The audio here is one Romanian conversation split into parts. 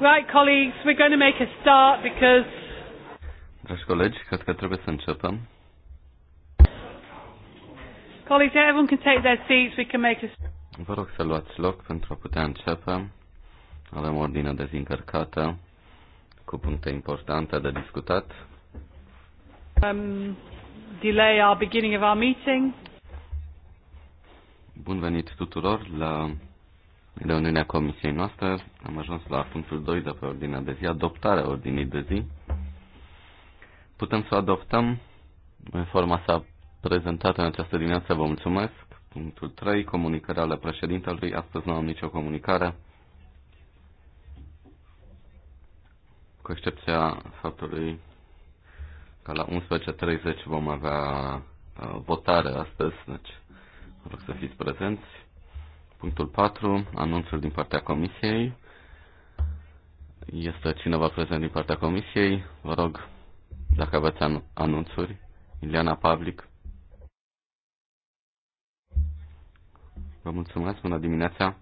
Right, colleagues, we're going to make a start because... Dragi colegi, cred că trebuie să începem. Colleagues, everyone can take their seats, we can make a... Vă rog să luați loc pentru a putea începe. Avem ordine dezincărcată cu puncte importante de discutat. Um, delay our beginning of our meeting. Bun venit tuturor la de reuniunea comisiei noastre, am ajuns la punctul 2 de pe ordinea de zi, adoptarea ordinii de zi. Putem să adoptăm în forma sa prezentată în această dimineață, vă mulțumesc. Punctul 3, comunicarea ale președintelui, astăzi nu am nicio comunicare. Cu excepția faptului că la 11.30 vom avea uh, votare astăzi, deci vă rog să fiți prezenți. Punctul 4. anunțuri din partea Comisiei. Este cineva prezent din partea Comisiei? Vă rog, dacă aveți anunțuri. Ileana Pavlic. Vă mulțumesc, bună dimineața.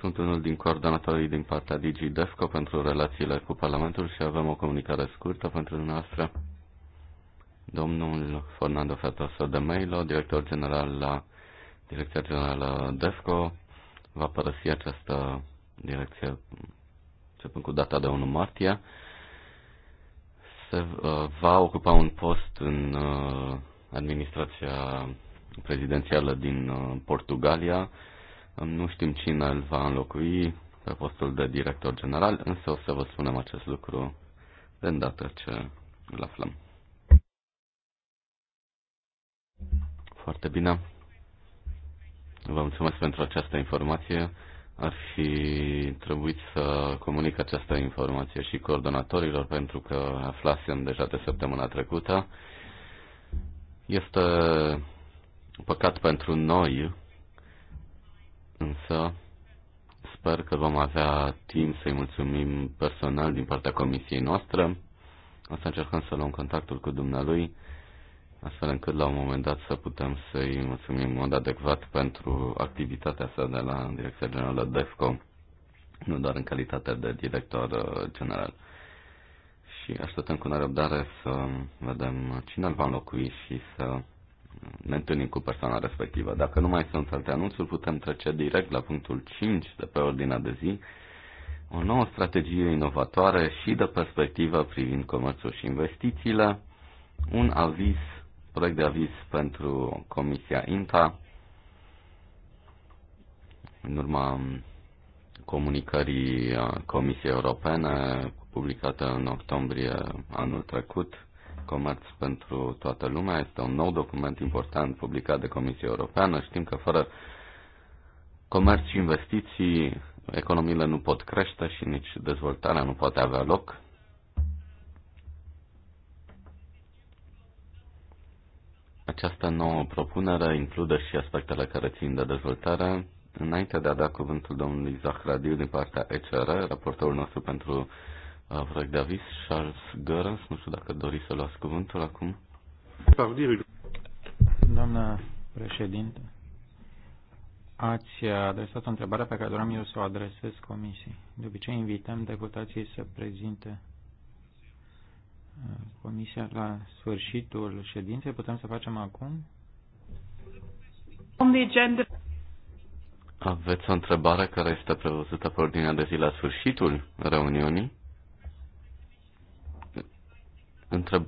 Sunt unul din coordonatorii din partea DigiDesco pentru relațiile cu Parlamentul și avem o comunicare scurtă pentru dumneavoastră. Domnul Fernando Fetoso de Melo, director general la Direcția Generală DESCO va părăsi această direcție începând cu data de 1 martie. Se uh, va ocupa un post în uh, administrația prezidențială din uh, Portugalia. Nu știm cine îl va înlocui pe postul de director general, însă o să vă spunem acest lucru de îndată ce îl aflăm. Foarte bine. Vă mulțumesc pentru această informație. Ar fi trebuit să comunic această informație și coordonatorilor pentru că aflasem deja de săptămâna trecută. Este păcat pentru noi, însă sper că vom avea timp să-i mulțumim personal din partea comisiei noastre. O să încercăm să luăm contactul cu dumnealui astfel încât la un moment dat să putem să-i mulțumim în mod adecvat pentru activitatea sa de la Direcția Generală DEFCO, nu doar în calitate de director uh, general. Și așteptăm cu nerăbdare să vedem cine îl va înlocui și să ne întâlnim cu persoana respectivă. Dacă nu mai sunt alte anunțuri, putem trece direct la punctul 5 de pe ordinea de zi, o nouă strategie inovatoare și de perspectivă privind comerțul și investițiile, un aviz proiect de aviz pentru Comisia INTA. În urma comunicării Comisiei Europene publicată în octombrie anul trecut, Comerț pentru toată lumea este un nou document important publicat de Comisia Europeană. Știm că fără comerț și investiții economiile nu pot crește și nici dezvoltarea nu poate avea loc. Această nouă propunere include și aspectele care țin de dezvoltare. Înainte de a da cuvântul domnului Zahradiu din partea ECR, raportorul nostru pentru uh, proiect de avis, Charles Görens, nu știu dacă doriți să luați cuvântul acum. Doamna președinte, ați adresat o întrebare pe care doream eu să o adresez comisiei. De obicei invităm deputații să prezinte Comisia la sfârșitul ședinței. Putem să facem acum? Aveți o întrebare care este prevăzută pe ordinea de zi la sfârșitul reuniunii? Întreb...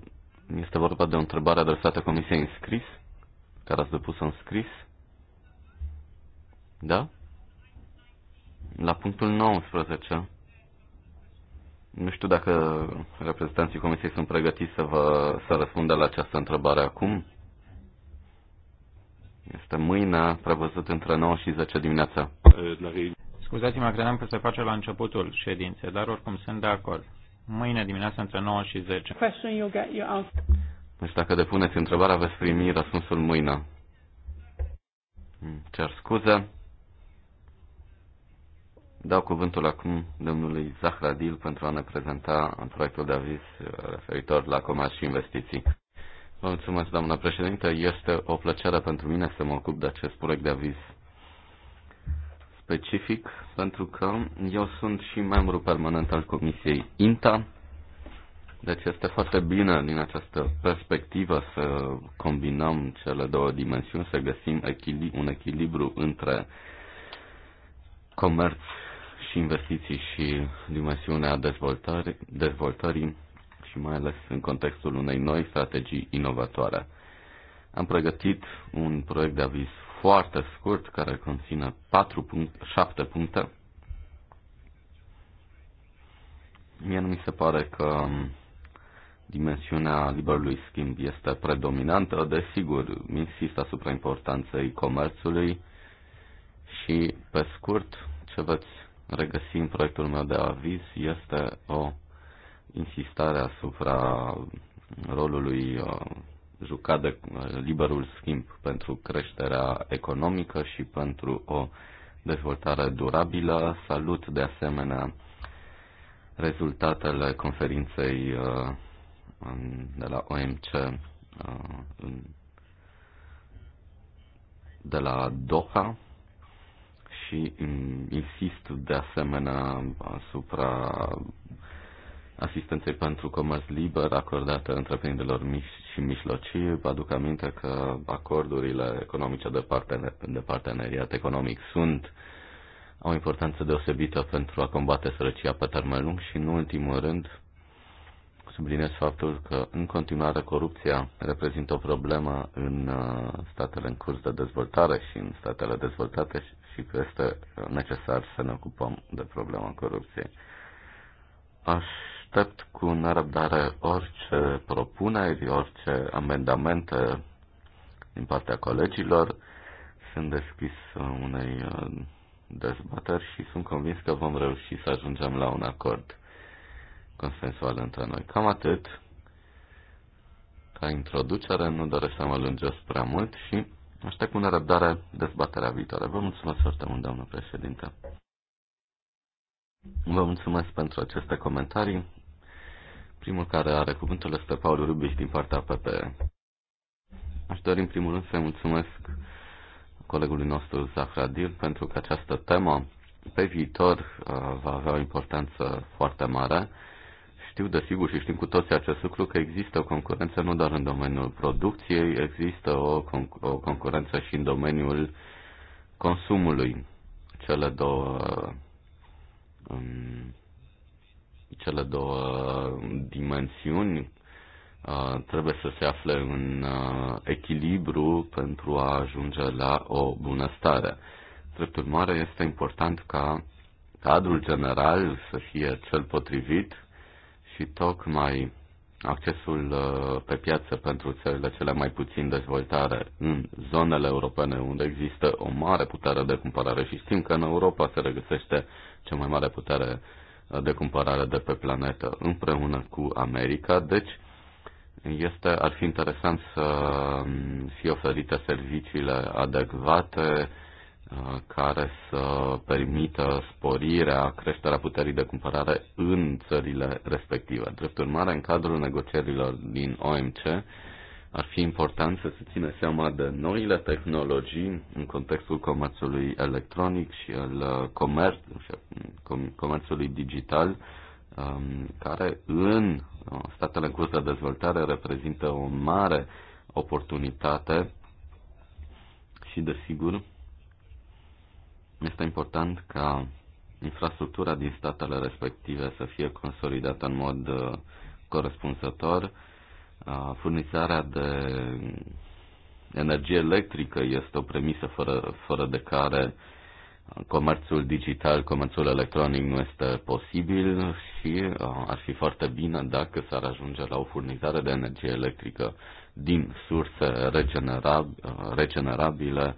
Este vorba de o întrebare adresată Comisiei în scris, care ați depus în scris. Da? La punctul 19. Nu știu dacă reprezentanții Comisiei sunt pregătiți să vă să răspundă la această întrebare acum. Este mâine, prevăzut între 9 și 10 dimineața. Scuzați-mă, credeam că se face la începutul ședinței, dar oricum sunt de acord. Mâine dimineața între 9 și 10. Deci dacă depuneți întrebarea, veți primi răspunsul mâine. Cer scuze. Dau cuvântul acum domnului Zahradil pentru a ne prezenta proiectul de aviz uh, referitor la comerț și investiții. Vă mulțumesc, doamna președinte. Este o plăcere pentru mine să mă ocup de acest proiect de aviz specific, pentru că eu sunt și membru permanent al Comisiei INTA, deci este foarte bine din această perspectivă să combinăm cele două dimensiuni, să găsim un echilibru între comerț și investiții și dimensiunea dezvoltării, dezvoltării și mai ales în contextul unei noi strategii inovatoare. Am pregătit un proiect de aviz foarte scurt care conține 4 punct, 7 puncte. Mie nu mi se pare că dimensiunea liberului schimb este predominantă, desigur, insist asupra importanței comerțului și, pe scurt, ce veți regăsim proiectul meu de aviz este o insistare asupra rolului uh, jucat de uh, liberul schimb pentru creșterea economică și pentru o dezvoltare durabilă. Salut de asemenea rezultatele conferinței uh, de la OMC de la Doha și insist de asemenea asupra asistenței pentru comerț liber acordată întreprinderilor mici și mijlocii. Aduc aminte că acordurile economice de, partener, de parteneriat economic sunt au importanță deosebită pentru a combate sărăcia pe termen lung și, în ultimul rând, subliniez faptul că, în continuare, corupția reprezintă o problemă în uh, statele în curs de dezvoltare și în statele dezvoltate și și că este necesar să ne ocupăm de problema corupției. Aștept cu nerăbdare orice propuneri, orice amendamente din partea colegilor. Sunt deschis unei uh, dezbateri și sunt convins că vom reuși să ajungem la un acord consensual între noi. Cam atât. Ca introducere, nu doresc să mă lungesc prea mult și Aștept cu nerăbdare dezbaterea viitoare. Vă mulțumesc foarte mult, doamnă președinte. Vă mulțumesc pentru aceste comentarii. Primul care are cuvântul este Paul Rubiș din partea PPE. Aș dori în primul rând să mulțumesc colegului nostru Zahradil pentru că această temă pe viitor uh, va avea o importanță foarte mare știu sigur și știm cu toții acest lucru că există o concurență nu doar în domeniul producției, există o, conc- o concurență și în domeniul consumului. Cele două, um, cele două dimensiuni uh, trebuie să se afle în uh, echilibru pentru a ajunge la o bunăstare. Drept urmare, este important ca cadrul general să fie cel potrivit și tocmai accesul uh, pe piață pentru țările cele mai puțin dezvoltare în zonele europene unde există o mare putere de cumpărare și știm că în Europa se regăsește cea mai mare putere uh, de cumpărare de pe planetă împreună cu America, deci este, ar fi interesant să um, fie oferite serviciile adecvate, care să permită sporirea, creșterea puterii de cumpărare în țările respective. Drept urmare, în cadrul negocierilor din OMC, ar fi important să se țină seama de noile tehnologii în contextul comerțului electronic și al uh, comer- mm, comerțului digital, um, care în uh, statele în curs de dezvoltare reprezintă o mare oportunitate și, desigur, este important ca infrastructura din statele respective să fie consolidată în mod uh, corespunzător. Uh, furnizarea de energie electrică este o premisă fără, fără de care comerțul digital, comerțul electronic nu este posibil și uh, ar fi foarte bine dacă s-ar ajunge la o furnizare de energie electrică din surse regenerabile,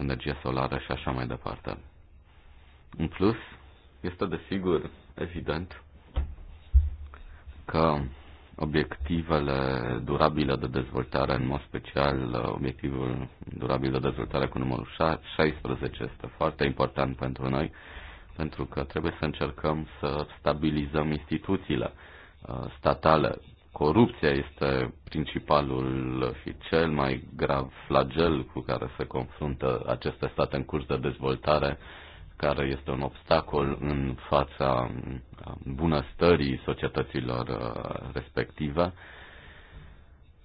energia solară și așa mai departe. În plus, este desigur evident că obiectivele durabile de dezvoltare, în mod special obiectivul durabil de dezvoltare cu numărul 16 este foarte important pentru noi, pentru că trebuie să încercăm să stabilizăm instituțiile uh, statale Corupția este principalul și cel mai grav flagel cu care se confruntă aceste state în curs de dezvoltare, care este un obstacol în fața bunăstării societăților uh, respective.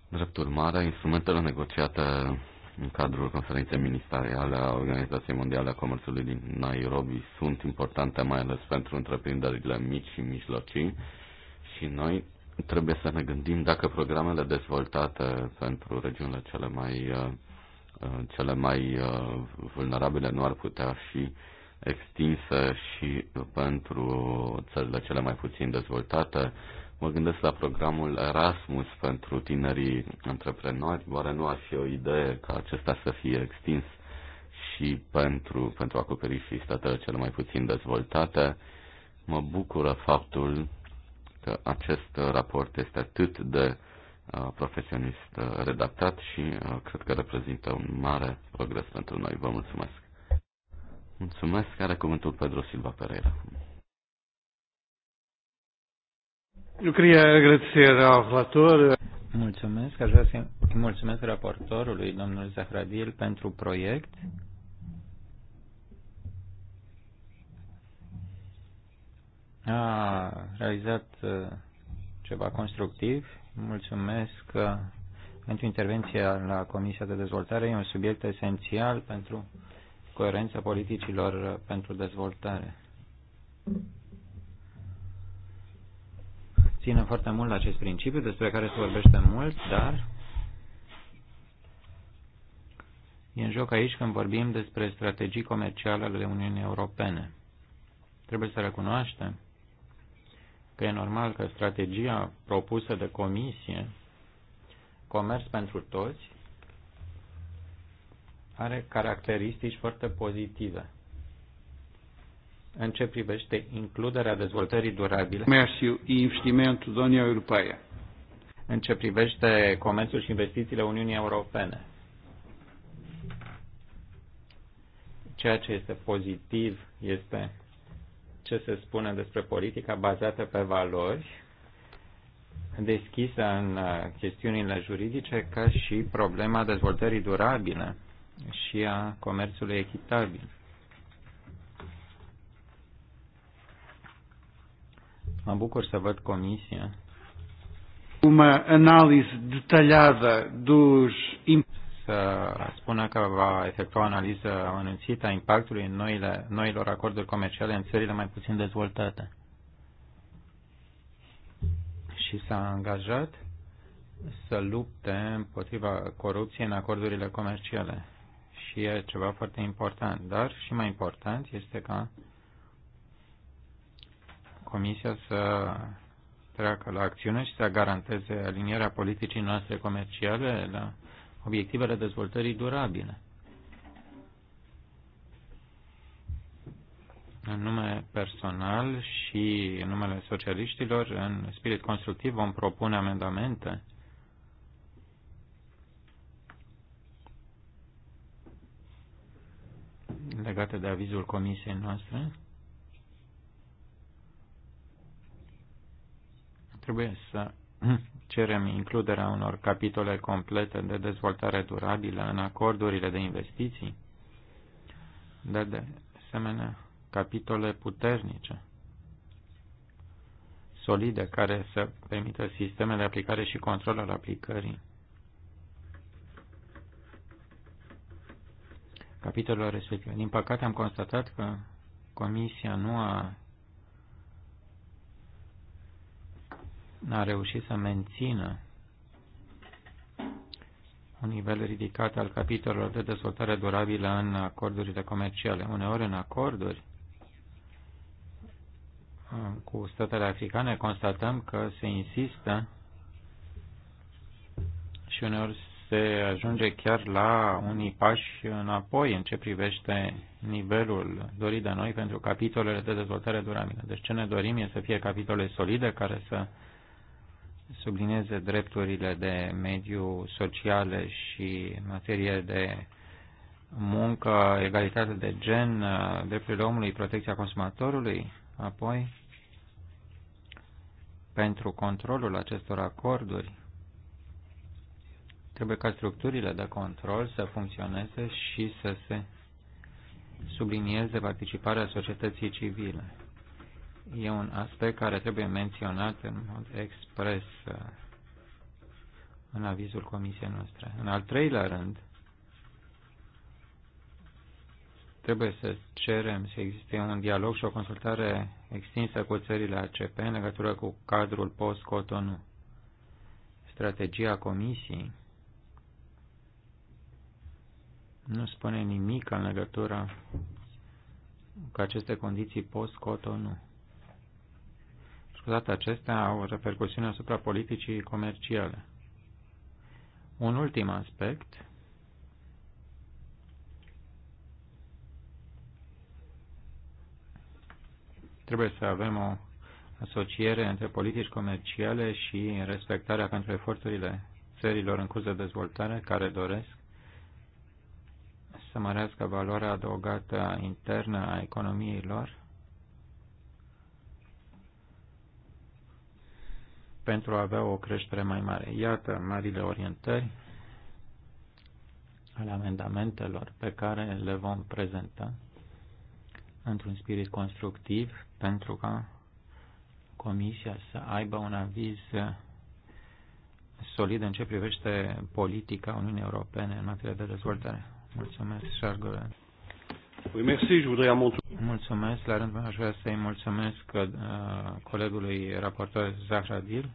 Drept urmare, instrumentele negociate în cadrul conferinței ministeriale a Organizației Mondiale a Comerțului din Nairobi sunt importante mai ales pentru întreprinderile mici și mijlocii și noi trebuie să ne gândim dacă programele dezvoltate pentru regiunile cele mai, uh, uh, cele mai uh, vulnerabile nu ar putea fi extinse și pentru țările cele mai puțin dezvoltate. Mă gândesc la programul Erasmus pentru tinerii antreprenori. Oare nu ar fi o idee ca acesta să fie extins și pentru, pentru a acoperi și statele cele mai puțin dezvoltate? Mă bucură faptul că acest raport este atât de uh, profesionist uh, redactat și uh, cred că reprezintă un mare progres pentru noi. Vă mulțumesc! Mulțumesc! Are cuvântul Pedro Silva Pereira. Eu queria agradecer Mulțumesc, aș vrea să mulțumesc raportorului, domnul Zahradil, pentru proiect. a realizat uh, ceva constructiv. Mulțumesc uh, pentru intervenția la Comisia de Dezvoltare. E un subiect esențial pentru coerența politicilor uh, pentru dezvoltare. Ținem foarte mult la acest principiu despre care se vorbește mult, dar e în joc aici când vorbim despre strategii comerciale ale Uniunii Europene. Trebuie să recunoaștem că e normal că strategia propusă de comisie, comerț pentru toți, are caracteristici foarte pozitive în ce privește includerea dezvoltării durabile. și Europeană. În ce privește comerțul și investițiile Uniunii Europene. Ceea ce este pozitiv este ce se spune despre politica bazată pe valori, deschisă în uh, chestiunile juridice, ca și problema dezvoltării durabile și a comerțului echitabil. Mă bucur să văd comisia. Uma análise detalhada dos să spună că va efectua o analiză amănunțită a impactului noile, noilor acorduri comerciale în țările mai puțin dezvoltate. Și s-a angajat să lupte împotriva corupției în acordurile comerciale. Și e ceva foarte important. Dar și mai important este ca Comisia să treacă la acțiune și să garanteze alinierea politicii noastre comerciale la obiectivele dezvoltării durabile. În nume personal și în numele socialiștilor, în spirit constructiv, vom propune amendamente legate de avizul comisiei noastre. Trebuie să cerem includerea unor capitole complete de dezvoltare durabilă în acordurile de investiții, dar de asemenea capitole puternice, solide, care să permită sistemele de aplicare și control al aplicării. Capitolul respectiv. Din păcate am constatat că Comisia nu a n a reușit să mențină un nivel ridicat al capitolelor de dezvoltare durabilă în acordurile comerciale. Uneori în acorduri cu statele africane constatăm că se insistă și uneori se ajunge chiar la unii pași înapoi în ce privește nivelul dorit de noi pentru capitolele de dezvoltare durabilă. Deci ce ne dorim e să fie capitole solide care să sublinieze drepturile de mediu sociale și materie de muncă, egalitate de gen, drepturile omului, protecția consumatorului, apoi pentru controlul acestor acorduri trebuie ca structurile de control să funcționeze și să se sublinieze participarea societății civile e un aspect care trebuie menționat în mod expres uh, în avizul comisiei noastre. În al treilea rând, trebuie să cerem să existe un dialog și o consultare extinsă cu țările ACP în legătură cu cadrul post-Cotonou. Strategia Comisiei nu spune nimic în legătură cu aceste condiții post-Cotonou toate acestea au repercusiune asupra politicii comerciale. Un ultim aspect trebuie să avem o asociere între politici comerciale și respectarea pentru eforturile țărilor în curs de dezvoltare care doresc să mărească valoarea adăugată internă a economiei lor pentru a avea o creștere mai mare. Iată marile orientări ale amendamentelor pe care le vom prezenta într-un spirit constructiv pentru ca Comisia să aibă un aviz solid în ce privește politica Uniunii Europene în materie de dezvoltare. Mulțumesc, Charles Mulțumesc. La rândul meu aș vrea să-i mulțumesc uh, colegului raportor Zahradil.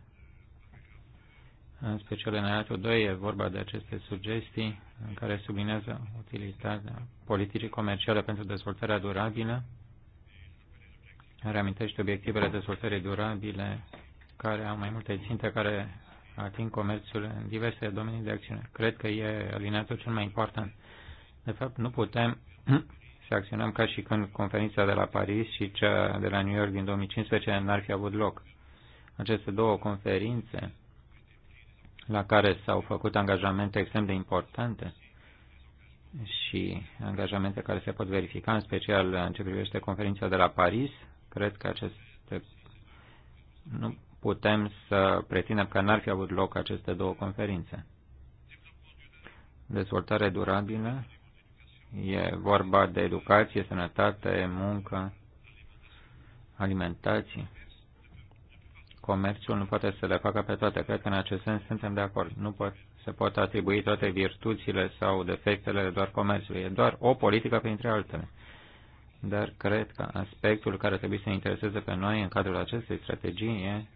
În special în aliatul 2 e vorba de aceste sugestii în care sublinează utilitatea politicii comerciale pentru dezvoltarea durabilă, reamintește obiectivele dezvoltării durabile, care au mai multe ținte care ating comerțul în diverse domenii de acțiune. Cred că e alineatul cel mai important. De fapt, nu putem și acționăm ca și când conferința de la Paris și cea de la New York din 2015 n-ar fi avut loc. Aceste două conferințe la care s-au făcut angajamente extrem de importante și angajamente care se pot verifica, în special în ce privește conferința de la Paris, cred că aceste nu putem să pretindem că n-ar fi avut loc aceste două conferințe. Dezvoltare durabilă E vorba de educație, sănătate, muncă, alimentație. Comerțul nu poate să le facă pe toate. Cred că în acest sens suntem de acord. Nu pot, se pot atribui toate virtuțile sau defectele doar comerțului. E doar o politică printre altele. Dar cred că aspectul care trebuie să intereseze pe noi în cadrul acestei strategii e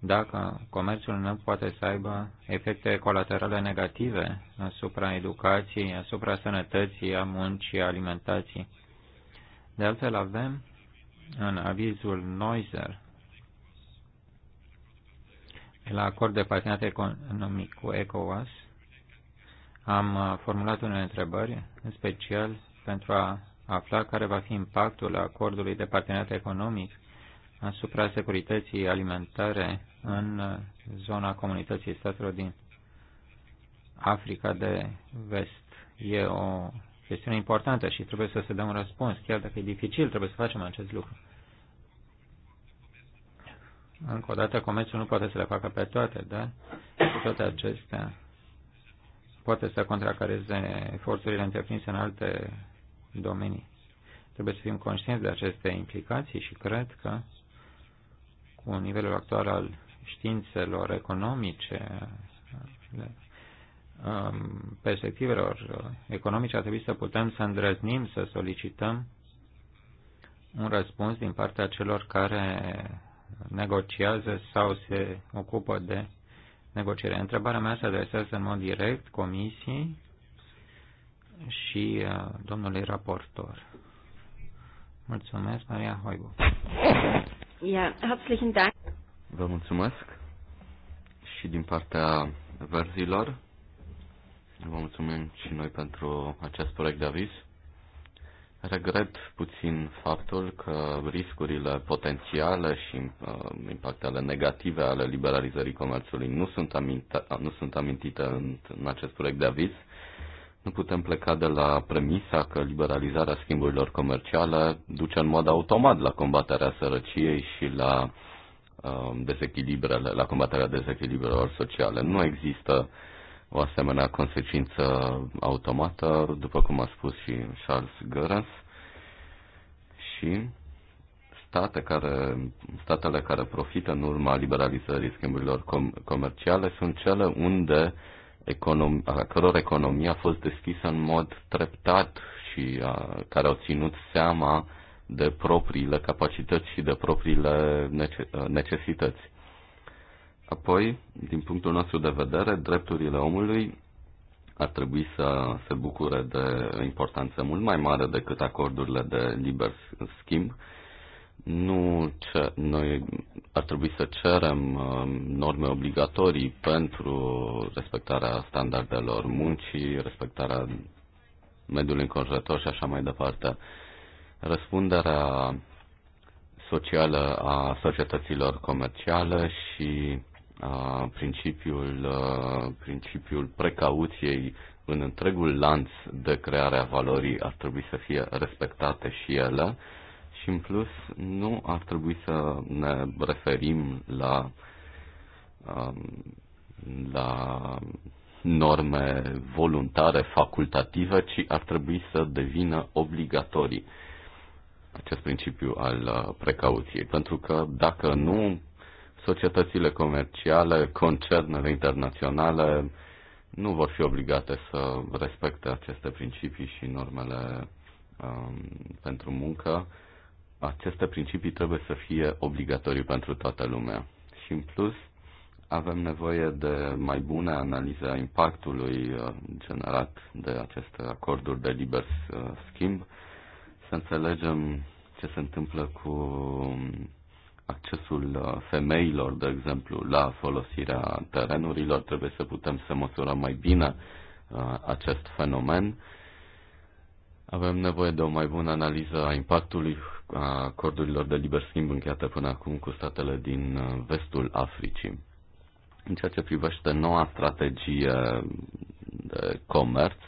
dacă comerțul nu poate să aibă efecte colaterale negative asupra educației, asupra sănătății, a muncii, a alimentației. De altfel avem în avizul Noiser la acord de parteneriat economic cu ECOWAS am formulat unele întrebări, în special pentru a afla care va fi impactul acordului de parteneriat economic asupra securității alimentare în zona comunității statelor din Africa de Vest. E o chestiune importantă și trebuie să se dăm un răspuns, chiar dacă e dificil, trebuie să facem acest lucru. Încă o dată, comerțul nu poate să le facă pe toate, dar cu toate acestea poate să contracareze eforturile întreprinse în alte domenii. Trebuie să fim conștienți de aceste implicații și cred că cu nivelul actual al științelor economice, um, perspectivelor economice, ar trebui să putem să îndrăznim, să solicităm un răspuns din partea celor care negociază sau se ocupă de negociere. Întrebarea mea se adresează în mod direct comisiei și uh, domnului raportor. Mulțumesc, Maria Hoibu. Ja, herzlichen Dank. Vă mulțumesc și din partea verzilor. Vă mulțumim și noi pentru acest proiect de aviz. Regret puțin faptul că riscurile potențiale și uh, impactele negative ale liberalizării comerțului nu sunt, aminta, nu sunt amintite în, în acest proiect de aviz. Nu putem pleca de la premisa că liberalizarea schimburilor comerciale duce în mod automat la combaterea sărăciei și la um, dezechilibrele, la combaterea dezechilibrelor sociale. Nu există o asemenea consecință automată, după cum a spus și Charles Görens, și state care, statele care profită în urma liberalizării schimburilor com- comerciale sunt cele unde uh, econom, a căror economie a fost deschisă în mod treptat și a, care au ținut seama de propriile capacități și de propriile necesități. Apoi, din punctul nostru de vedere, drepturile omului ar trebui să se bucure de o importanță mult mai mare decât acordurile de liber schimb. Nu ce, noi ar trebui să cerem um, norme obligatorii pentru respectarea standardelor muncii, respectarea mediului înconjurător și așa mai departe. Răspunderea socială a societăților comerciale și a principiul, principiul precauției în întregul lanț de creare a valorii ar trebui să fie respectate și ele și în plus, nu ar trebui să ne referim la, um, la norme voluntare, facultative, ci ar trebui să devină obligatorii acest principiu al uh, precauției. Pentru că dacă nu, societățile comerciale, concernele internaționale nu vor fi obligate să respecte aceste principii și normele um, pentru muncă aceste principii trebuie să fie obligatorii pentru toată lumea. Și în plus, avem nevoie de mai bună analiză a impactului uh, generat de aceste acorduri de liber uh, schimb, să înțelegem ce se întâmplă cu um, accesul uh, femeilor, de exemplu, la folosirea terenurilor, trebuie să putem să măsurăm mai bine acest fenomen avem nevoie de o mai bună analiză a impactului a acordurilor de liber schimb încheiate până acum cu statele din uh, vestul Africii. În ceea ce privește noua strategie de comerț,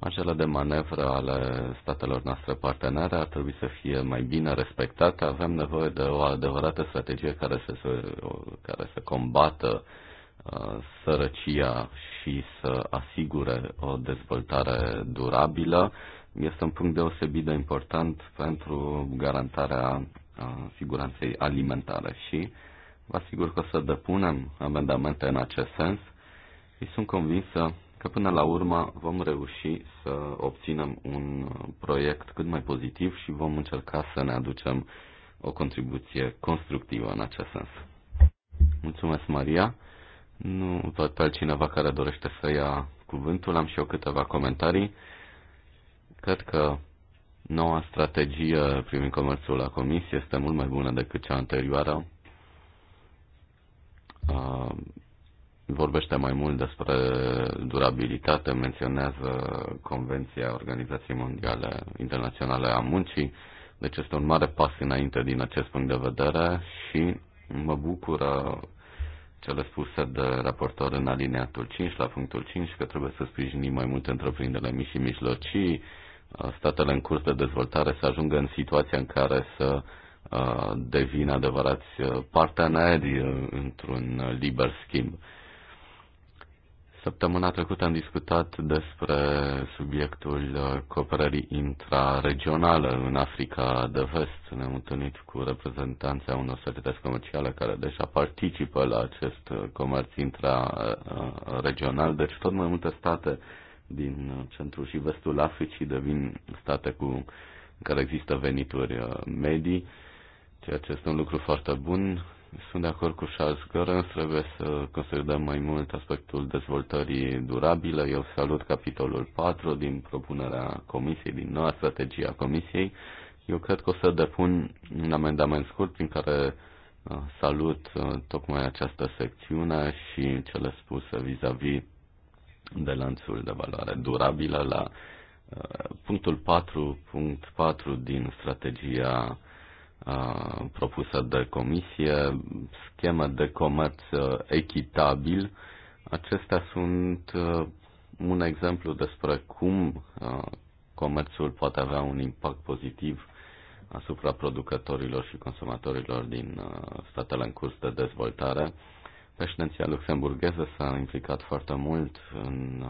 marjele de manevră ale statelor noastre partenere ar trebui să fie mai bine respectate. Avem nevoie de o adevărată strategie care să, se, care să combată uh, Uh, sărăcia și să asigure o dezvoltare durabilă este un punct deosebit de important pentru garantarea uh, siguranței alimentare și vă asigur că o să depunem amendamente în acest sens și sunt convinsă că până la urmă vom reuși să obținem un proiect cât mai pozitiv și vom încerca să ne aducem o contribuție constructivă în acest sens. Mulțumesc, Maria! Nu văd pe altcineva care dorește să ia cuvântul. Am și eu câteva comentarii. Cred că noua strategie privind comerțul la comisie este mult mai bună decât cea anterioară. Vorbește mai mult despre durabilitate, menționează Convenția Organizației Mondiale Internaționale a Muncii, deci este un mare pas înainte din acest punct de vedere și mă bucură cele spuse de raportor în alineatul 5, la punctul 5, că trebuie să sprijinim mai mult întreprinderile mici și mijlocii, uh, statele în curs de dezvoltare să ajungă în situația în care să uh, devină adevărați uh, parteneri într-un liber schimb. Săptămâna trecută am discutat despre subiectul uh, cooperării intraregionale în Africa de Vest. Ne-am întâlnit cu reprezentanța unor societăți comerciale care deja participă la acest uh, comerț intraregional, deci tot mai multe state din uh, centrul și vestul Africii devin state cu care există venituri medii, ceea ce este un lucru foarte bun. Sunt de acord cu Charles Gorens, trebuie să considerăm mai mult aspectul dezvoltării durabile. Eu salut capitolul 4 din propunerea Comisiei, din noua strategie a Comisiei. Eu cred că o să depun un amendament scurt prin care uh, salut uh, tocmai această secțiune și cele spuse vis-a-vis -vis de lanțul de valoare durabilă la uh, punctul 4.4 din strategia propusă de comisie, schemă de comerț uh, echitabil. Acestea sunt uh, un exemplu despre cum uh, comerțul poate avea un impact pozitiv asupra producătorilor și consumatorilor din statele în curs de dezvoltare. Președinția luxemburgheză s-a implicat foarte mult în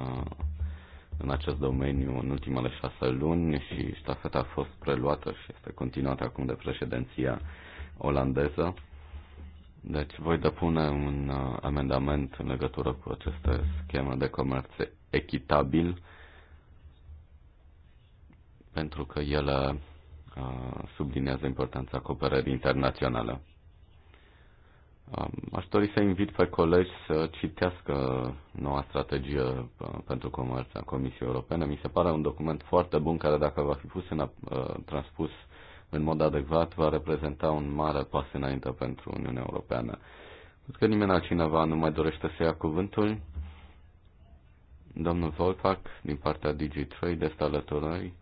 în acest domeniu în ultimele șase luni și ștafeta a fost preluată și este continuată acum de președinția olandeză. Deci voi depune un uh, amendament în legătură cu aceste scheme de comerț echitabil pentru că ele uh, subliniază importanța cooperării internaționale. Aș dori să invit pe colegi să citească noua strategie uh, pentru comerț a Comisiei Europene. Mi se pare un document foarte bun care, dacă va fi pus în, uh, transpus în mod adecvat, va reprezenta un mare pas înainte pentru Uniunea Europeană. Cred că nimeni altcineva nu mai dorește să ia cuvântul. Domnul Volpac, din partea DigiTrade, este alături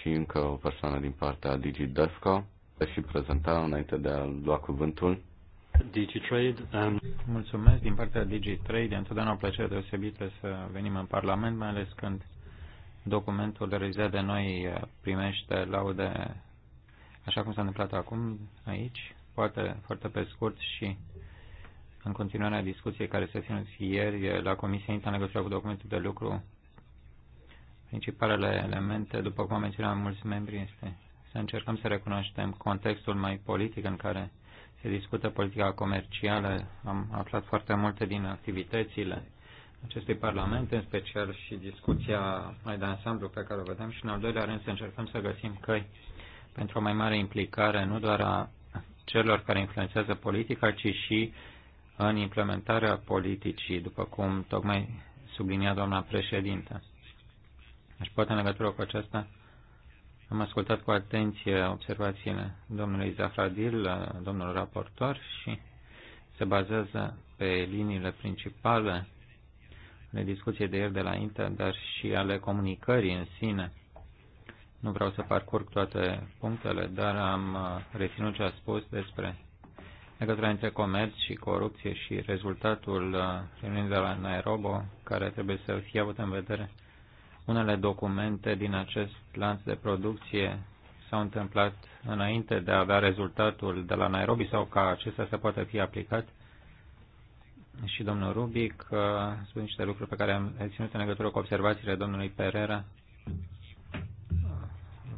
și încă o persoană din partea DigiDesco, și prezenta înainte de a lua cuvântul. DigiTrade. Um... Mulțumesc din partea DigiTrade. E întotdeauna o plăcere deosebită să venim în Parlament, mai ales când documentul realizat de noi eh, primește laude așa cum s-a întâmplat acum aici, poate foarte pe scurt și în continuarea discuției care se ținut ieri eh, la Comisia Inta în cu documentul de lucru, principalele elemente, după cum am menționat mulți membri, este să încercăm să recunoaștem contextul mai politic în care se discută politica comercială. Am aflat foarte multe din activitățile acestui Parlament, în special și discuția mai de ansamblu pe care o vedem și, în al doilea rând, să încercăm să găsim căi pentru o mai mare implicare, nu doar a celor care influențează politica, ci și în implementarea politicii, după cum tocmai sublinia doamna președintă. Și deci, poate în legătură cu aceasta am ascultat cu atenție observațiile domnului Zafradil, domnul raportor, și se bazează pe liniile principale ale discuției de ieri de la Inter, dar și ale comunicării în sine. Nu vreau să parcurg toate punctele, dar am uh, reținut ce a spus despre legătura între comerț și corupție și rezultatul uh, reuniunii de la Nairobi, care trebuie să fie avut în vedere unele documente din acest lanț de producție s-au întâmplat înainte de a avea rezultatul de la Nairobi sau ca acesta să poată fi aplicat. Și domnul Rubic uh, spune niște lucruri pe care am ținut în legătură cu observațiile domnului Pereira.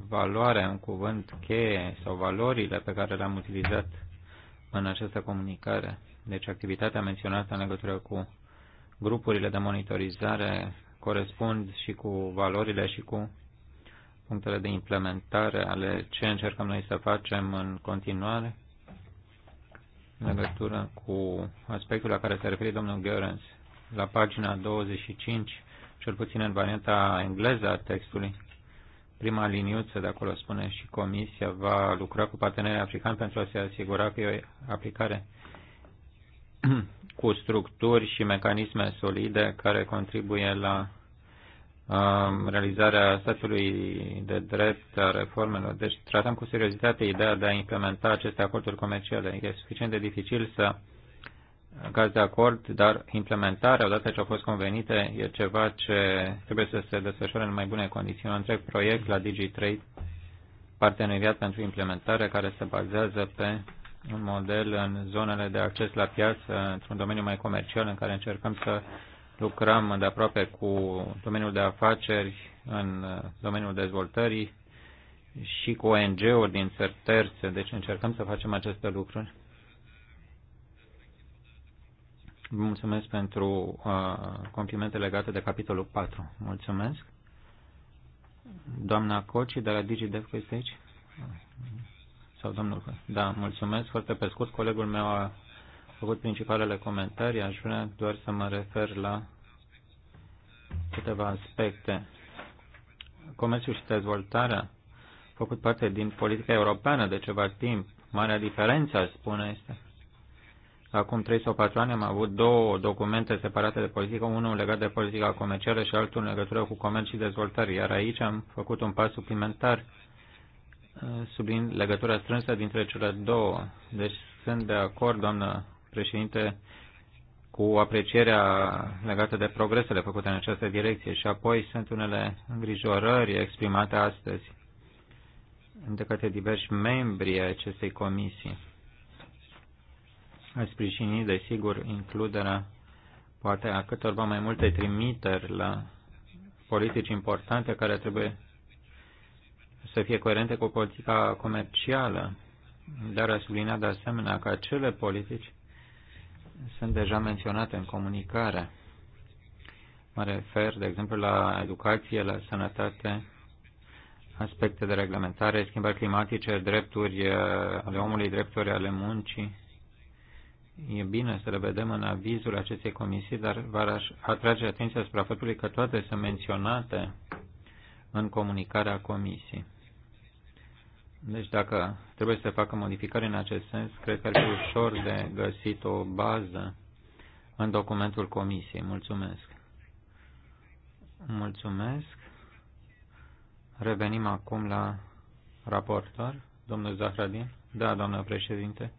Valoarea în cuvânt cheie sau valorile pe care le-am utilizat în această comunicare. Deci activitatea menționată în legătură cu grupurile de monitorizare corespund și cu valorile și cu punctele de implementare ale ce încercăm noi să facem în continuare în legătură cu aspectul la care se referi domnul Görens la pagina 25, cel puțin în varianta engleză a textului. Prima liniuță de acolo spune și Comisia va lucra cu partenerii africani pentru a se asigura că e o aplicare cu structuri și mecanisme solide care contribuie la um, realizarea statului de drept a reformelor. Deci tratăm cu seriozitate ideea de a implementa aceste acorduri comerciale. E suficient de dificil să caz de acord, dar implementarea, odată ce au fost convenite, e ceva ce trebuie să se desfășoare în mai bune condiții. Un întreg proiect la DigiTrade, parteneriat pentru implementare, care se bazează pe un model în zonele de acces la piață, într-un domeniu mai comercial în care încercăm să lucrăm de aproape cu domeniul de afaceri, în domeniul dezvoltării și cu ONG-uri din țări terțe, deci încercăm să facem aceste lucruri. Vă mulțumesc pentru uh, complimente legate de capitolul 4. Mulțumesc. Doamna Coci de la DigiDev este aici? Sau domnul, da, mulțumesc foarte pe scurt. Colegul meu a făcut principalele comentarii. Aș vrea doar să mă refer la câteva aspecte. Comerțul și dezvoltarea a făcut parte din politica europeană de ceva timp. Marea diferență, aș spune, este acum trei sau patru ani am avut două documente separate de politică, unul legat de politica comercială și altul în legătură cu comerț și dezvoltare, iar aici am făcut un pas suplimentar sublin legătura strânsă dintre cele două. Deci sunt de acord, doamnă președinte, cu aprecierea legată de progresele făcute în această direcție și apoi sunt unele îngrijorări exprimate astăzi de către diversi membri ai acestei comisii. Ați sprijinit, desigur, includerea poate a câtorva mai multe trimiteri la politici importante care trebuie să fie coerente cu politica comercială, dar a subliniat de asemenea că acele politici sunt deja menționate în comunicare. Mă refer, de exemplu, la educație, la sănătate, aspecte de reglementare, schimbări climatice, drepturi eh, ale omului, drepturi ale muncii. E bine să le vedem în avizul acestei comisii, dar vă atrage atenția asupra faptului că toate sunt menționate în comunicarea comisiei. Deci dacă trebuie să facă modificări în acest sens, cred că ar fi ușor de găsit o bază în documentul comisiei. Mulțumesc. Mulțumesc. Revenim acum la raportor, domnul Zahradin. Da, doamnă președinte.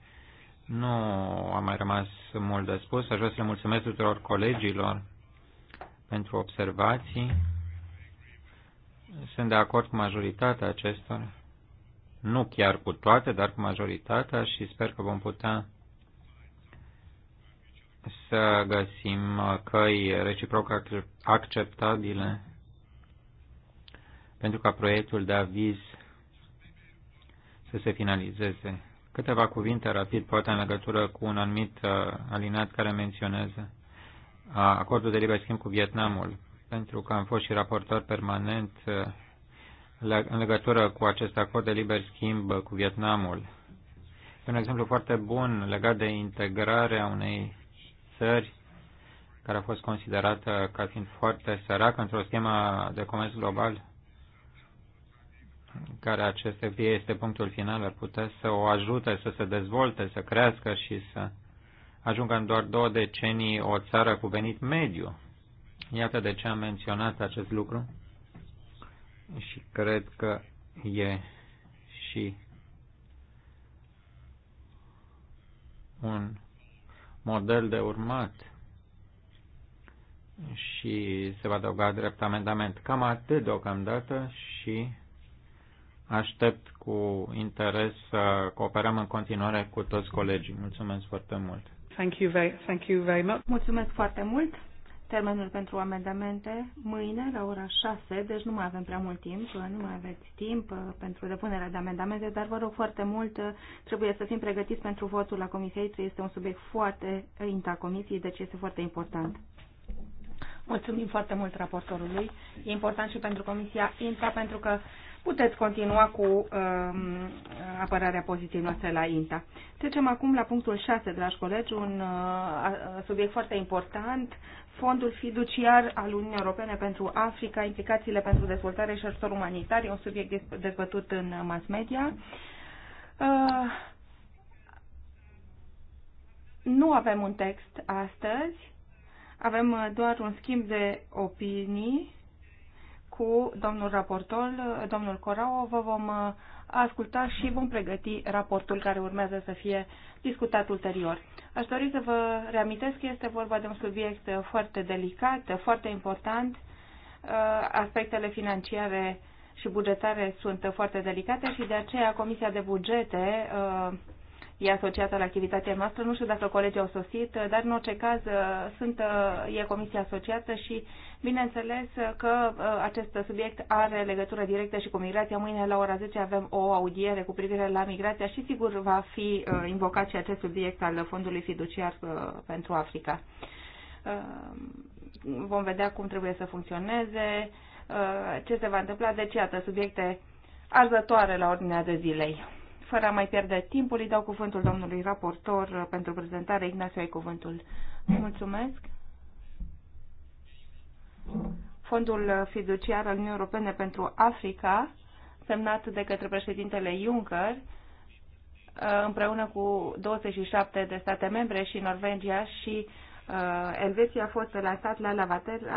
Nu a mai rămas mult de spus. Aș vrea să le mulțumesc tuturor colegilor pentru observații. Sunt de acord cu majoritatea acestora nu chiar cu toate, dar cu majoritatea și sper că vom putea să găsim căi reciproc acceptabile pentru ca proiectul de aviz să se finalizeze. Câteva cuvinte rapid, poate în legătură cu un anumit uh, alinat care menționează uh, acordul de liber schimb cu Vietnamul, pentru că am fost și raportor permanent uh, în legătură cu acest acord de liber schimb cu Vietnamul. un exemplu foarte bun legat de integrarea unei țări care a fost considerată ca fiind foarte săracă într-o schemă de comerț global, care aceste vie este punctul final, ar putea să o ajute să se dezvolte, să crească și să ajungă în doar două decenii o țară cu venit mediu. Iată de ce am menționat acest lucru și cred că e și un model de urmat și se va adăuga drept amendament. Cam atât deocamdată și aștept cu interes să cooperăm în continuare cu toți colegii. Mulțumesc foarte mult! Thank you very, thank you very much. Mulțumesc foarte mult! termenul pentru amendamente mâine la ora 6, deci nu mai avem prea mult timp, nu mai aveți timp uh, pentru depunerea de amendamente, dar vă rog foarte mult, uh, trebuie să fim pregătiți pentru votul la Comisia ITRE, este un subiect foarte inta Comisiei, deci este foarte important. Mulțumim foarte mult raportorului. E important și pentru Comisia INTA pentru că puteți continua cu um, apărarea poziției noastre la INTA. Trecem acum la punctul 6, dragi colegi, un uh, subiect foarte important, fondul fiduciar al Uniunii Europene pentru Africa, implicațiile pentru dezvoltare și ajutor umanitar, e un subiect dezbătut în mass media. Uh, nu avem un text astăzi, avem uh, doar un schimb de opinii cu domnul raportor, uh, domnul Corau, Vă vom asculta și vom pregăti raportul care urmează să fie discutat ulterior. Aș dori să vă reamintesc că este vorba de un subiect foarte delicat, foarte important. Uh, aspectele financiare și bugetare sunt foarte delicate și de aceea Comisia de Bugete uh, e asociată la activitatea noastră. Nu știu dacă colegii au sosit, dar în orice caz uh, sunt, uh, e comisia asociată și bineînțeles uh, că acest subiect are legătură directă și cu migrația. Mâine la ora 10 avem o audiere cu privire la migrația și sigur va fi invocat și acest subiect al Fondului Fiduciar pentru Africa. Vom vedea cum trebuie să funcționeze, ce se va întâmpla. Deci, iată, subiecte arzătoare la ordinea de zilei. Fără a mai pierde timpul, îi dau cuvântul domnului raportor pentru prezentare. Ignațiu, ai cuvântul. Mulțumesc. Fondul fiduciar al Uniunii Europene pentru Africa, semnat de către președintele Juncker, împreună cu 27 de state membre și Norvegia și Uh, Elveția a fost lansat la,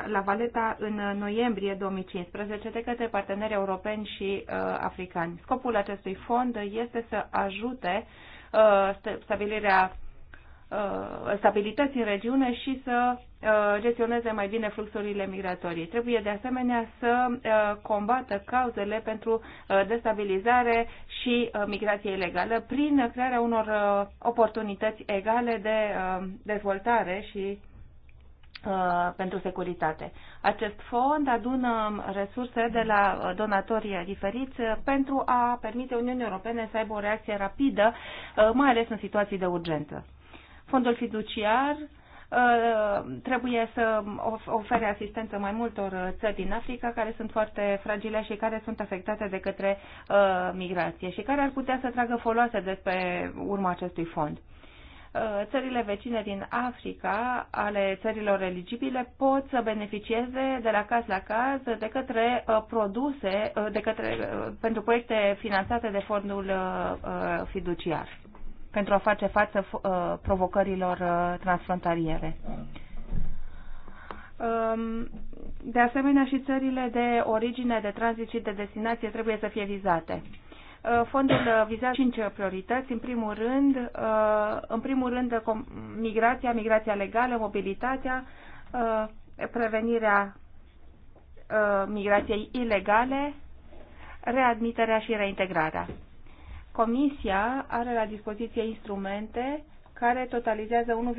la Valeta în uh, noiembrie 2015 de către parteneri europeni și uh, africani. Scopul acestui fond este să ajute stabilirea stabilității în regiune și să Uh, gestioneze mai bine fluxurile migratorii. Trebuie de asemenea să uh, combată cauzele pentru uh, destabilizare și migrație ilegală prin crearea unor oportunități egale de dezvoltare și pentru securitate. Acest fond adună um, resurse de la donatorii diferiți pentru a permite Uniunii Europene să aibă o reacție rapidă, mai ales în situații de urgență. Fondul fiduciar Uh, trebuie să ofere asistență mai multor uh, țări din Africa care sunt foarte fragile și care sunt afectate de către uh, migrație și care ar putea să tragă foloase despre urma acestui fond țările vecine din Africa, ale țărilor eligibile, pot să beneficieze de la caz la caz de către produse, de către, pentru proiecte finanțate de fondul fiduciar pentru a face față uh, provocărilor uh, transfrontaliere. Um, de asemenea, și țările de origine, de tranzit și de destinație trebuie să fie vizate. Uh, fondul vizează cinci priorități. În primul rând, în primul rând migrația, migrația legală, mobilitatea, prevenirea migrației ilegale, readmiterea și reintegrarea. Comisia are la dispoziție instrumente care totalizează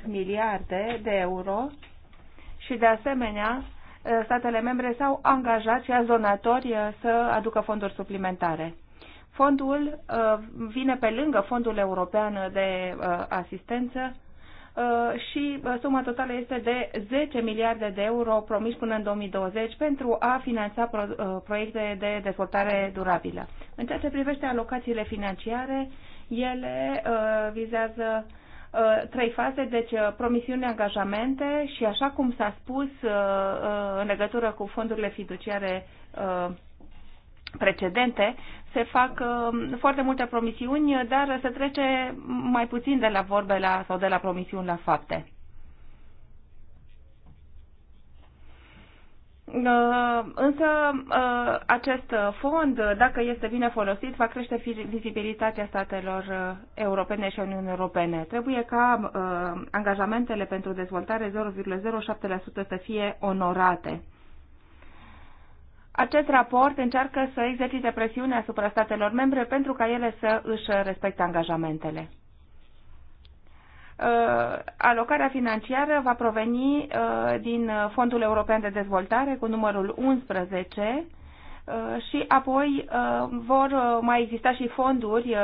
1,8 miliarde de euro și, de asemenea, statele membre s-au angajat și azonatori uh, să aducă fonduri suplimentare. Fondul uh, vine pe lângă Fondul European de uh, Asistență Uh, și uh, suma totală este de 10 miliarde de euro promiși până în 2020 pentru a finanța uh, proiecte de dezvoltare durabilă. În ceea ce privește alocațiile financiare, ele vizează trei faze, deci promisiune, angajamente și așa cum s-a spus în legătură cu fondurile fiduciare precedente, se fac uh, foarte multe promisiuni, dar se trece mai puțin de la vorbe la, sau de la promisiuni la fapte. Uh, însă uh, acest fond, dacă este bine folosit, va crește vizibilitatea statelor europene și Uniunii Europene. Trebuie ca angajamentele pentru dezvoltare 0,07% să fie onorate acest raport încearcă să exercite presiune asupra statelor membre pentru ca ele să își respecte angajamentele. Uh, alocarea financiară va proveni uh, din Fondul European de Dezvoltare cu numărul 11 uh, și apoi vor mai exista și fonduri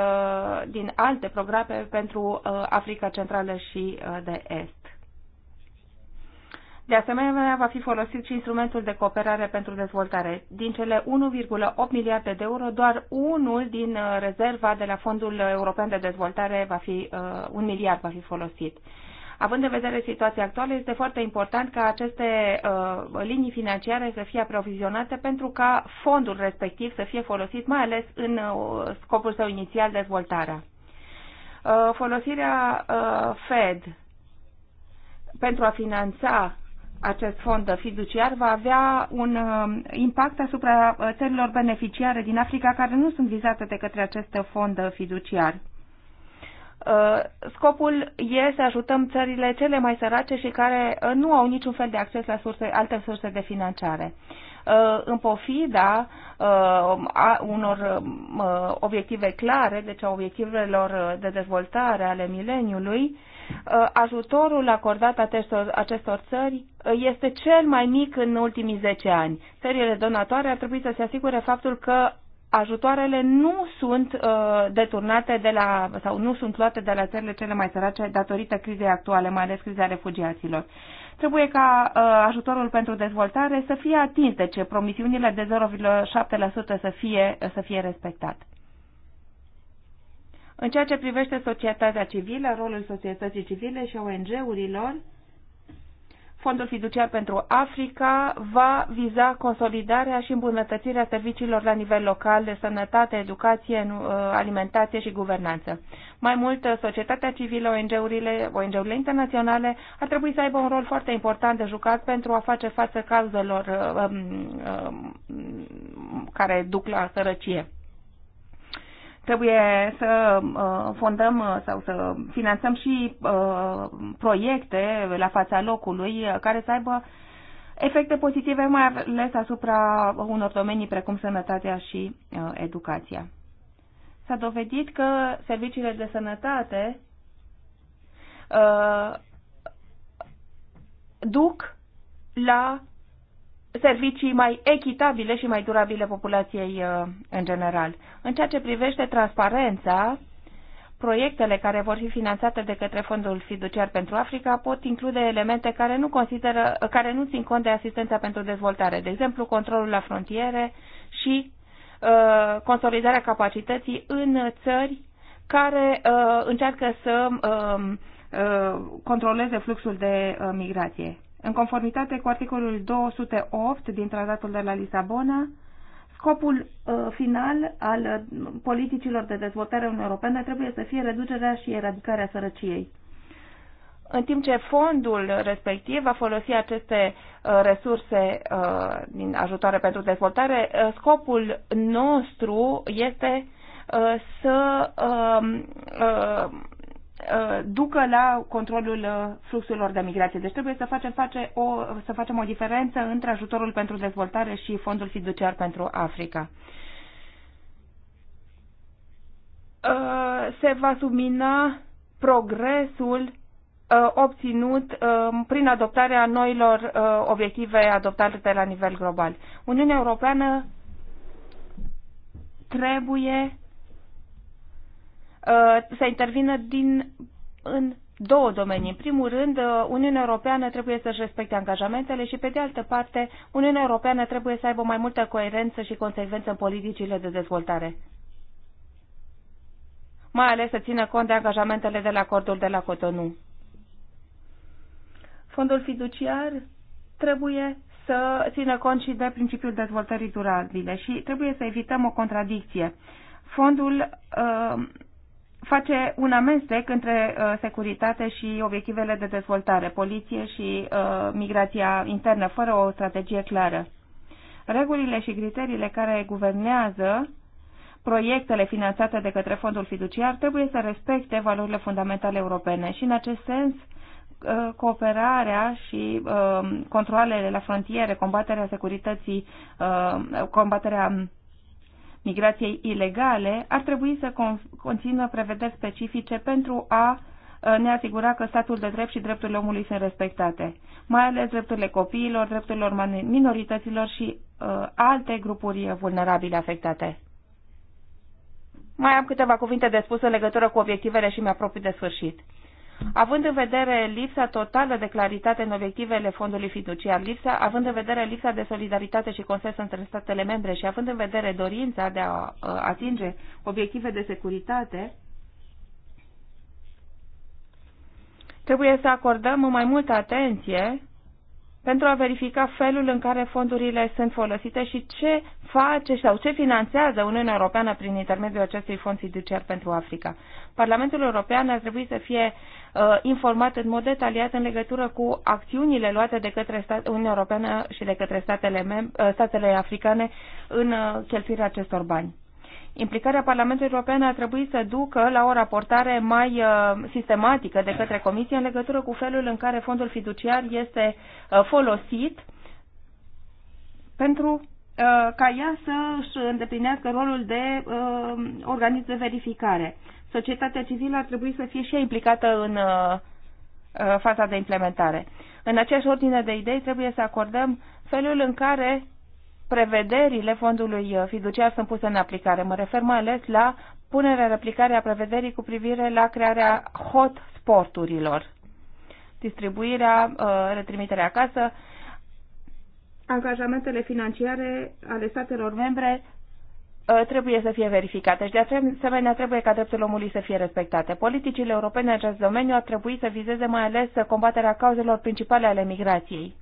din alte programe pentru Africa Centrală și de Est. De asemenea, va fi folosit și instrumentul de cooperare pentru dezvoltare. Din cele 1,8 miliarde de euro, doar unul din uh, rezerva de la Fondul European de Dezvoltare va fi, uh, un miliard va fi folosit. Având în vedere situația actuală, este foarte important ca aceste uh, linii financiare să fie aprovizionate pentru ca fondul respectiv să fie folosit, mai ales în uh, scopul său inițial, dezvoltarea. Uh, folosirea uh, Fed pentru a finanța acest fond fiduciar va avea un um, impact asupra uh, țărilor beneficiare din Africa care nu sunt vizate de către acest fond fiduciar. Uh, scopul e să ajutăm țările cele mai sărace și care uh, nu au niciun fel de acces la surse, alte surse de finanțare în pofida a unor um, obiective clare, deci a obiectivelor de dezvoltare ale mileniului, Uh, ajutorul acordat acestor, acestor țări uh, este cel mai mic în ultimii 10 ani. Țările donatoare ar trebui să se asigure faptul că ajutoarele nu sunt uh, deturnate de la, sau nu sunt luate de la țările cele mai sărace datorită crizei actuale, mai ales criza refugiaților. Trebuie ca uh, ajutorul pentru dezvoltare să fie atins, de deci ce promisiunile de 0,7% să fie, să fie respectate. În ceea ce privește societatea civilă, rolul societății civile și ONG-urilor, Fondul fiduciar pentru Africa va viza consolidarea și îmbunătățirea serviciilor la nivel local de sănătate, educație, ă, alimentație și guvernanță. Mai mult, ă, societatea civilă, ONG-urile, ONG-urile internaționale ar trebui să aibă un rol foarte important de jucat pentru a face față cauzelor um, um, care duc la sărăcie. Trebuie să uh, fondăm uh, sau să finanțăm și uh, proiecte la fața locului care să aibă efecte pozitive, mai ales asupra unor domenii precum sănătatea și educația. S-a dovedit că serviciile de sănătate duc la servicii mai echitabile și mai durabile populației uh, în general. În ceea ce privește transparența, proiectele care vor fi finanțate de către Fondul Fiduciar pentru Africa pot include elemente care nu, consideră, care nu țin cont de asistența pentru dezvoltare, de exemplu controlul la frontiere și uh, consolidarea capacității în țări care uh, încearcă să um, uh, controleze fluxul de uh, migrație. În conformitate cu articolul 208 din Tratatul de la Lisabona, scopul uh, final al uh, politicilor de dezvoltare Uniunii Europene trebuie să fie reducerea și eradicarea sărăciei. În timp ce fondul respectiv va folosi aceste uh, resurse uh, din ajutoare pentru dezvoltare, uh, scopul nostru este uh, să um, uh, uh, Uh, ducă la controlul uh, fluxurilor de migrație. Deci trebuie să facem, face o, să facem o diferență între ajutorul pentru dezvoltare și fondul fiduciar pentru Africa. Uh, se va submina progresul obținut um, prin adoptarea noilor obiective adoptate la nivel global. Uniunea Europeană trebuie Uh, să intervină din, în două domenii. În primul rând, uh, Uniunea Europeană trebuie să-și respecte angajamentele și, pe de altă parte, Uniunea Europeană trebuie să aibă mai multă coerență și consecvență în politicile de dezvoltare mai ales să țină cont de angajamentele de la acordul de la Cotonou. Fondul fiduciar trebuie să țină cont și de principiul dezvoltării durabile și trebuie să evităm o contradicție. Fondul uh, face un amestec între uh, securitate și obiectivele de dezvoltare, poliție și uh, migrația internă, fără o strategie clară. Regulile și criteriile care guvernează proiectele finanțate de către fondul fiduciar trebuie să respecte valorile fundamentale europene și, în acest sens, uh, cooperarea și uh, controlele la frontiere, combaterea securității, uh, combaterea migrației ilegale ar trebui să conțină prevederi specifice pentru a ne asigura că statul de drept și drepturile omului sunt respectate, mai ales drepturile copiilor, drepturilor minorităților și uh, alte grupuri vulnerabile afectate. Mai am câteva cuvinte de spus în legătură cu obiectivele și mi-apropii de sfârșit având în vedere lipsa totală de claritate în obiectivele fondului fiduciar, lipsa, având în vedere lipsa de solidaritate și consens între statele membre și având în vedere dorința de a atinge obiective de securitate, trebuie să acordăm mai multă atenție pentru a verifica felul în care fondurile sunt folosite și ce face sau ce finanțează Uniunea Europeană prin intermediul acestui fond fiduciar pentru Africa. Parlamentul European ar trebui să fie uh, informat în mod detaliat în legătură cu acțiunile luate de către stat, Uniunea Europeană și de către statele, mem- uh, statele africane în uh, cheltuirea acestor bani implicarea Parlamentului European ar trebui să ducă la o raportare mai uh, sistematică de către Comisie în legătură cu felul în care fondul fiduciar este uh, folosit pentru uh, ca ea să își îndeplinească rolul de organism de verificare. Societatea civilă ar trebui să fie și implicată în faza de implementare. În aceeași ordine de idei trebuie să acordăm felul în care prevederile fondului uh, fiduciar sunt puse în aplicare. Mă refer mai ales la punerea în aplicare a prevederii cu privire la crearea hot sporturilor, distribuirea, uh, retrimiterea acasă, angajamentele financiare ale statelor membre uh, trebuie să fie verificate și de asemenea trebuie ca drepturile omului să fie respectate. Politicile europene în acest domeniu ar trebui să vizeze mai ales combaterea cauzelor principale ale migrației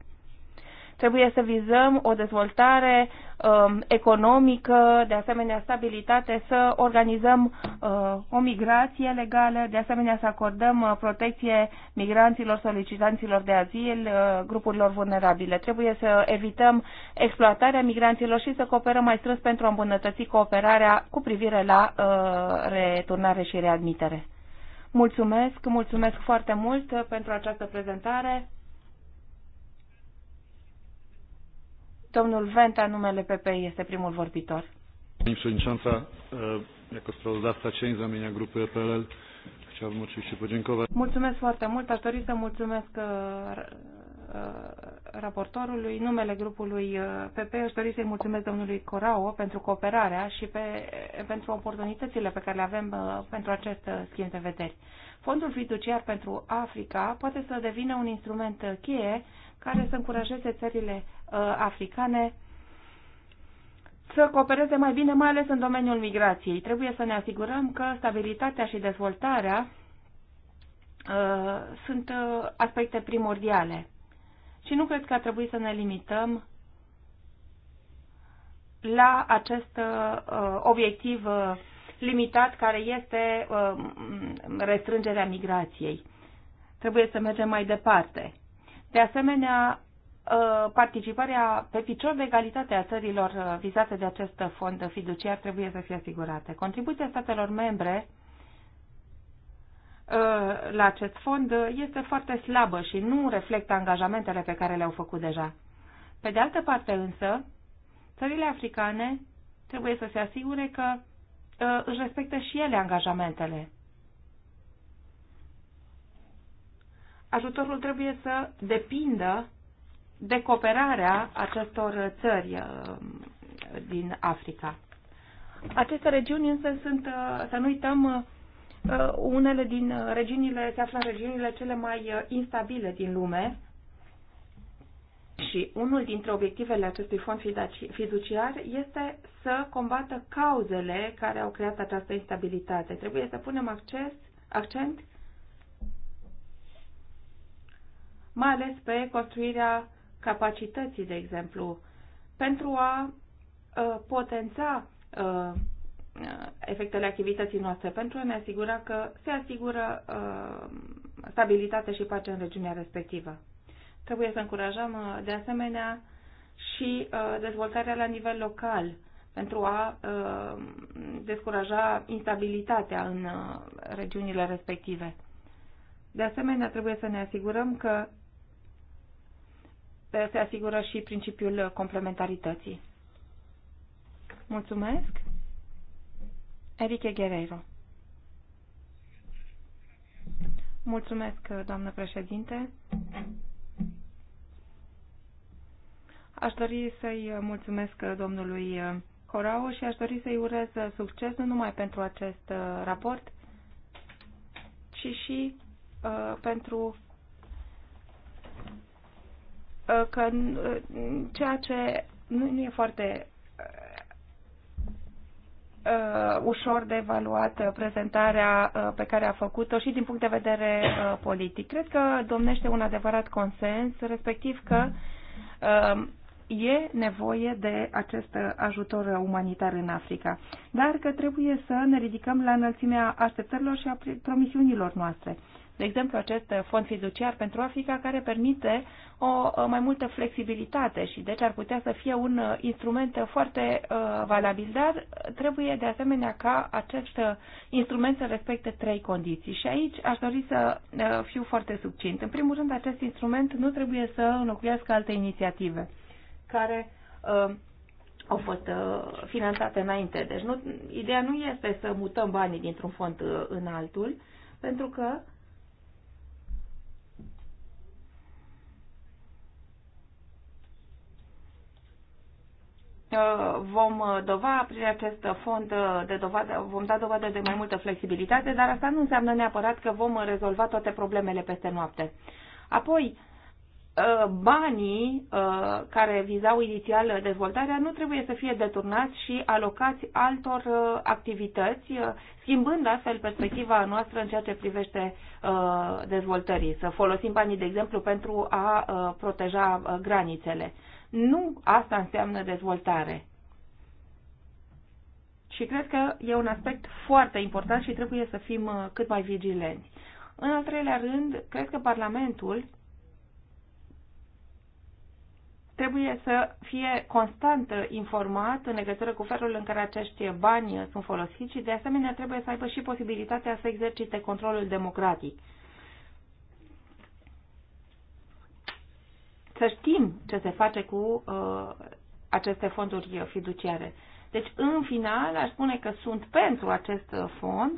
Trebuie să vizăm o dezvoltare uh, economică, de asemenea stabilitate, să organizăm uh, o migrație legală, de asemenea să acordăm uh, protecție migranților, solicitanților de azil, uh, grupurilor vulnerabile. Trebuie să evităm exploatarea migranților și să cooperăm mai strâns pentru a îmbunătăți cooperarea cu privire la uh, returnare și readmitere. Mulțumesc, mulțumesc foarte mult uh, pentru această prezentare. Domnul Venta, numele PP, este primul vorbitor. Pani Przewodnicząca, jako sprawozdawca cień z ramienia grupy EPLL chciałbym oczywiście podziękować. Mulțumesc foarte mult. Aș dori să mulțumesc raportorului, numele grupului PP, aș dori să-i mulțumesc domnului Corao pentru cooperarea și pe, pentru oportunitățile pe care le avem pentru acest schimb de vederi. Fondul fiduciar pentru Africa poate să devină un instrument cheie care să încurajeze țările Uh, africane să coopereze mai bine, mai ales în domeniul migrației. Trebuie să ne asigurăm că stabilitatea și dezvoltarea uh, sunt uh, aspecte primordiale. Și nu cred că ar trebui să ne limităm la acest obiectiv limitat care este restrângerea migrației. Trebuie să mergem mai departe. De asemenea, Uh, participarea pe picior de egalitate a țărilor uh, vizate de acest fond fiduciar trebuie să fie asigurate. Contribuția statelor membre uh, la acest fond este foarte slabă și nu reflectă angajamentele pe care le-au făcut deja. Pe de altă parte însă, țările africane trebuie să se asigure că își respectă și ele angajamentele. Ajutorul trebuie să depindă decoperarea acestor țări uh, din Africa. Aceste regiuni însă sunt, uh, să nu uităm, uh, unele din regiunile, se află în regiunile cele mai instabile din lume și unul dintre obiectivele acestui fond fiduciar este să combată cauzele care au creat această instabilitate. Trebuie să punem acces, accent mai ales pe construirea capacității, de exemplu, pentru a ă, potența ă, efectele activității noastre, pentru a ne asigura că se asigură ă, stabilitate și pace în regiunea respectivă. Trebuie să încurajăm, de asemenea, și dezvoltarea la nivel local pentru a descuraja instabilitatea în regiunile respective. De asemenea, trebuie să ne asigurăm că se asigură și principiul complementarității. Mulțumesc. Enrique Guerreiro. Mulțumesc, doamnă președinte. Aș dori să-i mulțumesc domnului Corao și aș dori să-i urez succes nu numai pentru acest raport, ci și uh, pentru Uh, că uh, ceea ce nu, nu e foarte uh, ușor de evaluat uh, prezentarea uh, pe care a făcut-o și din punct de vedere uh, politic. Cred că domnește un adevărat consens, respectiv că uh, e nevoie de acest ajutor umanitar în Africa, dar că trebuie să ne ridicăm la înălțimea așteptărilor și a promisiunilor noastre de exemplu, acest fond fiduciar pentru Africa care permite o mai multă flexibilitate și deci ar putea să fie un instrument foarte uh, valabil, dar trebuie de asemenea ca acest instrument să respecte trei condiții. Și aici aș dori să uh, fiu foarte subțint. În primul rând, acest instrument nu trebuie să înlocuiască alte inițiative care uh, au fost finanțate înainte. Deci nu, ideea nu este să mutăm banii dintr-un fond în altul, pentru că Uh, vom uh, dova prin acest fond uh, de dovadă, vom da dovadă de mai multă flexibilitate, dar asta nu înseamnă neapărat că vom rezolva toate problemele peste noapte. Apoi, banii care vizau inițial dezvoltarea nu trebuie să fie deturnați și alocați altor activități, schimbând astfel perspectiva noastră în ceea ce privește dezvoltării. Să folosim banii, de exemplu, pentru a proteja granițele nu asta înseamnă dezvoltare. Și cred că e un aspect foarte important și trebuie să fim uh, cât mai vigilenți. În al treilea rând, cred că Parlamentul trebuie să fie constant informat în legătură cu felul în care acești bani sunt folosiți și, de asemenea, trebuie să aibă și posibilitatea să exercite controlul democratic să știm ce se face cu uh, aceste fonduri fiduciare. Deci, în final, aș spune că sunt pentru acest uh, fond,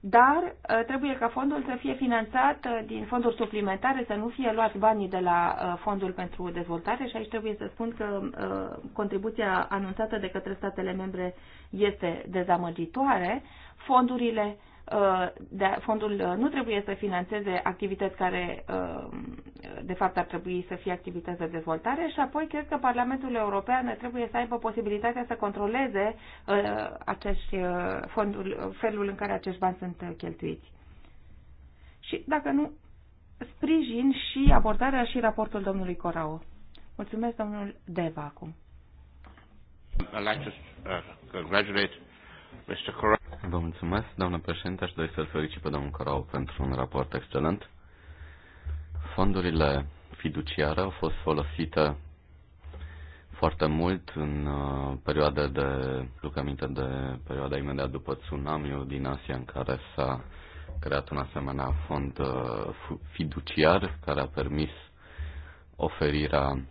dar uh, trebuie ca fondul să fie finanțat uh, din fonduri suplimentare, să nu fie luați banii de la fondul pentru dezvoltare și aici trebuie să spun că contribuția anunțată de către statele membre este dezamăgitoare. Fondurile Uh, de, fondul uh, nu trebuie să financeze activități care, uh, de fapt, ar trebui să fie activități de dezvoltare și apoi cred că Parlamentul European trebuie să aibă posibilitatea să controleze acești fondul, felul în care acești bani sunt cheltuiți. Și, dacă nu, sprijin și abordarea și raportul domnului Corau. Mulțumesc, domnul Deva, acum. I'd like to congratulate Mr. Vă mulțumesc, doamnă președinte. Aș dori să-l felicit pe domnul Corau pentru un raport excelent. Fondurile fiduciare au fost folosite foarte mult în uh, perioada de, duc aminte de perioada imediat după tsunamiul din Asia în care s-a creat un asemenea fond uh, fiduciar care a permis oferirea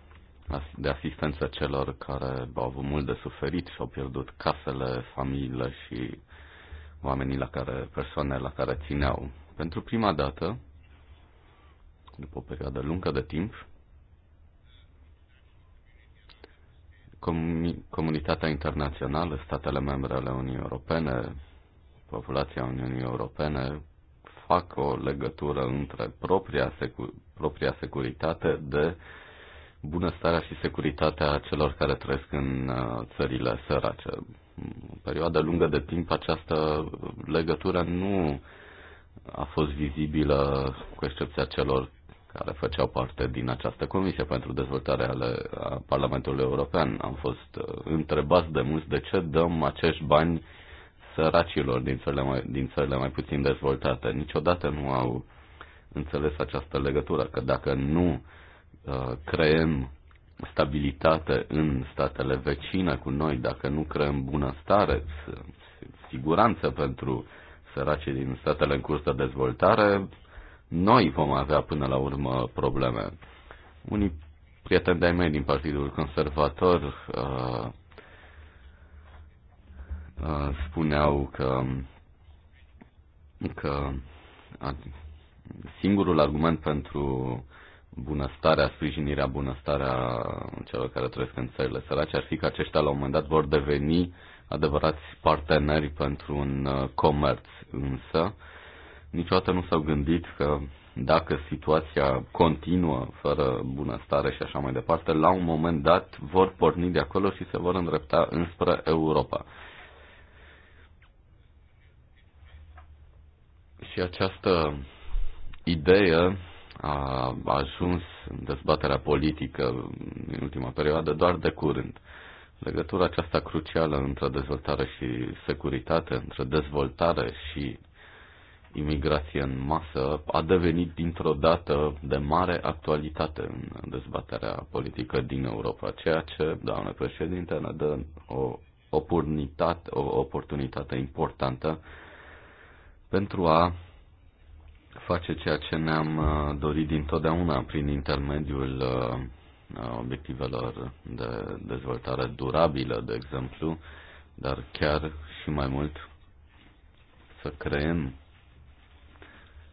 de asistență celor care au avut mult de suferit și au pierdut casele, familiile și oamenii la care, persoanele la care țineau. Pentru prima dată, după o perioadă lungă de timp, comunitatea internațională, statele membre ale Uniunii Europene, populația Uniunii Europene fac o legătură între propria, secu- propria securitate de bunăstarea și securitatea celor care trăiesc în uh, țările sărace perioadă lungă de timp această legătură nu a fost vizibilă, cu excepția celor care făceau parte din această comisie pentru dezvoltarea ale a Parlamentului European. Am fost uh, întrebați de mulți de ce dăm acești bani săracilor din țările mai, din țările mai puțin dezvoltate. Niciodată nu au înțeles această legătură, că dacă nu uh, creăm stabilitate în statele vecine cu noi, dacă nu creăm bunăstare, siguranță pentru săracii din statele în curs de dezvoltare, noi vom avea până la urmă probleme. Unii prieteni de-ai mei din Partidul Conservator uh, uh, spuneau că, că singurul argument pentru bunăstarea, sprijinirea bunăstarea celor care trăiesc în țările sărace ar fi că aceștia la un moment dat vor deveni adevărați parteneri pentru un uh, comerț. Însă, niciodată nu s-au gândit că dacă situația continuă fără bunăstare și așa mai departe, la un moment dat vor porni de acolo și se vor îndrepta înspre Europa. Și această idee a ajuns în dezbaterea politică în ultima perioadă doar de curând. Legătura aceasta crucială între dezvoltare și securitate, între dezvoltare și imigrație în masă, a devenit dintr-o dată de mare actualitate în dezbaterea politică din Europa, ceea ce, doamne președinte, ne dă o oportunitate, o oportunitate importantă pentru a face ceea ce ne-am uh, dorit dintotdeauna prin intermediul uh, uh, obiectivelor de dezvoltare durabilă, de exemplu, dar chiar și mai mult să creăm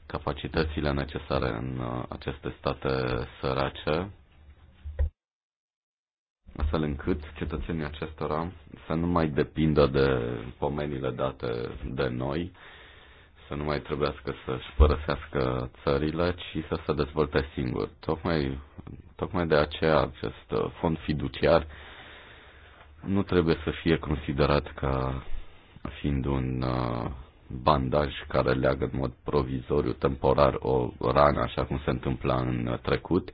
capacitățile necesare în aceste state sărace, astfel încât cetățenii acestora să nu mai depindă de pomenile date de noi, să nu mai trebuiască să-și părăsească țările, ci să se dezvolte singur. Tocmai, tocmai de aceea acest fond fiduciar nu trebuie să fie considerat ca fiind un uh, bandaj care leagă în mod provizoriu, temporar, o rană, așa cum se întâmpla în trecut,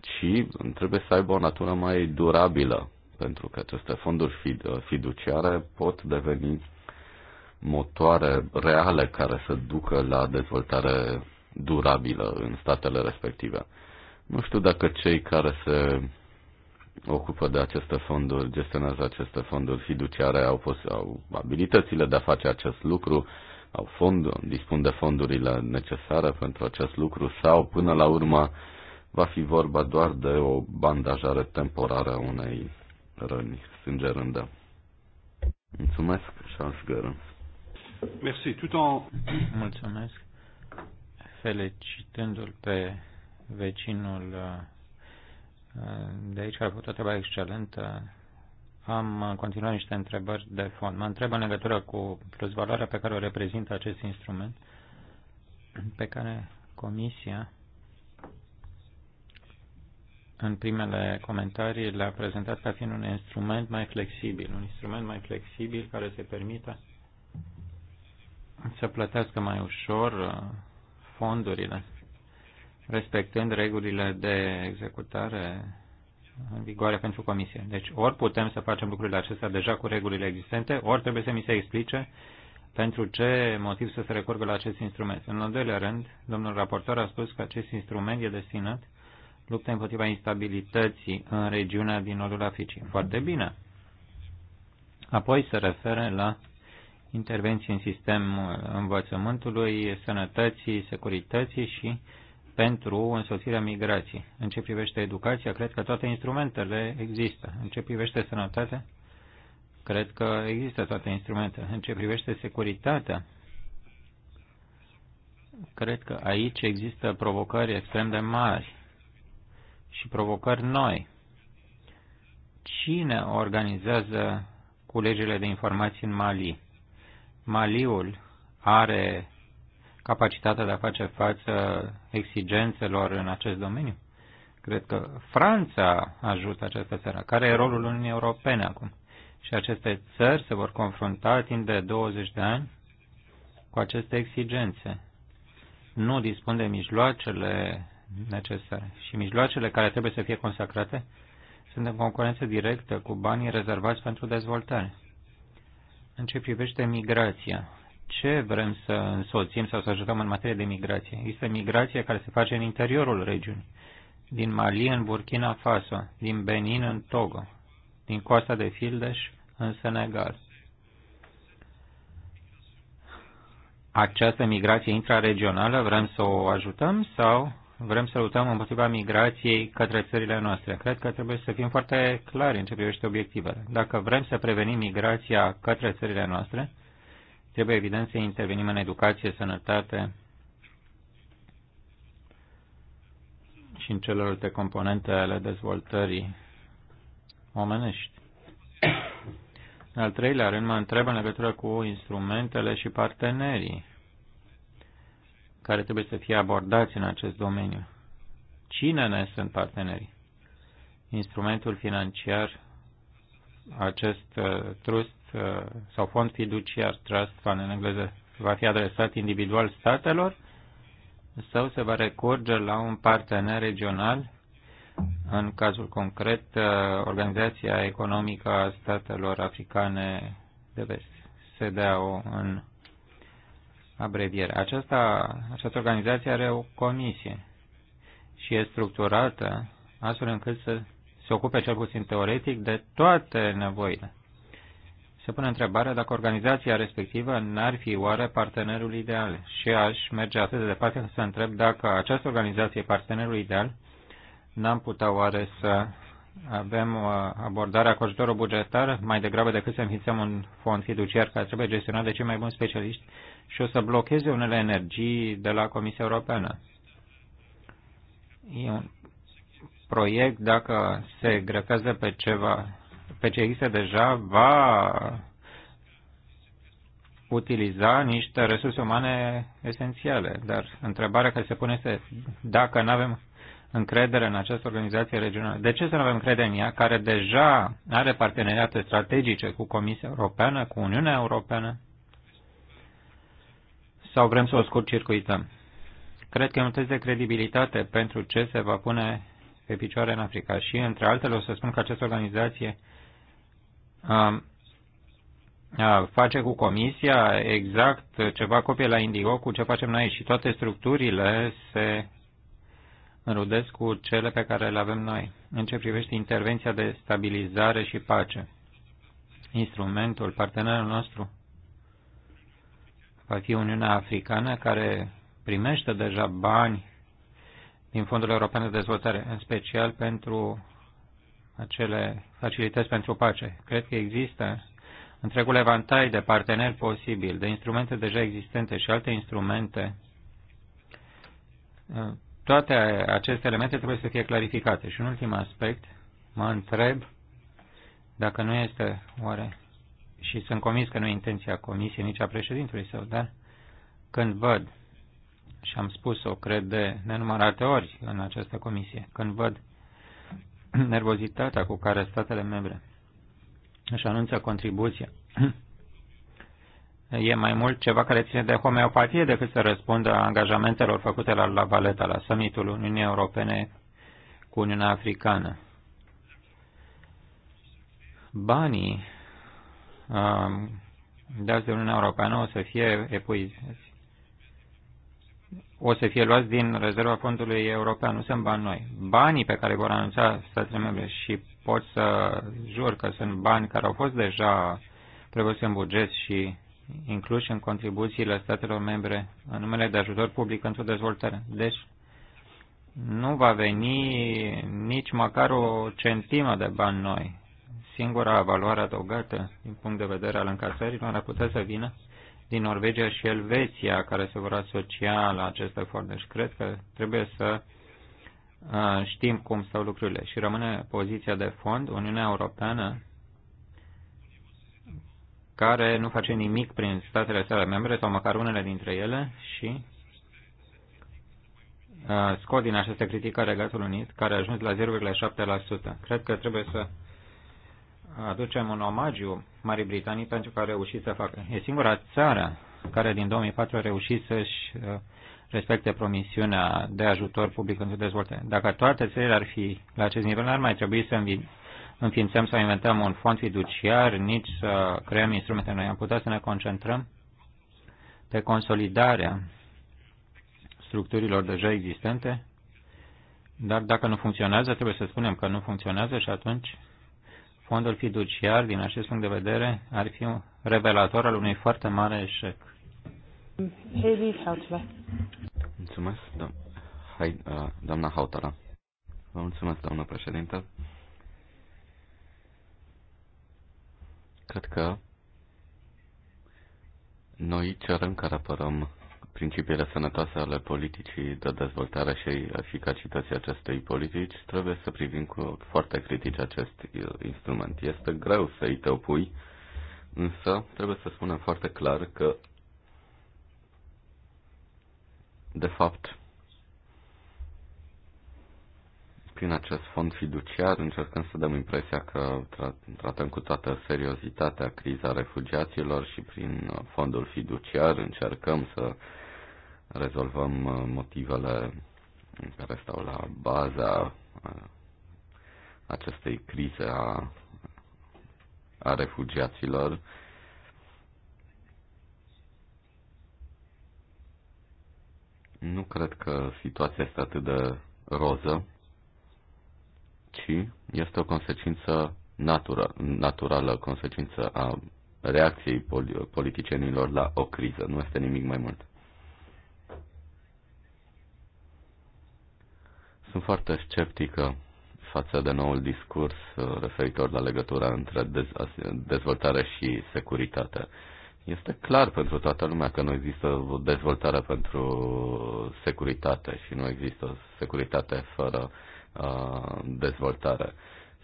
ci trebuie să aibă o natură mai durabilă, pentru că aceste fonduri uh, fiduciare pot deveni motoare reale care să ducă la dezvoltare durabilă în statele respective. Nu știu dacă cei care se ocupă de aceste fonduri, gestionează aceste fonduri fiduciare, au, pos- au abilitățile de a face acest lucru, au fond, dispun de fondurile necesare pentru acest lucru sau, până la urmă, va fi vorba doar de o bandajare temporară a unei răni sângerândă. Mulțumesc, Charles Gărâns. Merci. Tout en... Mulțumesc. Felicitându-l pe vecinul de aici, care a făcut o treabă excelentă, am continuat niște întrebări de fond. Mă întreb în legătură cu plusvaloarea pe care o reprezintă acest instrument, pe care Comisia, în primele comentarii, l-a prezentat ca fiind un instrument mai flexibil, un instrument mai flexibil care se permite să plătească mai ușor uh, fondurile, respectând regulile de executare în vigoare pentru comisie. Deci ori putem să facem lucrurile acestea deja cu regulile existente, ori trebuie să mi se explice pentru ce motiv să se recurgă la acest instrument. În al doilea rând, domnul raportor a spus că acest instrument e destinat lupta împotriva instabilității în regiunea din nordul Africii. Foarte bine. Apoi se referă la intervenții în sistemul învățământului, sănătății, securității și pentru însoțirea migrației. În ce privește educația, cred că toate instrumentele există. În ce privește sănătatea, cred că există toate instrumentele. În ce privește securitatea, cred că aici există provocări extrem de mari și provocări noi. Cine organizează culegile de informații în Mali? Maliul are capacitatea de a face față exigențelor în acest domeniu? Cred că Franța ajută această țară. Care e rolul Uniunii Europene acum? Și aceste țări se vor confrunta timp de 20 de ani cu aceste exigențe. Nu dispun de mijloacele necesare. Și mijloacele care trebuie să fie consacrate sunt în concurență directă cu banii rezervați pentru dezvoltare. În ce privește migrația, ce vrem să însoțim sau să ajutăm în materie de migrație? Este migrația care se face în interiorul regiunii, din Mali în Burkina Faso, din Benin în Togo, din coasta de Fildeș în Senegal. Această migrație intraregională vrem să o ajutăm sau vrem să luptăm împotriva migrației către țările noastre. Cred că trebuie să fim foarte clari în ce privește obiectivele. Dacă vrem să prevenim migrația către țările noastre, trebuie evident să intervenim în educație, sănătate și în celelalte componente ale dezvoltării omenești. În al treilea rând, mă întreb în legătură cu instrumentele și partenerii care trebuie să fie abordați în acest domeniu. Cine ne sunt partenerii? Instrumentul financiar, acest uh, trust uh, sau fond fiduciar, trust fund în engleză, va fi adresat individual statelor sau se va recurge la un partener regional, în cazul concret uh, Organizația Economică a Statelor Africane de Vest, SDAO în abreviere. Aceasta, această organizație are o comisie și e structurată astfel încât să se ocupe cel puțin teoretic de toate nevoile. Se pune întrebarea dacă organizația respectivă n-ar fi oare partenerul ideal și aș merge atât de departe să întreb dacă această organizație e partenerul ideal, n-am putea oare să avem uh, abordarea cu ajutorul bugetar mai degrabă decât să înființăm un fond fiduciar care trebuie gestionat de cei mai buni specialiști și o să blocheze unele energii de la Comisia Europeană. E un proiect, dacă se grefează pe ceva, pe ce există deja, va utiliza niște resurse umane esențiale. Dar întrebarea care se pune este dacă nu avem încredere în această organizație regională. De ce să nu avem încredere în ea, care deja are parteneriate strategice cu Comisia Europeană, cu Uniunea Europeană? sau vrem să o scurt-circuităm? Cred că e un test de credibilitate pentru ce se va pune pe picioare în Africa. Și, între altele, o să spun că această organizație a, um, a, face cu Comisia exact ceva copie la Indigo cu ce facem noi și toate structurile se înrudesc cu cele pe care le avem noi. În ce privește intervenția de stabilizare și pace, instrumentul, partenerul nostru, va fi Uniunea Africană care primește deja bani din Fondul European de Dezvoltare, în special pentru acele facilități pentru pace. Cred că există întregul evantai de parteneri posibil, de instrumente deja existente și alte instrumente. Toate aceste elemente trebuie să fie clarificate. Și un ultim aspect, mă întreb dacă nu este oare și sunt convins că nu e intenția comisiei, nici a președintului său, dar când văd, și am spus-o, cred, de nenumărate ori în această comisie, când văd nervozitatea cu care statele membre își anunță contribuția, e mai mult ceva care ține de homeopatie decât să răspundă angajamentelor făcute la La Valeta, la summitul Uniunii Europene cu Uniunea Africană. Banii Um, dați de Uniunea Europeană o să fie epuizați. O să fie luați din rezerva fondului european, nu sunt bani noi. Banii pe care vor anunța statele membre și pot să jur că sunt bani care au fost deja prevăzuți în buget și incluși în contribuțiile statelor membre în numele de ajutor public pentru dezvoltare. Deci, nu va veni nici măcar o centimă de bani noi singura valoare adăugată din punct de vedere al încasărilor ar putea să vină din Norvegia și Elveția, care se vor asocia la acest efort. Deci cred că trebuie să uh, știm cum stau lucrurile. Și rămâne poziția de fond, Uniunea Europeană, care nu face nimic prin statele sale membre sau măcar unele dintre ele și uh, scot din această critică Regatul Unit, care a ajuns la 0,7%. Cred că trebuie să aducem un omagiu Marii Britanii pentru că a reușit să facă. E singura țară care din 2004 a reușit să-și uh, respecte promisiunea de ajutor public pentru dezvoltare. Dacă toate țările ar fi la acest nivel, ar mai trebui să înființăm sau inventăm un fond fiduciar, nici să creăm instrumente noi. Am putea să ne concentrăm pe consolidarea structurilor deja existente, dar dacă nu funcționează, trebuie să spunem că nu funcționează și atunci fondul fiduciar, din acest punct de vedere, ar fi un revelator al unui foarte mare eșec. Heidi Hautala. Mulțumesc, do Hai, uh, doamna Hautala. Vă mulțumesc, doamna președintă. Cred că noi cerem că reparăm principiile sănătoase ale politicii de dezvoltare și eficacității acestei politici, trebuie să privim cu foarte critic acest instrument. Este greu să îi te opui, însă trebuie să spunem foarte clar că, de fapt, prin acest fond fiduciar încercăm să dăm impresia că tratăm cu toată seriozitatea criza refugiaților și prin fondul fiduciar încercăm să rezolvăm uh, motivele care stau la baza uh, acestei crize a, a refugiaților. Nu cred că situația este atât de roză, ci este o consecință natura, naturală, consecință a reacției politicienilor la o criză. Nu este nimic mai mult. Sunt foarte sceptică față de noul discurs uh, referitor la legătura între dezvoltare și securitate. Este clar pentru toată lumea că nu există o dezvoltare pentru securitate și nu există securitate fără uh, dezvoltare.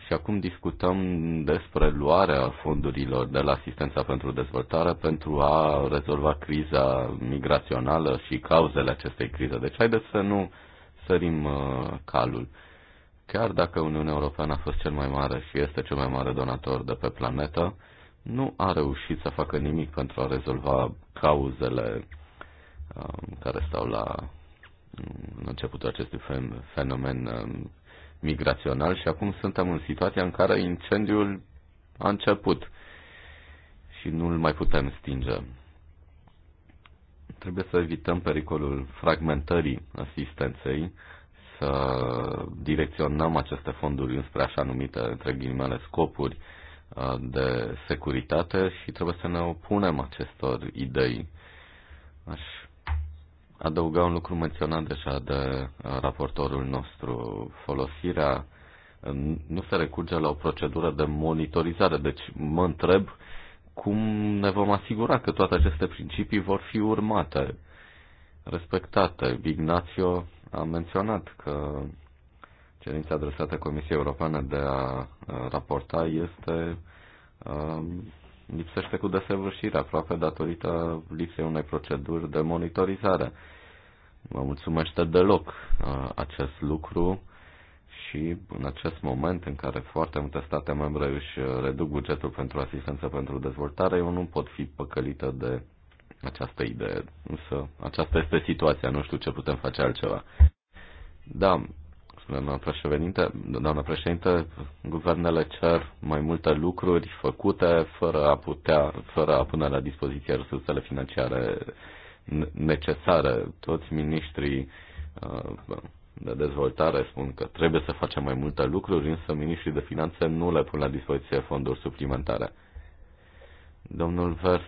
Și acum discutăm despre luarea fondurilor de la asistența pentru dezvoltare pentru a rezolva criza migrațională și cauzele acestei crize. Deci haideți să nu întărim uh, calul. Chiar dacă Uniunea Europeană a fost cel mai mare și este cel mai mare donator de pe planetă, nu a reușit să facă nimic pentru a rezolva cauzele um, care stau la mm, începutul acestui fenomen um, migrațional și acum suntem în situația în care incendiul a început și nu îl mai putem stinge. Trebuie să evităm pericolul fragmentării asistenței, să direcționăm aceste fonduri înspre așa numite, între ghilimele, scopuri uh, de securitate și trebuie să ne opunem acestor idei. Aș adăuga un lucru menționat deja de uh, raportorul nostru, folosirea uh, nu se recurge la o procedură de monitorizare. Deci mă întreb cum ne vom asigura că toate aceste principii vor fi urmate, respectate? Ignacio a menționat că cerința adresată Comisiei Europene de a raporta este um, lipsește cu desăvârșire, aproape datorită lipsei unei proceduri de monitorizare. Mă mulțumește deloc uh, acest lucru și în acest moment în care foarte multe state membre își reduc bugetul pentru asistență pentru dezvoltare, eu nu pot fi păcălită de această idee. Însă aceasta este situația, nu știu ce putem face altceva. Da, doamna președinte, doamna președinte, guvernele cer mai multe lucruri făcute fără a putea, fără a pune la dispoziție resursele financiare necesare. Toți ministrii uh, de dezvoltare spun că trebuie să facem mai multe lucruri, însă ministrii de finanțe nu le pun la dispoziție fonduri suplimentare. Domnul Vers,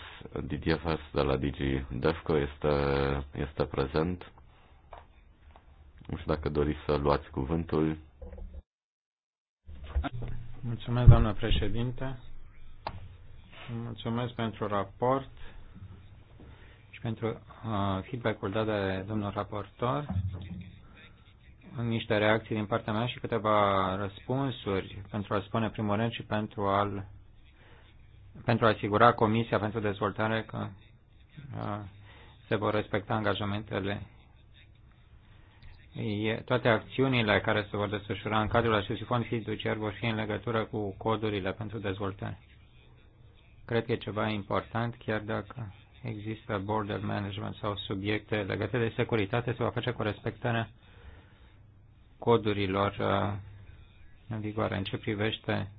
Didier Vers de la Digi Defco este, este prezent. Nu știu dacă doriți să luați cuvântul. Mulțumesc, doamnă președinte. Mulțumesc pentru raport și pentru uh, feedback-ul dat de domnul raportor niște reacții din partea mea și câteva răspunsuri pentru a spune primul rând și pentru a, pentru a asigura Comisia pentru Dezvoltare că a, se vor respecta angajamentele. E, toate acțiunile care se vor desfășura în cadrul acestui fond fiduciar vor fi în legătură cu codurile pentru dezvoltare. Cred că e ceva important, chiar dacă există border management sau subiecte legate de securitate, se va face cu respectarea codurilor uh, în vigoare. În ce privește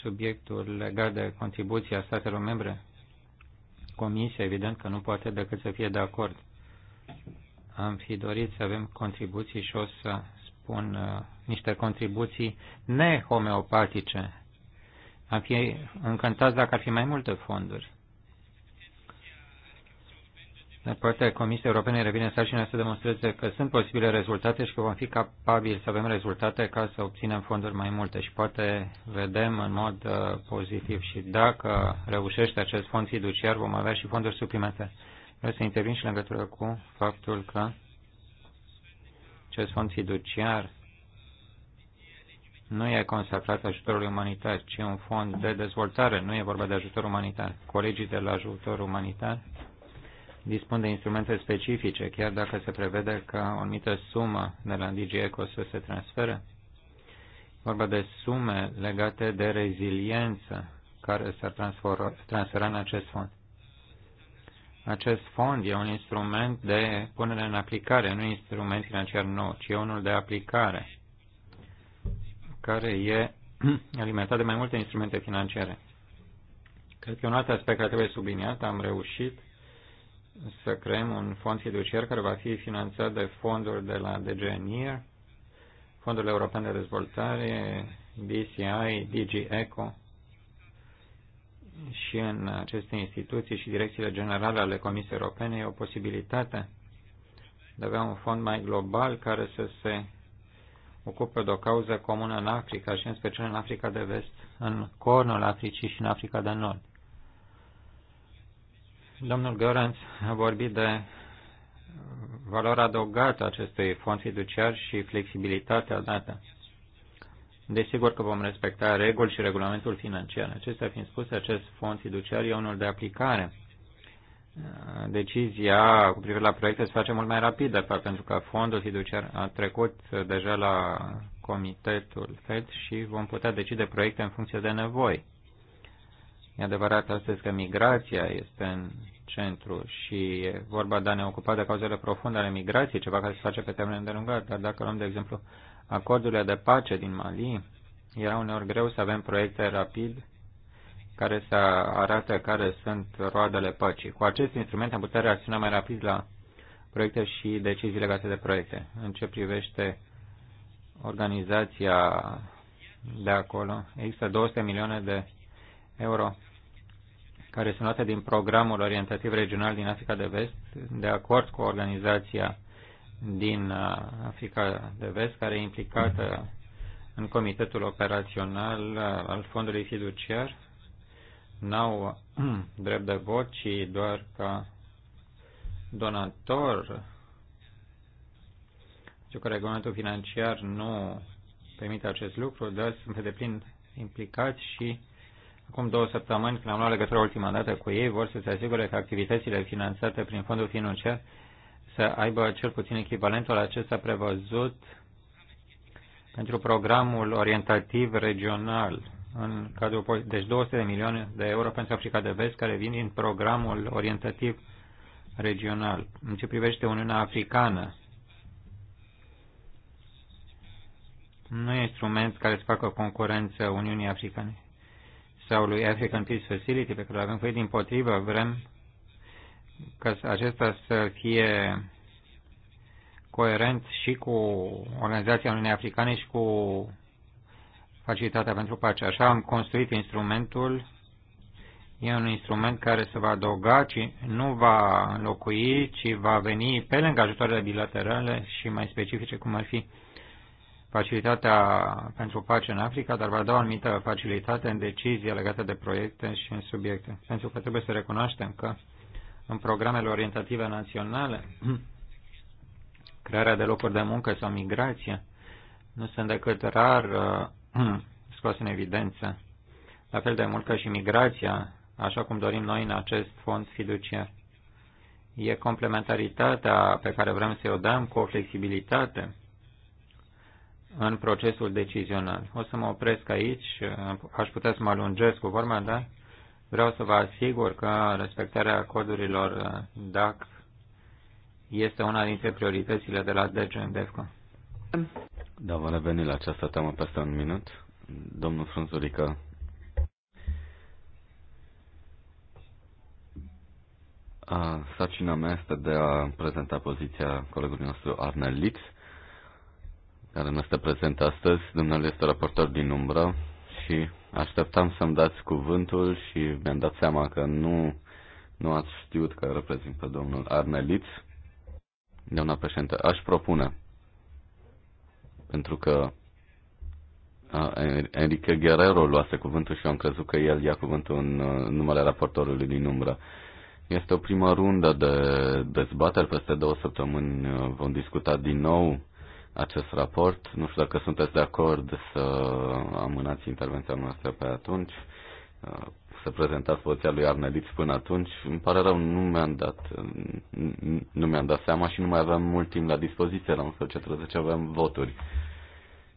subiectul legat de contribuția statelor membre, Comisia evident că nu poate decât să fie de acord. Am fi dorit să avem contribuții și o să spun uh, niște contribuții nehomeopatice. Am fi încântați dacă ar fi mai multe fonduri. Din partea Comisiei Europene revine sarcina să demonstreze că sunt posibile rezultate și că vom fi capabili să avem rezultate ca să obținem fonduri mai multe și poate vedem în mod uh, pozitiv și dacă reușește acest fond fiduciar vom avea și fonduri suplimentare. Vreau să intervin și în legătură cu faptul că acest fond fiduciar nu e consacrat ajutorului umanitar, ci un fond de dezvoltare. Nu e vorba de ajutor umanitar. Colegii de la ajutor umanitar dispun de instrumente specifice, chiar dacă se prevede că o anumită sumă de la DGECO să se transfere. Vorba de sume legate de reziliență care s-ar transfera în acest fond. Acest fond e un instrument de punere în aplicare, nu instrument financiar nou, ci e unul de aplicare, care e alimentat de mai multe instrumente financiare. Cred că un alt aspect care trebuie subliniat, am reușit să creăm un fond fiduciar care va fi finanțat de fonduri de la DGNIR, Fondul European de Dezvoltare, BCI, DG ECO și în aceste instituții și direcțiile generale ale Comisiei Europene e o posibilitate de a avea un fond mai global care să se ocupe de o cauză comună în Africa și în special în Africa de Vest, în cornul Africii și în Africa de Nord. Domnul Găranț a vorbit de valoarea adăugată acestui fond fiduciar și flexibilitatea dată. Desigur că vom respecta reguli și regulamentul financiar. Acestea fiind spuse, acest fond fiduciar e unul de aplicare. Decizia cu privire la proiecte se face mult mai rapid, de fapt, pentru că fondul fiduciar a trecut deja la comitetul FED și vom putea decide proiecte în funcție de nevoi. E adevărat astăzi că migrația este în centru și e vorba de a ne ocupa de cauzele profunde ale migrației, ceva care se face pe termen îndelungat, dar dacă luăm, de exemplu, acordurile de pace din Mali, era uneori greu să avem proiecte rapid care să arate care sunt roadele păcii. Cu acest instrument am putea reacționa mai rapid la proiecte și decizii legate de proiecte. În ce privește organizația de acolo, există 200 milioane de euro care sunt luate din programul orientativ regional din Africa de Vest, de acord cu organizația din uh, Africa de Vest, care e implicată în comitetul operațional uh, al fondului fiduciar, n-au uh, drept de vot, ci doar ca donator, știu deci, că regulamentul financiar nu permite acest lucru, dar sunt pe deplin implicați și acum două săptămâni, când am luat legătura ultima dată cu ei, vor să se asigure că activitățile finanțate prin fondul financiar să aibă cel puțin echivalentul acesta prevăzut pentru programul orientativ regional în cadrul, deci 200 de milioane de euro pentru Africa de Vest care vin din programul orientativ regional. În ce privește Uniunea Africană, nu e instrument care să facă concurență Uniunii Africane sau lui African Peace Facility pe care îl avem cu ei. Din potrivă, vrem ca acesta să fie coerent și cu Organizația Uniunii Africane și cu Facilitatea pentru Pace. Așa am construit instrumentul. E un instrument care se va adăuga, ci nu va înlocui, ci va veni pe lângă ajutoarele bilaterale și mai specifice, cum ar fi uh, facilitatea pentru pace în Africa, dar va da o anumită facilitate în decizie legată de proiecte și în subiecte. În sensul că trebuie să recunoaștem că în programele orientative naționale, crearea de locuri de muncă sau migrație nu sunt decât rar uh, scos în evidență. La fel de mult ca și migrația, așa cum dorim noi în acest fond fiduciar. E complementaritatea pe care vrem să o dăm cu o flexibilitate în procesul decizional. O să mă opresc aici, aș putea să mă alungesc cu vorba, dar vreau să vă asigur că respectarea codurilor DAC este una dintre prioritățile de la DGNDEFCO. Da, vă reveni la această temă peste un minut. Domnul Frunzurică. Sarcina mea este de a prezenta poziția colegului nostru Arnel Litz care nu este prezent astăzi. domnul este raportor din umbră și așteptam să-mi dați cuvântul și mi-am dat seama că nu, nu ați știut că reprezint pe domnul Arneliț. Doamna președinte, aș propune, pentru că Enrique Guerrero luase cuvântul și eu am crezut că el ia cuvântul în numele raportorului din umbră. Este o primă rundă de dezbateri, peste două săptămâni uh, vom discuta din nou acest raport. Nu știu dacă sunteți de acord să amânați intervenția noastră pe atunci, uh, să prezentați poziția lui Arneliț până atunci. Îmi pare rău, nu mi-am dat, nu mi-am dat seama și nu mai avem mult timp la dispoziție, la 11.30 avem voturi.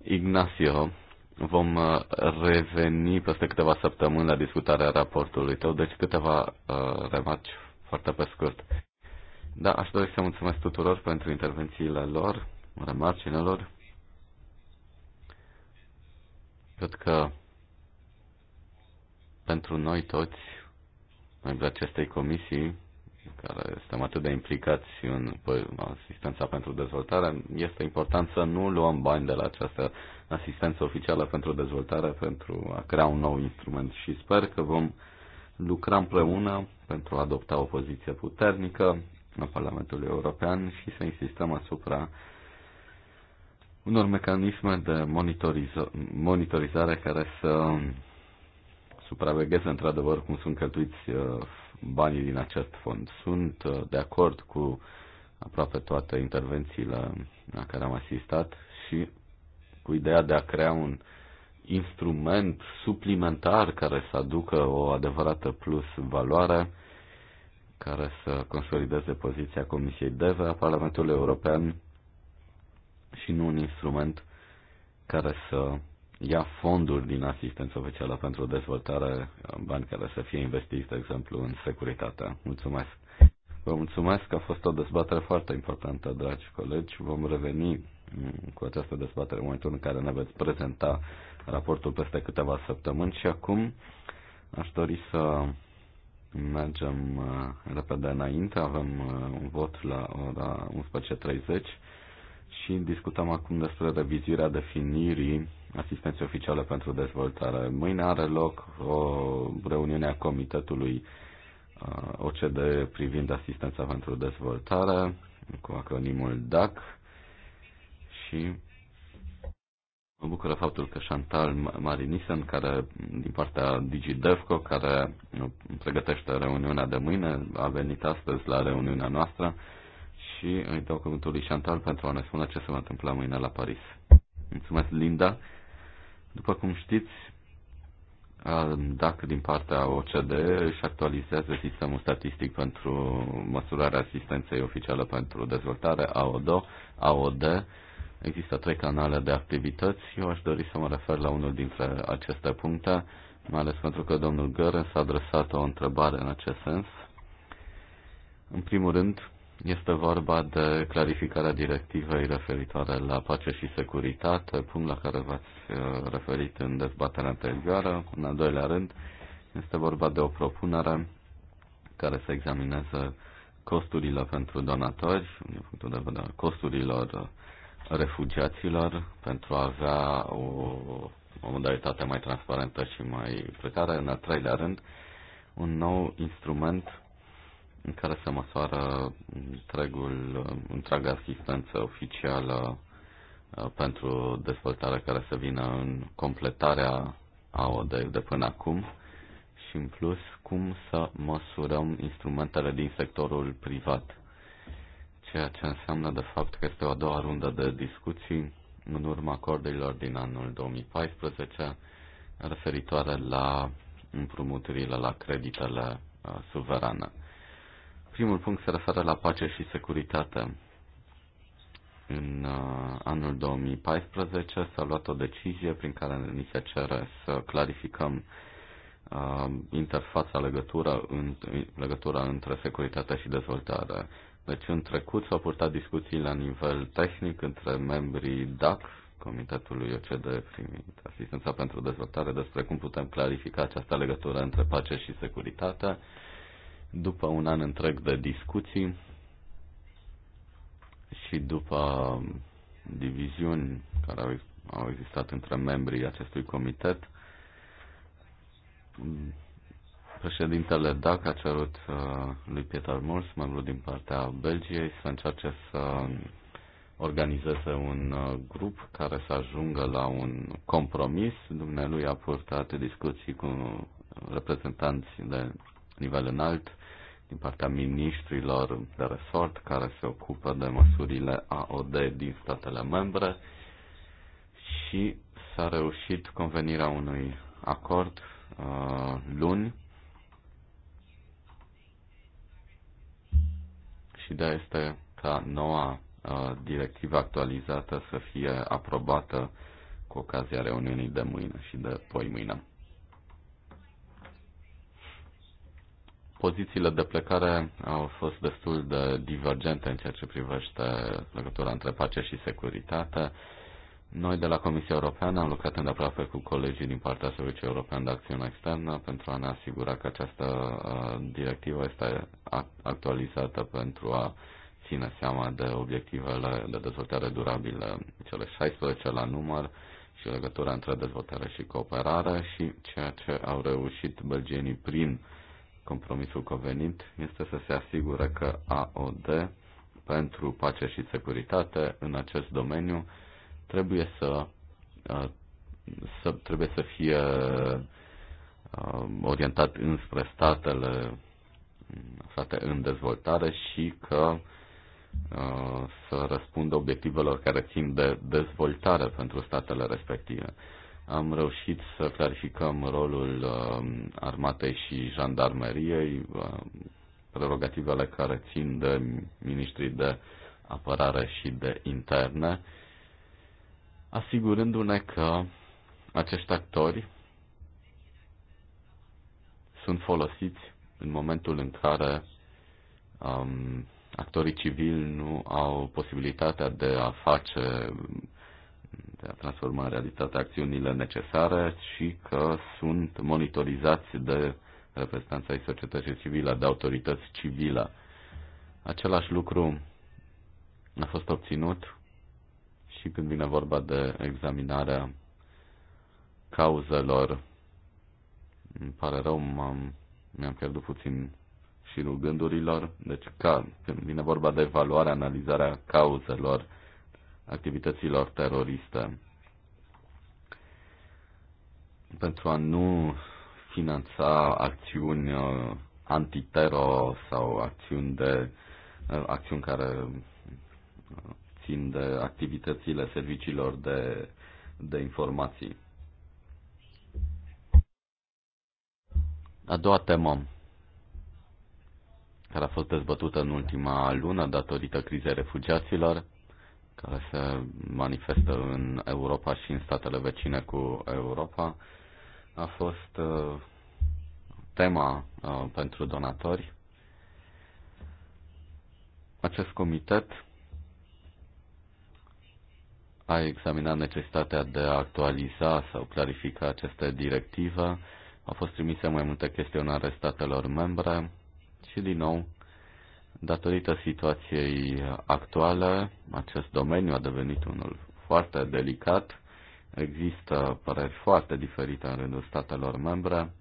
Ignacio, vom uh, reveni peste câteva săptămâni la discutarea raportului tău, deci câteva uh, remarci foarte pe scurt. Da, aș dori să mulțumesc tuturor pentru intervențiile lor remarcinelor. Cred că pentru noi toți, membrii acestei comisii, care suntem atât de implicați în asistența pentru dezvoltare, este important să nu luăm bani de la această asistență oficială pentru dezvoltare pentru a crea un nou instrument și sper că vom lucra împreună pentru a adopta o poziție puternică în Parlamentul European și să insistăm asupra unor mecanisme de monitorizare care să supravegheze într-adevăr cum sunt cheltuiți uh, banii din acest fond. Sunt uh, de acord cu aproape toate intervențiile la care am asistat și cu ideea de a crea un instrument suplimentar care să aducă o adevărată plus valoare, care să consolideze poziția Comisiei DEVE a Parlamentului European și nu un instrument care să ia fonduri din asistență oficială pentru dezvoltare, uh, bani care să fie investiți, de exemplu, în securitate. Mulțumesc! Vă mulțumesc că a fost o dezbatere foarte importantă, dragi colegi. Vom reveni mm, cu această dezbatere în momentul în care ne veți prezenta raportul peste câteva săptămâni și acum aș dori să mergem uh, repede înainte. Avem uh, un vot la ora 11.30 și discutăm acum despre revizirea definirii asistenței oficiale pentru dezvoltare. Mâine are loc o reuniune a Comitetului uh, OCDE privind asistența pentru dezvoltare cu acronimul DAC și mă bucură faptul că Chantal Marinisen, care din partea DigiDevco, care pregătește reuniunea de mâine, a venit astăzi la reuniunea noastră și îi dau cuvântul lui Chantal pentru a ne spune ce se va întâmpla mâine la Paris. Mulțumesc, Linda. După cum știți, uh, dacă din partea OCD își actualizează sistemul statistic pentru măsurarea asistenței oficiale pentru dezvoltare, AOD, AOD, există trei canale de activități. Eu aș dori să mă refer la unul dintre aceste puncte, mai ales pentru că domnul Gără s-a adresat o întrebare în acest sens. În primul rând, este vorba de clarificarea directivei referitoare la pace și securitate, punct la care v-ați uh, referit în dezbaterea anterioară. În al doilea rând, este vorba de o propunere care să examineze costurile pentru donatori, din punctul de vedere costurilor refugiaților, pentru a avea o, o modalitate mai transparentă și mai precară. În al treilea rând, un nou instrument în care se măsoară întregul, întreaga asistență oficială uh, pentru dezvoltarea care să vină în completarea AOD de până acum și în plus cum să măsurăm instrumentele din sectorul privat. Ceea ce înseamnă de fapt că este o a doua rundă de discuții în urma acordurilor din anul 2014 referitoare la împrumuturile la creditele uh, suverane. Primul punct se referă la pace și securitate. În uh, anul 2014 s-a luat o decizie prin care ni se cere să clarificăm uh, interfața, legătură în, legătura între securitate și dezvoltare. Deci în trecut s-au purtat discuții la nivel tehnic între membrii DAC, Comitetului OCD privind asistența pentru dezvoltare, despre cum putem clarifica această legătură între pace și securitate. Uh, după un an întreg de discuții și după diviziuni care au, existat între membrii acestui comitet, președintele DAC a cerut uh, lui Peter Mors, membru din partea Belgiei, să încerce să organizeze un uh, grup care să ajungă la un compromis. Dumnealui a purtat discuții cu reprezentanți de nivel înalt, din partea ministrilor de resort care se ocupă de măsurile AOD din statele membre și s-a reușit convenirea unui acord uh, luni și de este ca noua uh, directivă actualizată să fie aprobată cu ocazia reuniunii de mâine și de poi mâine. pozițiile de plecare au fost destul de divergente în ceea ce privește legătura între pace și securitate. Noi de la Comisia Europeană am lucrat îndeaproape cu colegii din partea Serviciului European de Acțiune Externă pentru a ne asigura că această uh, directivă este actualizată pentru a ține seama de obiectivele de dezvoltare durabilă, cele 16 la număr, și legătura între dezvoltare și cooperare și ceea ce au reușit belgenii prin Compromisul convenit este să se asigure că AOD pentru pace și securitate în acest domeniu trebuie să, uh, să trebuie să fie uh, orientat înspre statele state în dezvoltare și că uh, să răspundă obiectivelor care țin de dezvoltare pentru statele respective am reușit să clarificăm rolul uh, armatei și jandarmeriei, uh, prerogativele care țin de ministrii de apărare și de interne, asigurându-ne că acești actori sunt folosiți în momentul în care um, actorii civili nu au posibilitatea de a face de a transforma în realitate acțiunile necesare și că sunt monitorizați de reprezentanța ai societății civile, de autorități civile. Același lucru a fost obținut și când vine vorba de examinarea cauzelor. Îmi pare rău, m-am, mi-am pierdut puțin și gândurilor. Deci, ca, când vine vorba de evaluare, analizarea cauzelor activităților teroriste pentru a nu finanța acțiuni uh, antitero sau acțiuni de uh, acțiuni care uh, țin de activitățile serviciilor de, de informații. A doua temă care a fost dezbătută în ultima lună datorită crizei refugiaților care se manifestă în Europa și în statele vecine cu Europa a fost uh, tema uh, pentru donatori. Acest comitet a examinat necesitatea de a actualiza sau clarifica aceste directive. Au fost trimise mai multe chestionare statelor membre și, din nou, Datorită situației actuale, acest domeniu a devenit unul foarte delicat. Există păreri foarte diferite în rândul statelor membre.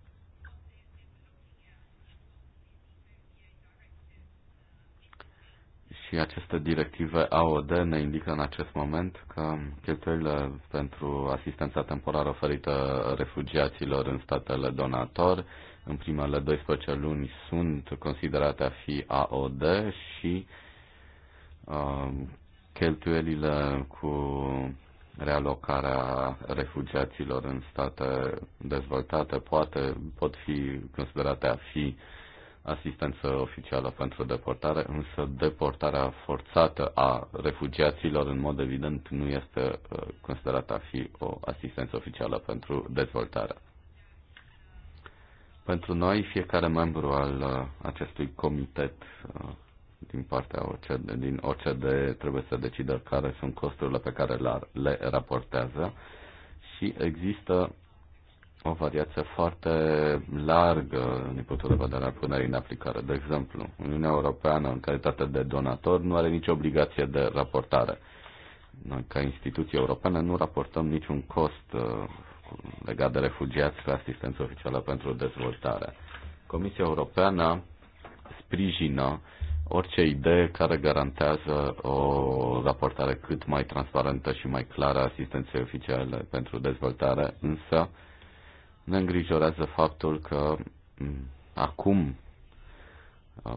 Și aceste directive AOD ne indică în acest moment că cheltuielile pentru asistența temporară oferită refugiaților în statele donator în primele 12 luni sunt considerate a fi AOD și uh, cheltuielile cu realocarea refugiaților în state dezvoltate poate, pot fi considerate a fi asistență oficială pentru deportare, însă deportarea forțată a refugiaților în mod evident nu este uh, considerată a fi o asistență oficială pentru dezvoltare. Pentru noi, fiecare membru al uh, acestui comitet uh, din partea OCD, din OCD trebuie să decidă care sunt costurile pe care le raportează și există o variație foarte largă din punctul de vedere al punerii în aplicare. De exemplu, Uniunea Europeană, în calitate de donator, nu are nicio obligație de raportare. Noi, ca instituție europeană, nu raportăm niciun cost uh, legat de refugiați cu asistență oficială pentru dezvoltare. Comisia Europeană sprijină orice idee care garantează o raportare cât mai transparentă și mai clară a asistenței oficiale pentru dezvoltare, însă ne îngrijorează faptul că acum,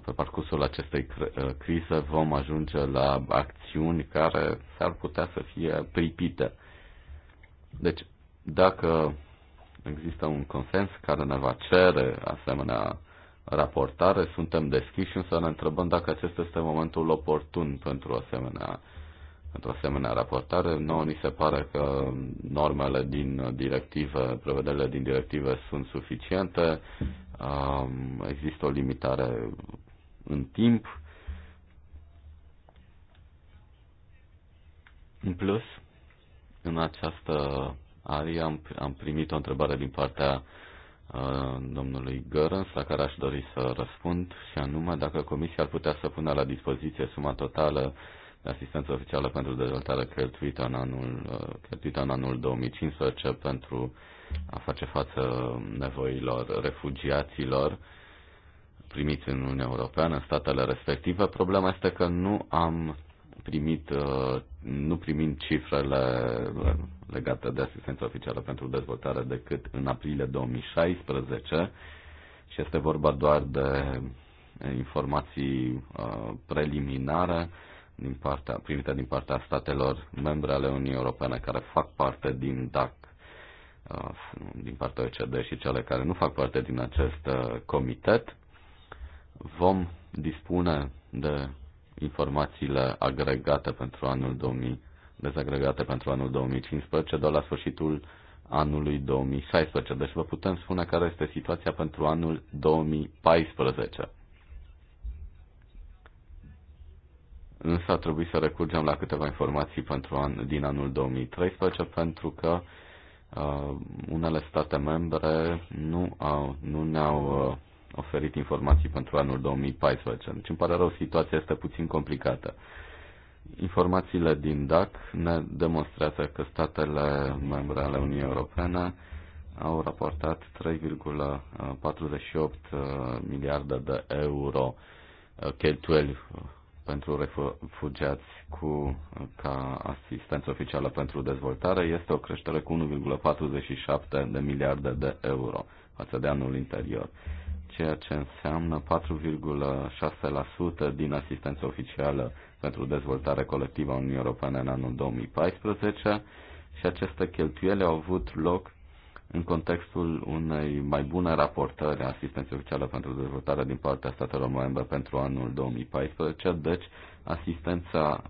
pe parcursul acestei uh, crize, vom ajunge la acțiuni care s-ar putea să fie pripite. Deci, dacă există un consens care ne va cere asemenea raportare, suntem deschiși, însă ne întrebăm dacă acesta este momentul oportun pentru asemenea, pentru asemenea raportare. Nu ni se pare că normele din directive, prevederile din directive sunt suficiente, există o limitare în timp. În plus, în această aria am, am primit o întrebare din partea uh, domnului Gărâns, la care aș dori să răspund, și anume dacă Comisia ar putea să pună la dispoziție suma totală de asistență oficială pentru dezvoltare cheltuită în anul, uh, cheltuită în anul 2015 pentru a face față nevoilor refugiaților primiți în Uniunea Europeană, în statele respective. Problema este că nu am primit, uh, nu primim cifrele uh, legate de asistența oficială pentru dezvoltare decât în aprilie 2016 și este vorba doar de uh, informații preliminare din partea, primite din partea statelor membre ale Uniunii Europene care fac parte din DAC din partea OECD și cele care nu fac parte din acest comitet. Vom dispune de informațiile agregate pentru anul 2000, dezagregate pentru anul 2015, doar la sfârșitul anului 2016. Deci vă putem spune care este situația pentru anul 2014. Însă a trebuit să recurgem la câteva informații pentru an, din anul 2013 pentru că uh, unele state membre nu, au, nu ne-au uh, oferit informații pentru anul 2014. Deci îmi pare rău, situația este puțin complicată. Informațiile din DAC ne demonstrează că statele membre ale Uniunii Europene au raportat 3,48 uh, miliarde de euro uh, cheltuieli uh, pentru refugiați cu, ca asistență oficială pentru dezvoltare este o creștere cu 1,47 de miliarde de euro față de anul interior ceea ce înseamnă 4,6% din asistența oficială pentru dezvoltare colectivă a Uniunii Europene în anul 2014 și aceste cheltuieli au avut loc în contextul unei mai bune raportări a asistenței oficiale pentru dezvoltare din partea statelor membre pentru anul 2014, deci asistența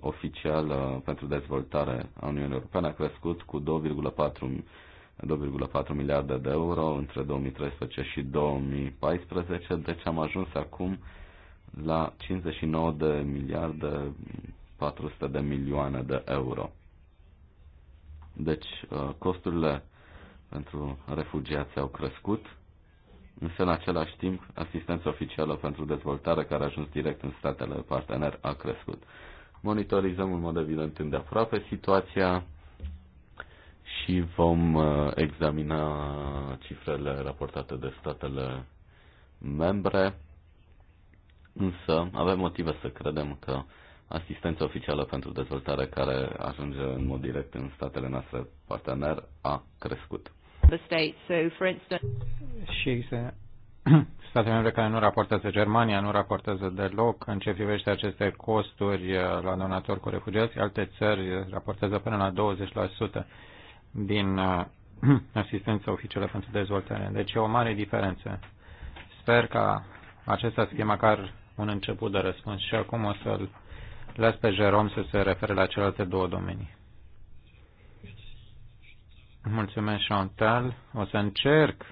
oficială pentru dezvoltare a Uniunii Europene a crescut cu 2,4 2,4 miliarde de euro între 2013 și 2014, deci am ajuns acum la 59 de miliarde 400 de milioane de euro. Deci uh, costurile pentru refugiați au crescut, însă în același timp asistența oficială pentru dezvoltare care a ajuns direct în statele partener a crescut. Monitorizăm în mod evident îndeaproape situația și vom uh, examina cifrele raportate de statele membre, însă avem motive să credem că asistența oficială pentru dezvoltare care ajunge în mod direct în statele noastre partener a crescut. Și statele membre care nu raportează Germania, nu raportează deloc în ce privește aceste costuri la donatori cu refugiați, alte țări raportează până la 20% din uh, asistența oficială pentru dezvoltare. Deci e o mare diferență. Sper că acesta să fie măcar un început de răspuns și acum o să-l las pe Jerom să se refere la celelalte două domenii. Mulțumesc, Chantal. O să încerc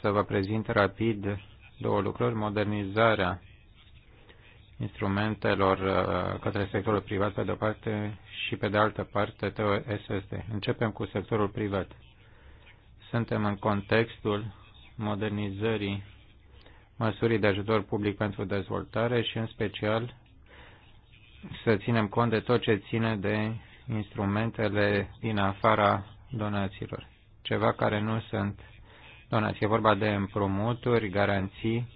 să vă prezint rapid două lucruri. Modernizarea instrumentelor uh, către sectorul privat pe de-o parte și pe de altă parte TOSSD. Începem cu sectorul privat. Suntem în contextul modernizării măsurii de ajutor public pentru dezvoltare și în special să ținem cont de tot ce ține de instrumentele din afara donațiilor. Ceva care nu sunt donații. E vorba de împrumuturi, garanții,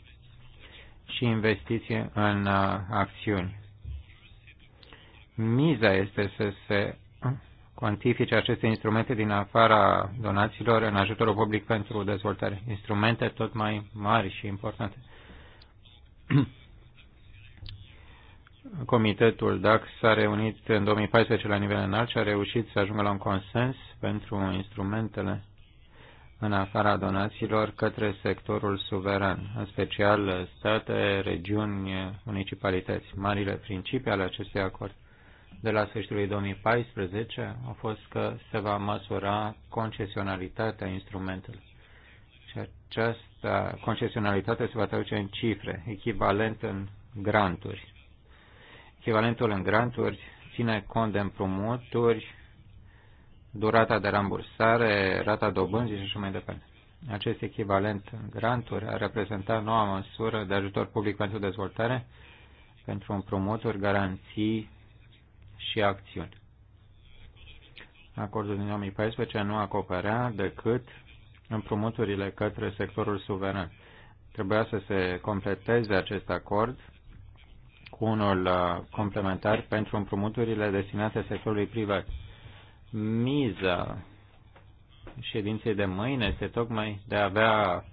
și investiții în uh, acțiuni. Miza este să se cuantifice aceste instrumente din afara donațiilor în ajutorul public pentru dezvoltare. Instrumente tot mai mari și importante. Comitetul DAC s-a reunit în 2014 la nivel înalt și a reușit să ajungă la un consens pentru instrumentele în afara donațiilor către sectorul suveran, în special state, regiuni, municipalități. Marile principii ale acestui acord de la sfârșitul 2014 au fost că se va măsura concesionalitatea instrumentelor. Și această concesionalitate se va traduce în cifre, echivalent în granturi. Echivalentul în granturi ține cont de împrumuturi durata de rambursare, rata dobânzii și așa mai departe. Acest echivalent în granturi ar reprezenta noua măsură de ajutor public pentru dezvoltare, pentru împrumuturi, garanții și acțiuni. Acordul din 2014 nu acoperea decât împrumuturile către sectorul suveran. Trebuia să se completeze acest acord cu unul uh, complementar pentru împrumuturile destinate sectorului privat miza ședinței de mâine este tocmai de a avea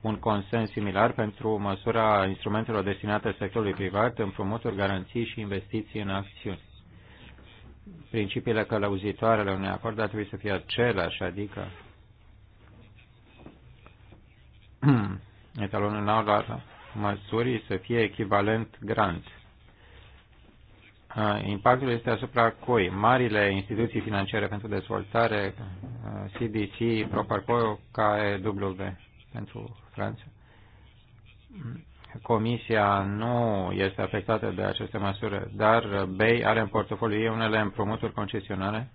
un consens similar pentru măsura instrumentelor destinate sectorului privat, împrumuturi, garanții și investiții în acțiuni. Principiile călăuzitoare ale unui acord ar trebui să fie același, adică etalonul în măsurii să fie echivalent grant impactul este asupra cui? Marile instituții financiare pentru dezvoltare, CDC, Proparco, KEW pentru Franța. Comisia nu este afectată de aceste măsuri, dar BEI are în portofoliu ei unele împrumuturi concesionare,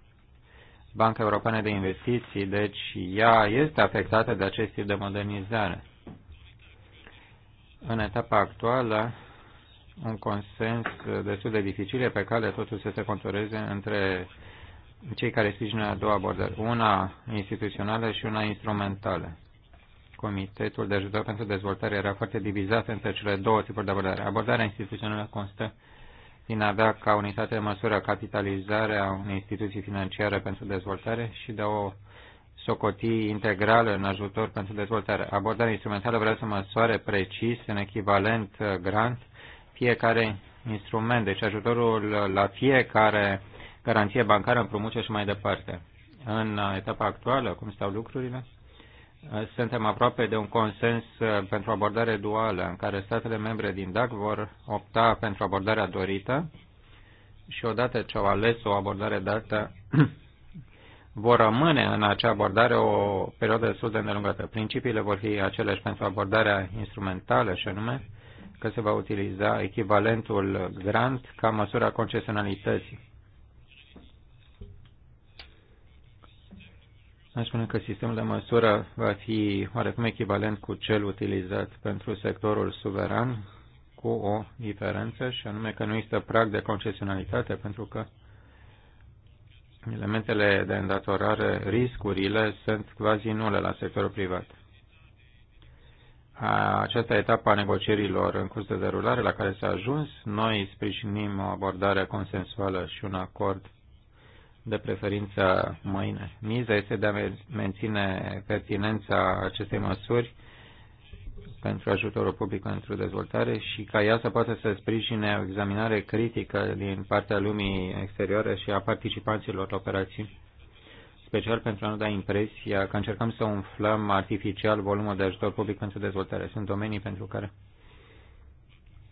Banca Europeană de Investiții, deci ea este afectată de acest tip de modernizare. În etapa actuală, un consens destul de dificil, pe care totul să se contureze între cei care sprijină două abordări, una instituțională și una instrumentală. Comitetul de ajutor pentru dezvoltare era foarte divizat între cele două tipuri de abordare. Abordarea instituțională constă din a avea ca unitate de măsură capitalizarea unei instituții financiare pentru dezvoltare și de o socotii integrală în ajutor pentru dezvoltare. Abordarea instrumentală vrea să măsoare precis, în echivalent grant, fiecare instrument, deci ajutorul la fiecare garanție bancară, împrumuce și mai departe. În etapa actuală, cum stau lucrurile, suntem aproape de un consens pentru abordare duală, în care statele membre din DAC vor opta pentru abordarea dorită și odată ce au ales o abordare dată, vor rămâne în acea abordare o perioadă destul de îndelungată. Principiile vor fi aceleași pentru abordarea instrumentală, și anume că se va utiliza echivalentul grant ca măsura concesionalității. Aș spune că sistemul de măsură va fi oarecum echivalent cu cel utilizat pentru sectorul suveran, cu o diferență, și anume că nu există prag de concesionalitate, pentru că elementele de îndatorare, riscurile, sunt quasi nule la sectorul privat această etapă a negocierilor în curs de derulare la care s-a ajuns. Noi sprijinim o abordare consensuală și un acord de preferință mâine. Miza este de a menține pertinența acestei măsuri pentru ajutorul public pentru dezvoltare și ca ea să poată să sprijine o examinare critică din partea lumii exterioare și a participanților la operații special pentru a nu da impresia că încercăm să umflăm artificial volumul de ajutor public pentru dezvoltare. Sunt domenii pentru care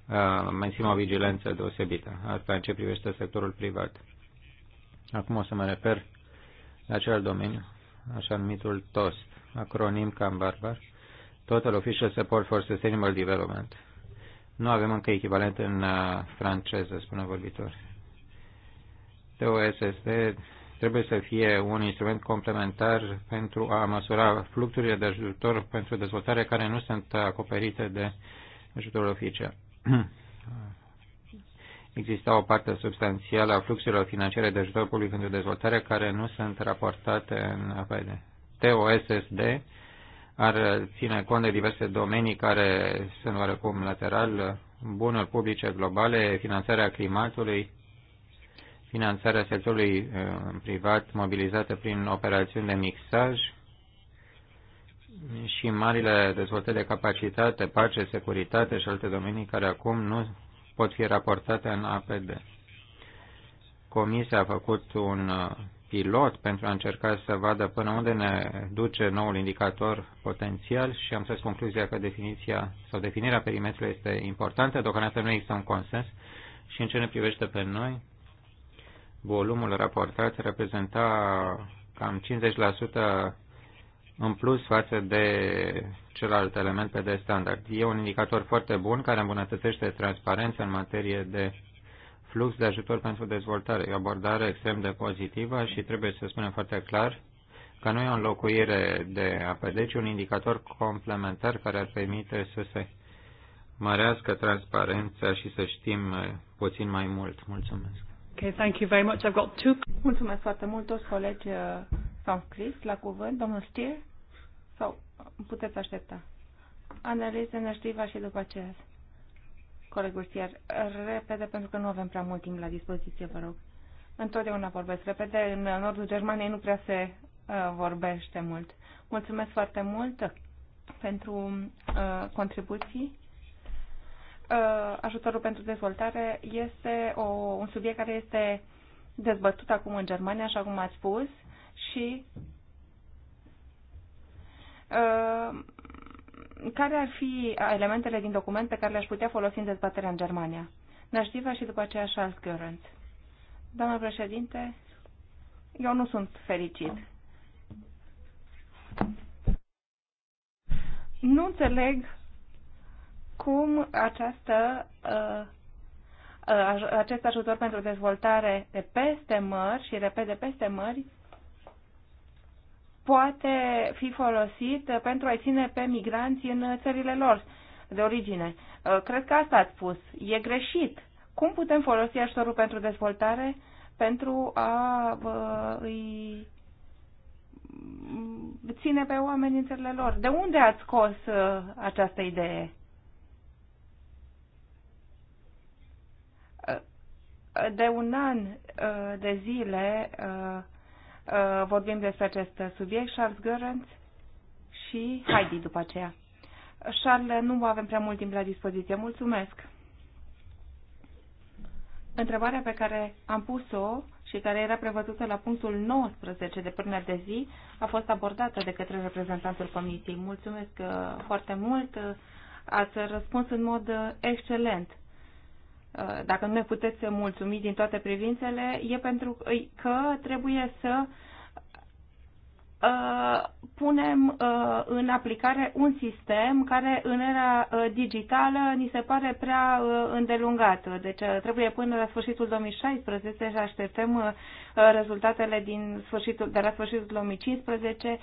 uh, menținem o vigilență deosebită. Asta în ce privește sectorul privat. Acum o să mă refer la acel domeniu, așa numitul TOST, acronim cam barbar, Total Official Support for Sustainable Development. Nu avem încă echivalent în uh, franceză, spune vorbitor. TOSSD trebuie să fie un instrument complementar pentru a măsura fluxurile de ajutor pentru dezvoltare care nu sunt acoperite de ajutorul oficial. Exista o parte substanțială a fluxurilor financiare de ajutor public pentru dezvoltare care nu sunt raportate în PD. TOSSD ar ține cont de diverse domenii care sunt oarecum lateral, bunuri publice globale, finanțarea climatului, finanțarea sectorului uh, privat mobilizată prin operațiuni de mixaj și marile dezvoltări de capacitate, pace, securitate și alte domenii care acum nu pot fi raportate în APD. Comisia a făcut un uh, pilot pentru a încerca să vadă până unde ne duce noul indicator potențial și am să concluzia că definiția sau definirea perimetrului este importantă, deocamdată nu există un consens și în ce ne privește pe noi, volumul raportat reprezenta cam 50% în plus față de celălalt element pe de standard. E un indicator foarte bun care îmbunătățește transparența în materie de flux de ajutor pentru dezvoltare. E o abordare extrem de pozitivă și trebuie să spunem foarte clar că nu e o înlocuire de APD, ci un indicator complementar care ar permite să se mărească transparența și să știm puțin mai mult. Mulțumesc! Okay, thank you very much. I've got two... Mulțumesc foarte mult. Toți colegi uh, s-au scris la cuvânt. Domnul Stier? Sau uh, puteți aștepta? Analize Năștiva și după aceea. Colegul Stier, repede pentru că nu avem prea mult timp la dispoziție, vă rog. Întotdeauna vorbesc repede. În nordul Germaniei nu prea se uh, vorbește mult. Mulțumesc foarte mult pentru uh, contribuții. Uh, ajutorul pentru dezvoltare este o, un subiect care este dezbătut acum în Germania, așa cum ați spus, și uh, care ar fi elementele din document pe care le-aș putea folosi în dezbaterea în Germania? Naștiva și după aceea Charles Current. Doamna președinte, eu nu sunt fericit. Nu înțeleg cum această, uh, uh, acest ajutor pentru dezvoltare de peste mări și repede peste mări poate fi folosit pentru a-i ține pe migranți în țările lor de origine. Uh, cred că asta ați spus. E greșit. Cum putem folosi ajutorul pentru dezvoltare pentru a îi ține pe oameni în țările lor? De unde ați scos această idee? De un an uh, de zile uh, uh, vorbim despre acest subiect, Charles Görens și Heidi după aceea. Charles, nu avem prea mult timp la dispoziție. Mulțumesc! Întrebarea pe care am pus-o și care era prevăzută la punctul 19 de până de zi a fost abordată de către reprezentantul Comisiei. Mulțumesc foarte mult! Ați răspuns în mod excelent Uh, dacă nu ne puteți mulțumi din toate privințele, e pentru că trebuie să uh, punem uh, în aplicare un sistem care în era digitală ni se pare prea îndelungat. Deci trebuie până la sfârșitul 2016 să așteptăm rezultatele din sfârșitul, de la sfârșitul 2015,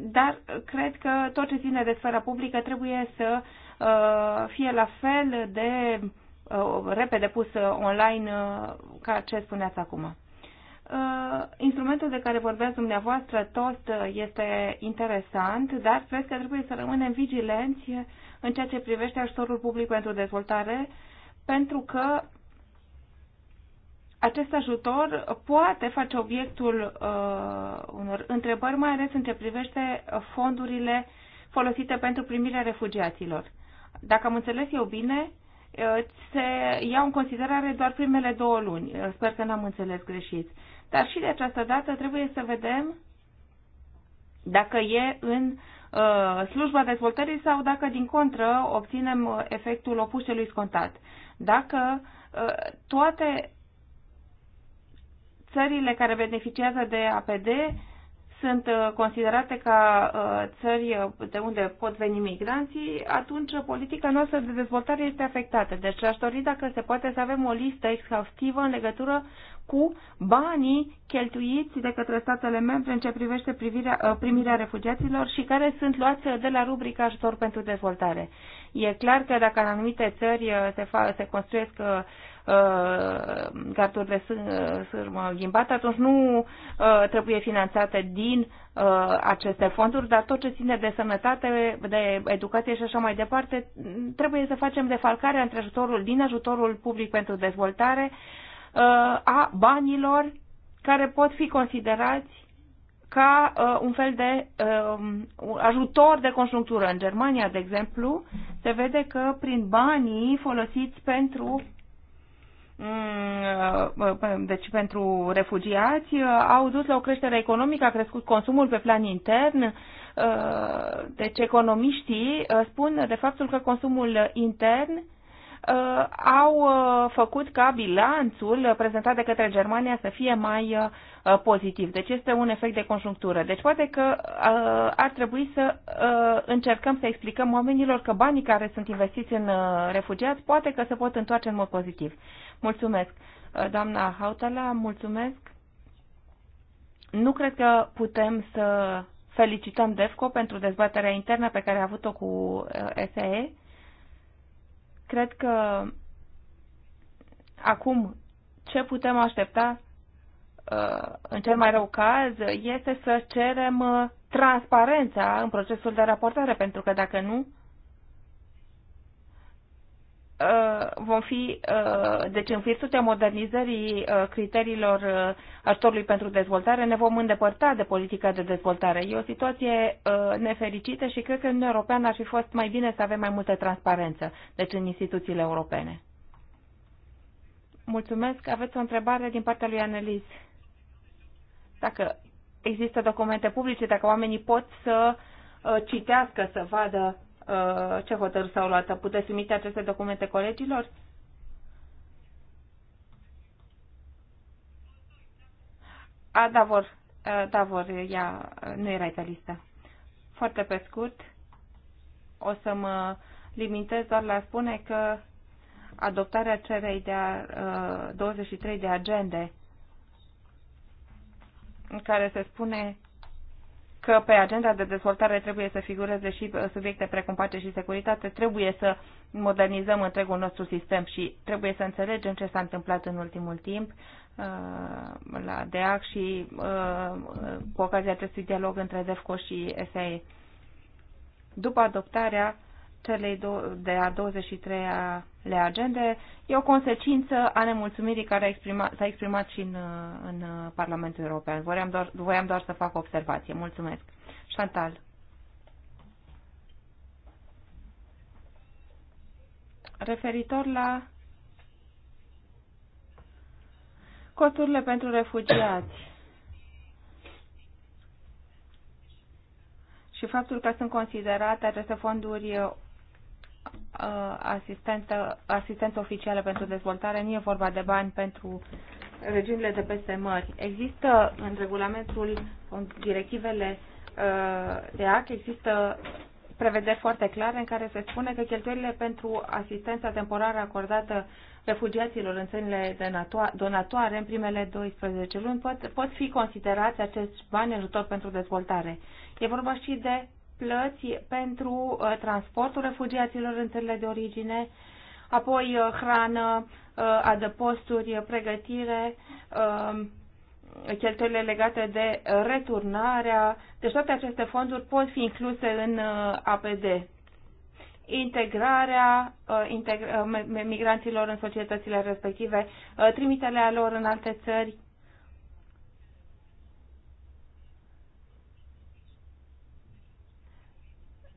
dar cred că tot ce ține de sfera publică trebuie să Uh, fie la fel de uh, repede pus uh, online ca ce spuneați acum. Instrumentul de care vorbeați dumneavoastră tot este interesant, dar cred că trebuie să rămânem vigilenți în ceea ce privește ajutorul public pentru dezvoltare, pentru că acest ajutor poate face obiectul uh, unor întrebări, mai ales în ce privește fondurile folosite pentru primirea refugiaților dacă am înțeles eu bine, se iau în considerare doar primele două luni. Sper că n-am înțeles greșit. Dar și de această dată trebuie să vedem dacă e în uh, slujba dezvoltării sau dacă, din contră, obținem efectul opus celui scontat. Dacă uh, toate țările care beneficiază de APD sunt uh, considerate ca uh, țări uh, de unde pot veni migranții, atunci politica noastră de dezvoltare este afectată. Deci aș dori dacă se poate să avem o listă exhaustivă în legătură cu banii cheltuiți de către statele membre în ce privește privirea, primirea refugiaților și care sunt luați de la rubrica ajutor pentru dezvoltare. E clar că dacă în anumite țări se, fa, se construiesc garduri uh, de uh, sârmă ghimbată, atunci nu uh, trebuie finanțate din aceste fonduri, dar tot ce ține de sănătate, de educație și așa mai departe, trebuie să facem defalcarea între ajutorul din ajutorul public pentru dezvoltare a banilor care pot fi considerați ca uh, un fel de uh, ajutor de conjunctură. În Germania, de exemplu, se vede că prin banii folosiți pentru Mm, uh, uh, deci pentru refugiați, uh, au dus la o creștere economică, a crescut consumul pe plan intern. Deci economiștii spun de faptul că consumul intern Uh, au uh, făcut ca bilanțul prezentat de către Germania să fie mai uh, pozitiv. Deci este un efect de conjunctură. Deci poate că ar trebui să încercăm să explicăm oamenilor că banii care sunt investiți în refugiați poate că se pot întoarce în mod pozitiv. Mulțumesc. Doamna Hautala, mulțumesc. Nu cred că putem să felicităm DEFCO pentru dezbaterea internă pe care a avut-o cu SAE Cred că acum ce putem aștepta uh, în cel mai rău caz este să cerem uh, transparența în procesul de raportare, pentru că dacă nu, Uh, vom fi, uh, deci în virtutea modernizării uh, criteriilor ajutorului pentru dezvoltare, ne vom îndepărta de politica de dezvoltare. E o situație nefericită și cred că în European ar fi fost mai bine să avem mai multă transparență, deci în instituțiile europene. Mulțumesc. Aveți o întrebare din partea lui Annelies. Dacă există documente publice, dacă oamenii pot să citească, să vadă Uh, ce hotărâri s-au luat. Puteți trimite aceste documente colegilor? A, da, vor. Uh, da, vor. Ea uh, nu era pe listă. Foarte pe scurt, o să mă limitez doar la spune că adoptarea cerei de a, 23 de agende în care se spune că pe agenda de dezvoltare trebuie să figureze și uh, subiecte precum pace și securitate, trebuie să modernizăm întregul nostru sistem și trebuie să înțelegem ce s-a întâmplat în ultimul timp uh, la DEAC și uh, cu ocazia acestui dialog între DEFCO și SAE. După adoptarea celei de a 23-a le agende e o consecință a nemulțumirii care a exprima, s-a exprimat și în, uh, în uh, Parlamentul European. Voiam doar, voiam doar să fac o observație. Mulțumesc. Chantal. Referitor la costurile pentru refugiați și faptul că sunt considerate aceste fonduri uh, Uh, asistentă, asistență oficială pentru dezvoltare, nu e vorba de bani pentru regiunile de peste mări. Există în regulamentul, în directivele uh, de AC, există prevederi foarte clare în care se spune că cheltuielile pentru asistența temporară acordată refugiaților în țările donatoare în primele 12 luni pot, pot fi considerați acești bani ajutor pentru dezvoltare. E vorba și de plăți pentru uh, transportul refugiaților în țările de origine, apoi uh, hrană, uh, adăposturi, pregătire, um, cheltuielile legate de returnarea. Deci toate aceste fonduri pot fi incluse în APD. Integrarea integra, migranților în societățile respective, trimiterea lor în alte țări,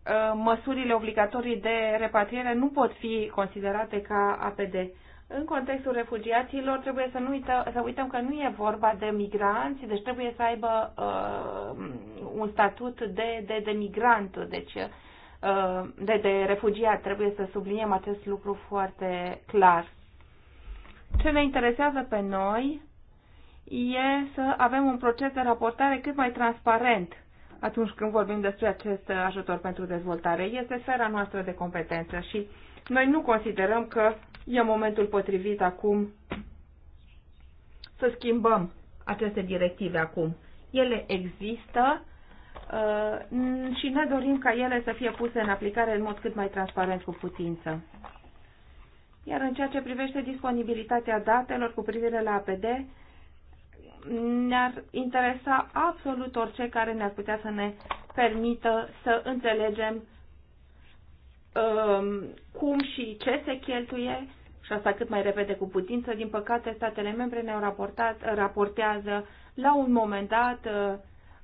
Uh, măsurile obligatorii de repatriere nu pot fi considerate ca APD. În contextul refugiaților trebuie să, nu uită, să uităm că nu e vorba de migranți, deci trebuie să aibă uh, un statut de, de, de migrant, deci uh, de, de refugiat. Trebuie să subliniem acest lucru foarte clar. Ce ne interesează pe noi e să avem un proces de raportare cât mai transparent atunci când vorbim despre acest ajutor pentru dezvoltare. Este sfera noastră de competență și noi nu considerăm că e momentul potrivit acum să schimbăm aceste directive acum. Ele există uh, și ne dorim ca ele să fie puse în aplicare în mod cât mai transparent cu putință. Iar în ceea ce privește disponibilitatea datelor cu privire la APD, ne-ar interesa absolut orice care ne-ar putea să ne permită să înțelegem um, cum și ce se cheltuie și asta cât mai repede cu putință. Din păcate, statele membre ne-au raportat, raportează la un moment dat uh,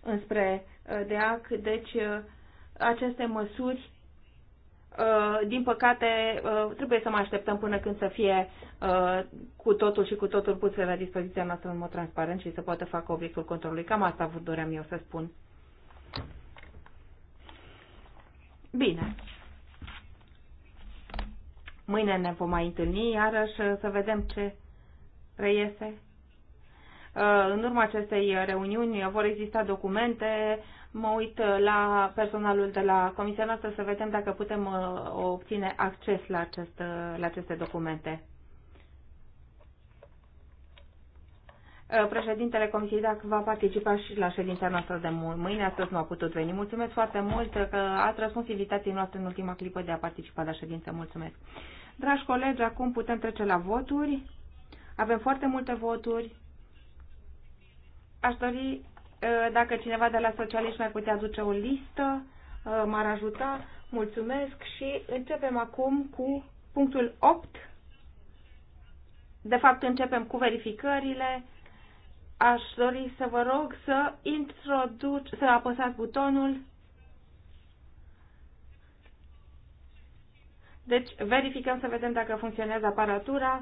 înspre uh, DEAC, deci uh, aceste măsuri Uh, din păcate, uh, trebuie să mai așteptăm până când să fie uh, cu totul și cu totul puse la dispoziția noastră în mod transparent și să poată facă obiectul controlului. Cam asta vă doream eu să spun. Bine. Mâine ne vom mai întâlni iarăși să vedem ce reiese. În urma acestei reuniuni vor exista documente, Mă uit uh, la personalul de la comisia noastră să vedem dacă putem uh, obține acces la, acest, uh, la aceste documente. Președintele Comisiei DAC va participa și la ședința noastră de mâine, astăzi nu a putut veni. Mulțumesc foarte mult că ați răspuns invitației noastre în ultima clipă de a participa la ședință. Mulțumesc. Dragi colegi, acum putem trece la voturi. Avem foarte multe voturi. Aș dori Eh, dacă cineva de la socialiști mai putea aduce o listă, eh, m-ar ajuta. Mulțumesc și începem acum cu punctul 8. De fapt, începem cu verificările. Aș dori să vă rog să introduci, să apăsați butonul. Deci, verificăm să vedem dacă funcționează aparatura.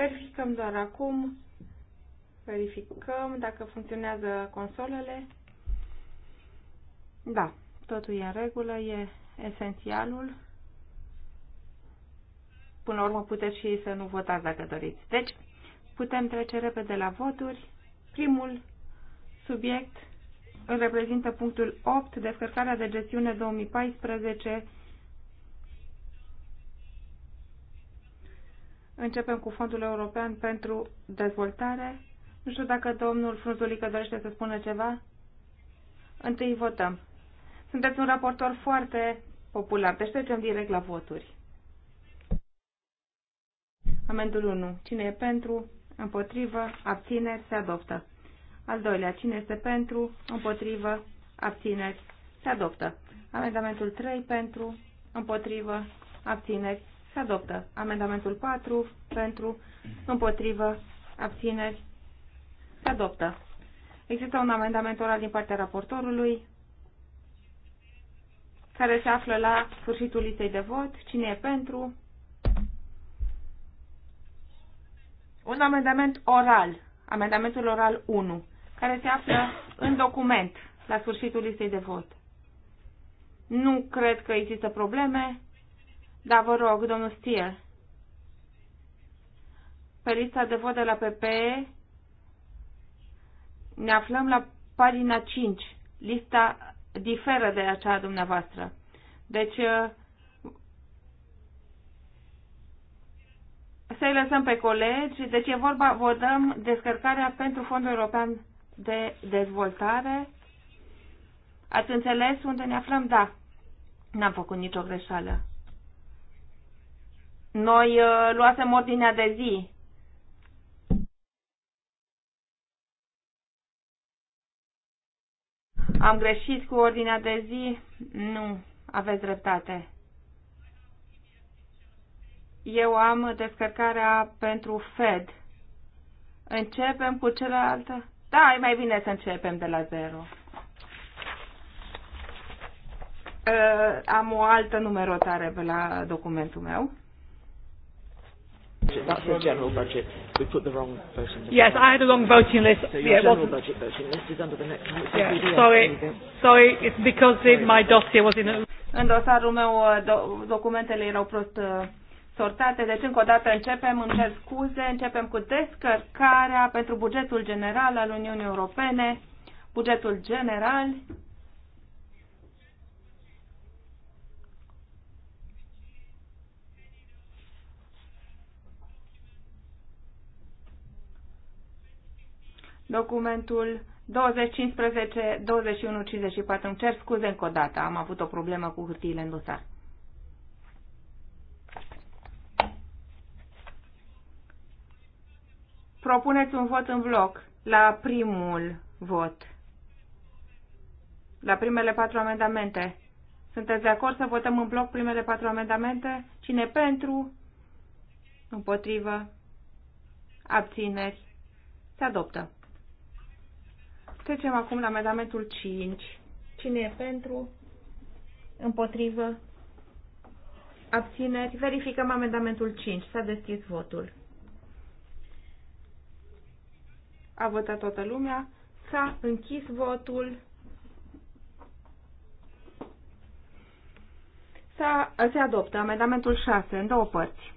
Verificăm doar acum. Verificăm dacă funcționează consolele. Da, totul e în regulă, e esențialul. Până la urmă puteți și să nu votați dacă doriți. Deci, putem trece repede la voturi. Primul subiect îl reprezintă punctul 8, descărcarea de gestiune 2014 Începem cu Fondul European pentru Dezvoltare. Nu știu dacă domnul Frunzulică dorește să spună ceva. Întâi votăm. Sunteți un raportor foarte popular, deci trecem direct la voturi. Amendul 1. Cine e pentru? Împotrivă? Abțineri? Se adoptă. Al doilea. Cine este pentru? Împotrivă? Abțineri? Se adoptă. Amendamentul 3. Pentru? Împotrivă? Abțineri? Se adoptă. Amendamentul 4 pentru, împotrivă, abțineri. Se adoptă. Există un amendament oral din partea raportorului care se află la sfârșitul listei de vot. Cine e pentru? Un amendament oral. Amendamentul oral 1 care se află în document la sfârșitul listei de vot. Nu cred că există probleme. Da, vă rog, domnul Stier. Pe lista de vot de la PP ne aflăm la pagina 5. Lista diferă de acea dumneavoastră. Deci, uh, să-i lăsăm pe colegi. Deci e vorba, vă dăm descărcarea pentru Fondul European de Dezvoltare. Ați înțeles unde ne aflăm? Da. N-am făcut nicio greșeală. Noi uh, luasem ordinea de zi. Am greșit cu ordinea de zi? Nu, aveți dreptate. Eu am descărcarea pentru Fed. Începem cu celălaltă? Da, e mai bine să începem de la zero. Uh, am o altă numerotare la documentul meu budget. That's the general budget. We put the wrong voting list. Yes, I had a wrong voting list. So your yeah, general wasn't... budget voting list is under the next one. It's yeah, PDF. sorry, sorry, it's because sorry. my dossier was in a... În dosarul meu uh, do- documentele erau prost uh, sortate, deci încă o dată începem, îmi cer scuze, începem cu descărcarea pentru bugetul general al Uniunii Europene, bugetul general, documentul 2015 2154. Îmi cer scuze încă o dată, am avut o problemă cu hârtiile în dosar. Propuneți un vot în bloc la primul vot. La primele patru amendamente. Sunteți de acord să votăm în bloc primele patru amendamente? Cine pentru? Împotrivă? Abțineri? Se adoptă. Trecem acum la amendamentul 5. Cine e pentru? Împotrivă? Abțineri? Verificăm amendamentul 5. S-a deschis votul. A votat toată lumea. S-a închis votul. S-a, se adoptă amendamentul 6 în două părți.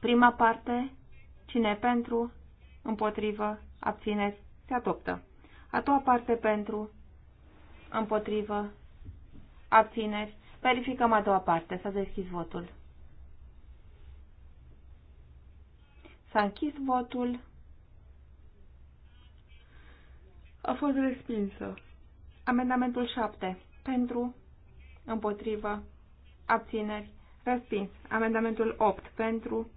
Prima parte, cine pentru, împotrivă, Abțineri? Se adoptă. A doua parte pentru, împotrivă, abțineri. Verificăm a doua parte. S-a deschis votul. S-a închis votul. A fost respinsă. Amendamentul 7. Pentru, împotrivă, abțineri, respins. Amendamentul 8. Pentru,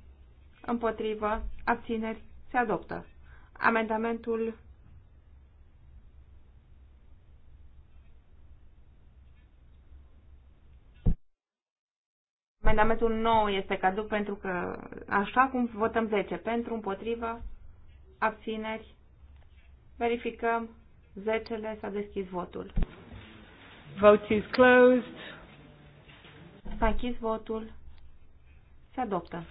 împotrivă, abțineri, se adoptă. Amendamentul Amendamentul 9 este caduc pentru că așa cum votăm 10 pentru, împotrivă, abțineri, verificăm 10-le s-a deschis votul. Vote is closed. S-a închis votul. Se adoptă.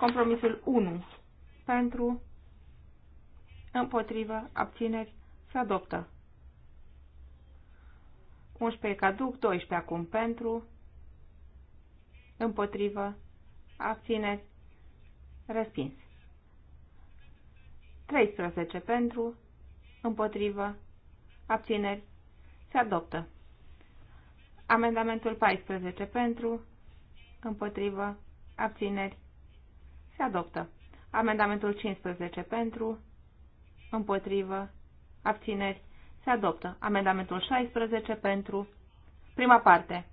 Compromisul 1 pentru, împotrivă, abțineri, se adoptă. 11 caduc, 12 acum pentru, împotrivă, abțineri, respins. 13 pentru, împotrivă, abțineri, se adoptă. Amendamentul 14 pentru, împotrivă, abțineri, se adoptă. Amendamentul 15 pentru, împotrivă, abțineri, se adoptă. Amendamentul 16 pentru, prima parte,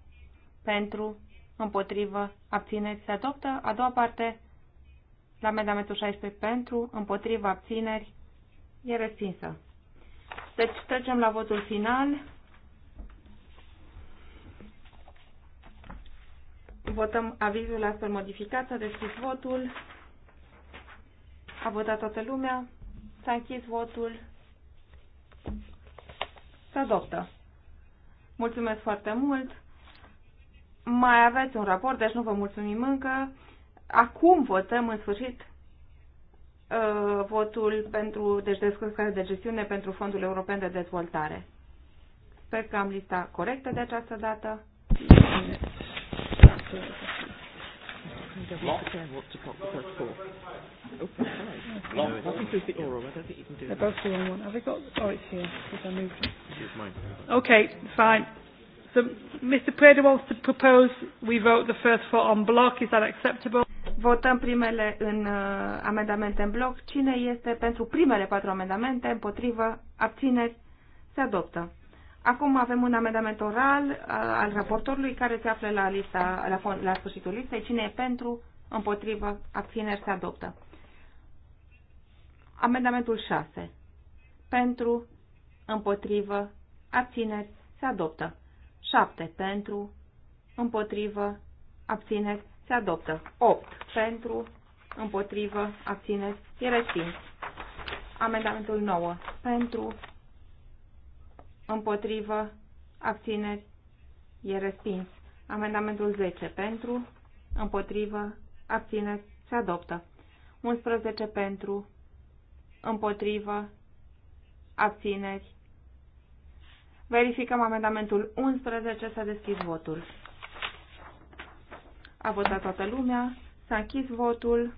pentru, împotrivă, abțineri, se adoptă. A doua parte, la amendamentul 16 pentru, împotrivă, abțineri, e respinsă. Deci trecem la votul final. Votăm avizul astfel modificat, a deschis votul, a votat toată lumea, s-a închis votul, se adoptă. Mulțumesc foarte mult! Mai aveți un raport, deci nu vă mulțumim încă. Acum votăm în sfârșit uh, votul pentru, deci descărcare de gestiune pentru Fondul European de Dezvoltare. Sper că am lista corectă de această dată. Okay, fine. So, Mr. Preda wants to propose we vote the first four on block. Is that acceptable? Votăm primele în uh, amendamente în bloc. Cine este pentru primele patru amendamente? Împotrivă? Abțineri? Se adoptă. Acum avem un amendament oral uh, al raportorului care se află la, lista, la, fond, la sfârșitul listei. Cine e pentru, împotrivă, abțineri, se adoptă. Amendamentul 6. Pentru, împotrivă, abțineri, se adoptă. 7 pentru, împotrivă, abțineți, se adoptă. 8 pentru, împotrivă, abțineți, e respins. Amendamentul 9 pentru, împotrivă, abțineți, e respins. Amendamentul 10 pentru, împotrivă, abțineți, se adoptă. 11 pentru, împotrivă, abțineți, Verificăm amendamentul 11, s-a deschis votul. A votat toată lumea, s-a închis votul,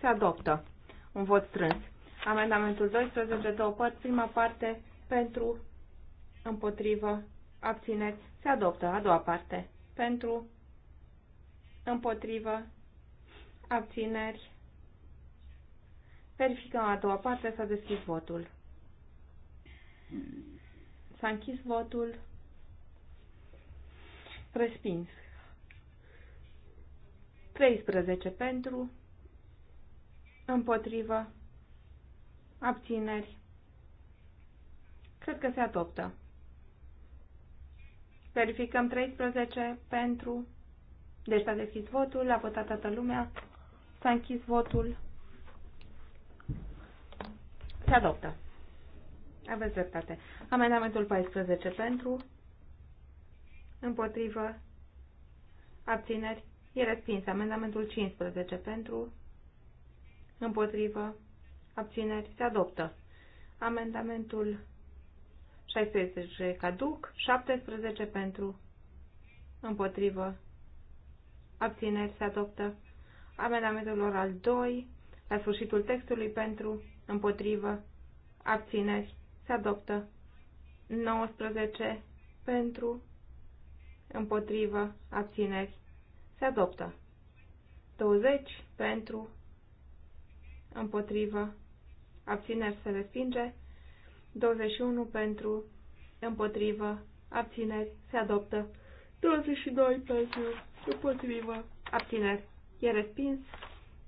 se adoptă un vot strâns. Amendamentul 12, două părți, prima parte pentru, împotrivă, abțineți, se adoptă a doua parte pentru, împotrivă, abțineri, Verificăm a doua parte, s-a deschis votul. S-a închis votul. Respins. 13 pentru, împotrivă, abțineri. Cred că se adoptă. Verificăm 13 pentru. Deci s-a deschis votul, a votat toată lumea, s-a închis votul. Se adoptă. Aveți dreptate. Amendamentul 14 pentru, împotrivă, abțineri, e respins. Amendamentul 15 pentru, împotrivă, abțineri, se adoptă. Amendamentul 16 caduc, 17 pentru, împotrivă, abțineri, se adoptă. Amendamentul oral 2, la sfârșitul textului pentru, împotrivă, abțineri, se adoptă. 19 pentru, împotrivă, abțineri, se adoptă. 20 pentru, împotrivă, abțineri se respinge, 21 pentru, împotrivă, abțineri se adoptă, 22 pentru, împotrivă, abțineri e respins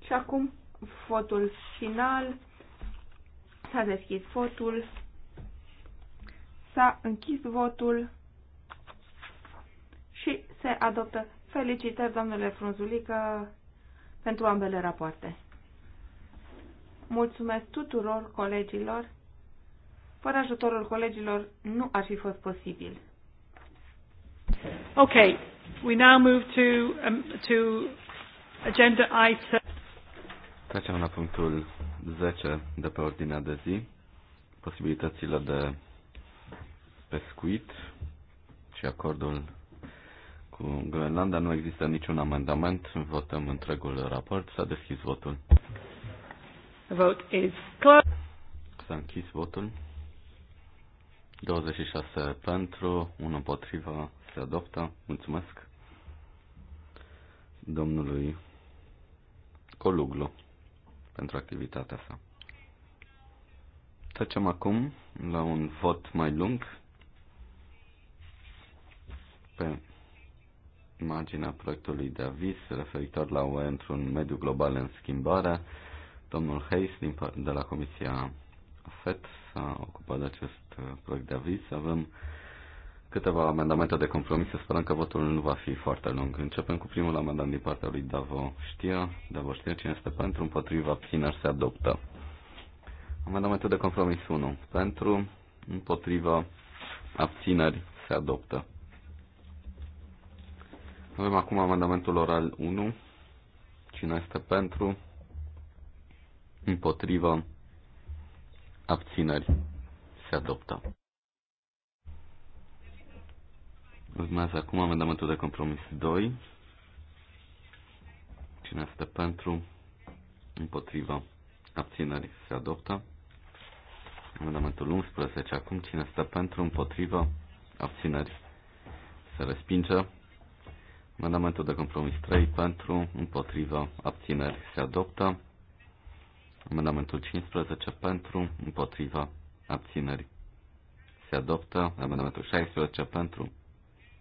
și acum votul final S-a deschis votul. S-a închis votul și se adoptă. Felicitări, domnule Frunzulică, pentru ambele rapoarte. Mulțumesc tuturor colegilor. Fără ajutorul colegilor nu ar fi fost posibil. Ok, we now move to, um, to agenda item. Trecem la punctul 10 de pe ordinea de zi, posibilitățile de pescuit și acordul cu Groenlanda. Nu există niciun amendament, votăm întregul raport, s-a deschis votul. vote is closed. S-a închis votul. 26 pentru, 1 împotrivă, se adoptă. Mulțumesc domnului Coluglu pentru activitatea sa. Trecem acum la un vot mai lung pe imaginea proiectului de avis referitor la UE într-un mediu global în schimbare. Domnul Hayes din, de la Comisia FET s-a ocupat de acest uh, proiect de avis. Avem câteva amendamente de compromis. Sperăm că votul nu va fi foarte lung. Începem cu primul amendament din partea lui Davo Știa. Davo Știa, cine este pentru, împotriva, abțineri, se adoptă. Amendamentul de compromis 1. Pentru, împotriva, abțineri, se adoptă. Avem acum amendamentul oral 1. Cine este pentru? împotriva, Abțineri? Se adoptă. Urmează acum amendamentul de compromis 2. Cine este pentru? Împotriva. Abțineri se adoptă. Amendamentul 11. Acum cine este pentru? Împotriva. Abțineri se respinge. Amendamentul de compromis 3 pentru, împotriva, abțineri se adoptă. Amendamentul 15 pentru, împotriva, abțineri se adoptă. Amendamentul 16 pentru,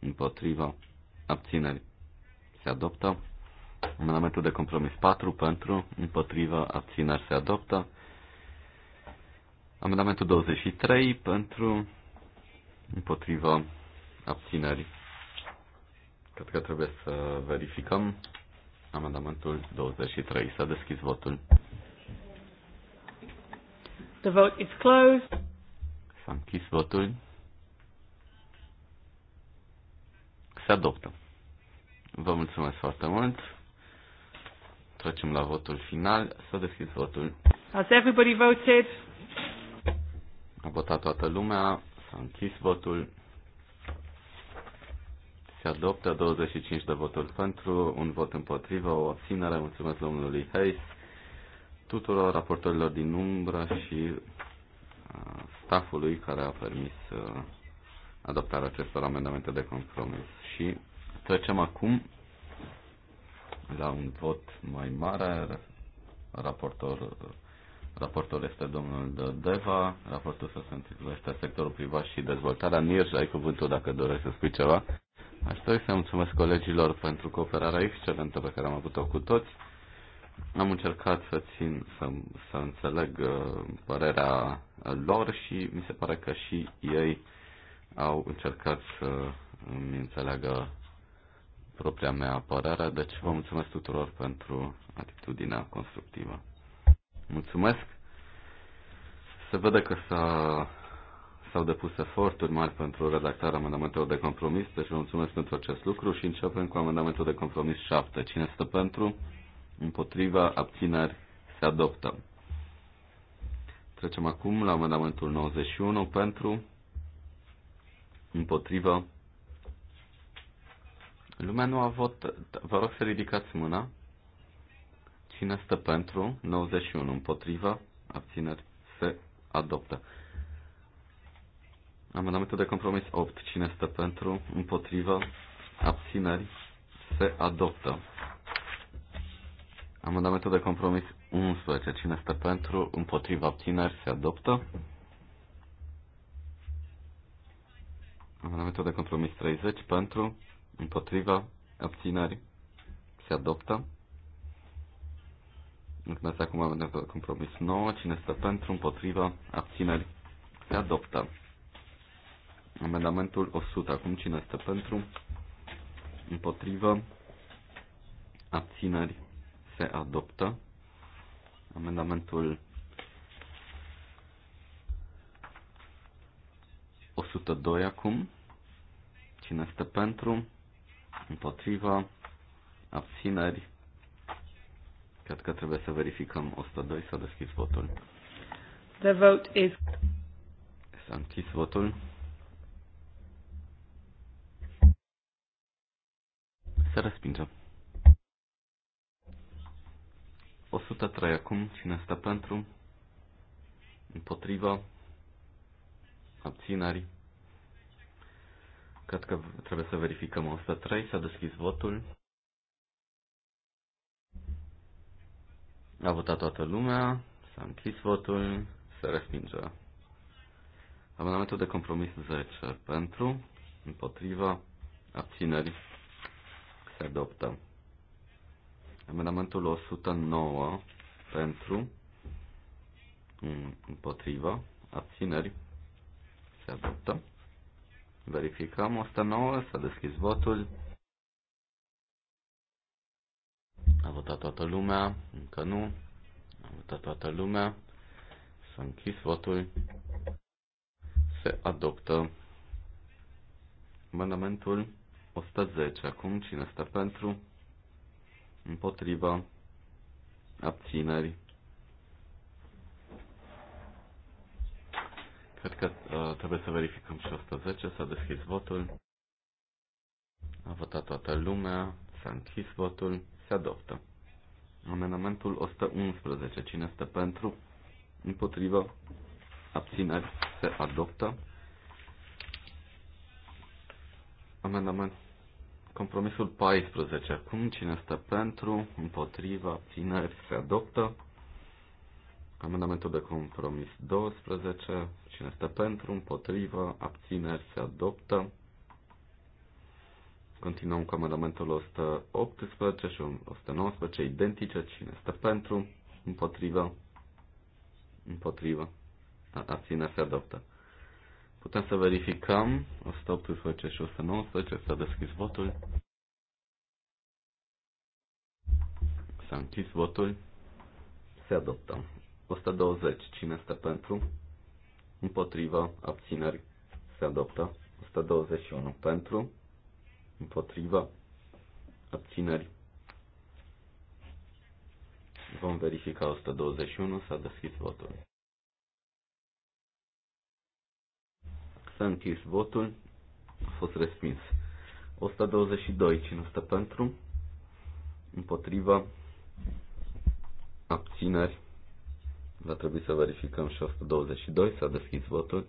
împotriva, abținerii. se adoptă. Amendamentul de compromis 4 pentru, împotriva, abțineri se adoptă. Amendamentul 23 pentru, împotriva, abținerii. Cred că trebuie să verificăm amendamentul 23. S-a deschis votul. The vote is closed. S-a închis votul. se adoptă. Vă mulțumesc foarte mult. Trecem la votul final. Să deschid votul. Has everybody voted? A votat toată lumea. S-a închis votul. Se adoptă 25 de voturi pentru, un vot împotrivă, o abținere. Mulțumesc domnului Hayes, tuturor raportorilor din umbră și uh, staffului care a permis uh, adoptarea acestor amendamente de compromis. Și trecem acum la un vot mai mare. Raportor, raportor este domnul Deva, raportul să se întâlnește sectorul privat și dezvoltarea. Nirj, ai cuvântul dacă dorești să spui ceva. Aș dori să mulțumesc colegilor pentru cooperarea excelentă pe care am avut-o cu toți. Am încercat să țin, să, să înțeleg uh, părerea lor și mi se pare că și ei au încercat să îmi înțeleagă propria mea apărare, deci vă mulțumesc tuturor pentru atitudinea constructivă. Mulțumesc! Se vede că s-a, s-au depus eforturi mari pentru redactarea amendamentelor de compromis, deci vă mulțumesc pentru acest lucru și începem cu amendamentul de compromis 7. Cine stă pentru? Împotriva, abțineri, se adoptă. Trecem acum la amendamentul 91 pentru Împotrivă. Lumea nu a votat. Vă rog să ridicați mâna. Cine stă pentru? 91. Împotrivă. Abțineri. Se adoptă. Amendamentul de compromis 8. Cine stă pentru? Împotrivă. Abțineri. Se adoptă. Amendamentul de compromis 11. Cine stă pentru? Împotrivă. Abțineri. Se adoptă. Amendamentul de compromis 30 pentru, împotriva, abținări, se adoptă. Urmează acum amendamentul de compromis 9. Cine stă pentru, împotriva, abțineri, se adoptă. Amendamentul 100. Acum cine stă pentru, împotriva, abțineri, se adoptă. Amendamentul 102 acum. Cine este pentru? Împotriva? Abțineri? Cred că trebuie să verificăm 102 să deschis votul. The vote is... S-a închis votul. Se respinge. 103 acum. Cine este pentru? Împotriva? Abținării? Cred că trebuie să verificăm 103, s-a deschis votul. A votat toată lumea, s-a închis votul, se respinge. Amendamentul de compromis 10 pentru, împotriva, abțineri, se adoptă. Amendamentul 109 pentru, împotriva, abțineri, se adoptă. Verificăm 109, s-a deschis votul. A votat toată lumea, încă nu. A votat toată lumea. S-a închis votul. Se adoptă amendamentul 110. Acum cine stă pentru? Împotriva. Abțineri. Cred că uh, trebuie să verificăm și 110. S-a deschis votul. A votat toată lumea. S-a închis votul. Se adoptă. Amendamentul 111. Cine este pentru? Împotrivă? Abțineri? Se adoptă. Amendament. Compromisul 14. Acum cine este pentru? Împotrivă? Abțineri? Se adoptă. Amendamentul de compromis 12. Cine este pentru, împotrivă, abțineri, se adoptă. Continuăm cu amendamentul 118 și 119, identice. Cine este pentru, împotrivă, împotrivă, abțineri, se adoptă. Putem să verificăm 118 și 119, s-a deschis votul. S-a închis votul. Se adoptă. 120. Cine este pentru? Împotrivă. Abțineri. Se adoptă. 121. Pentru. Împotrivă. Abțineri. Vom verifica 121. S-a deschis votul. S-a închis votul. A fost respins. 122. Cine este pentru? Împotriva. Abțineri. Va trebui să verificăm și 122, s-a deschis votul.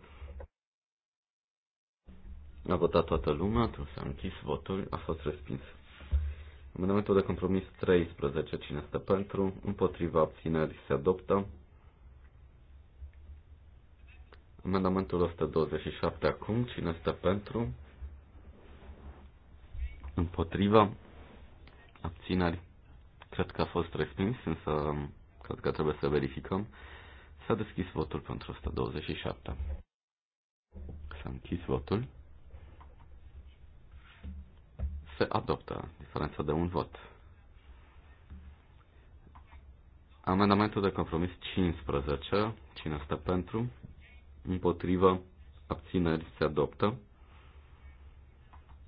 A votat toată lumea, s-a închis votul, a fost respins. Amendamentul de compromis 13, cine este pentru, împotriva abținerii se adoptă. Amendamentul 127 acum, cine este pentru, împotriva abținerii. Cred că a fost respins, însă cred că trebuie să verificăm. S-a deschis votul pentru 127. S-a închis votul. Se adoptă diferența de un vot. Amendamentul de compromis 15. Cine stă pentru? Împotrivă? Abțineri? Se adoptă.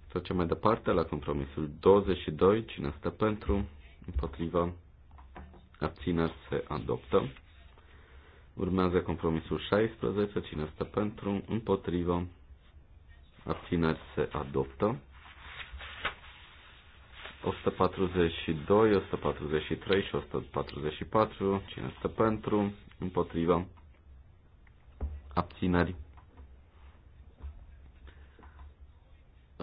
Trecem mai departe la compromisul 22. Cine stă pentru? Împotrivă? abțineri se adoptă. Urmează compromisul 16, cine stă pentru, împotrivă, abțineri se adoptă. 142, 143 și 144, cine stă pentru, împotrivă, abțineri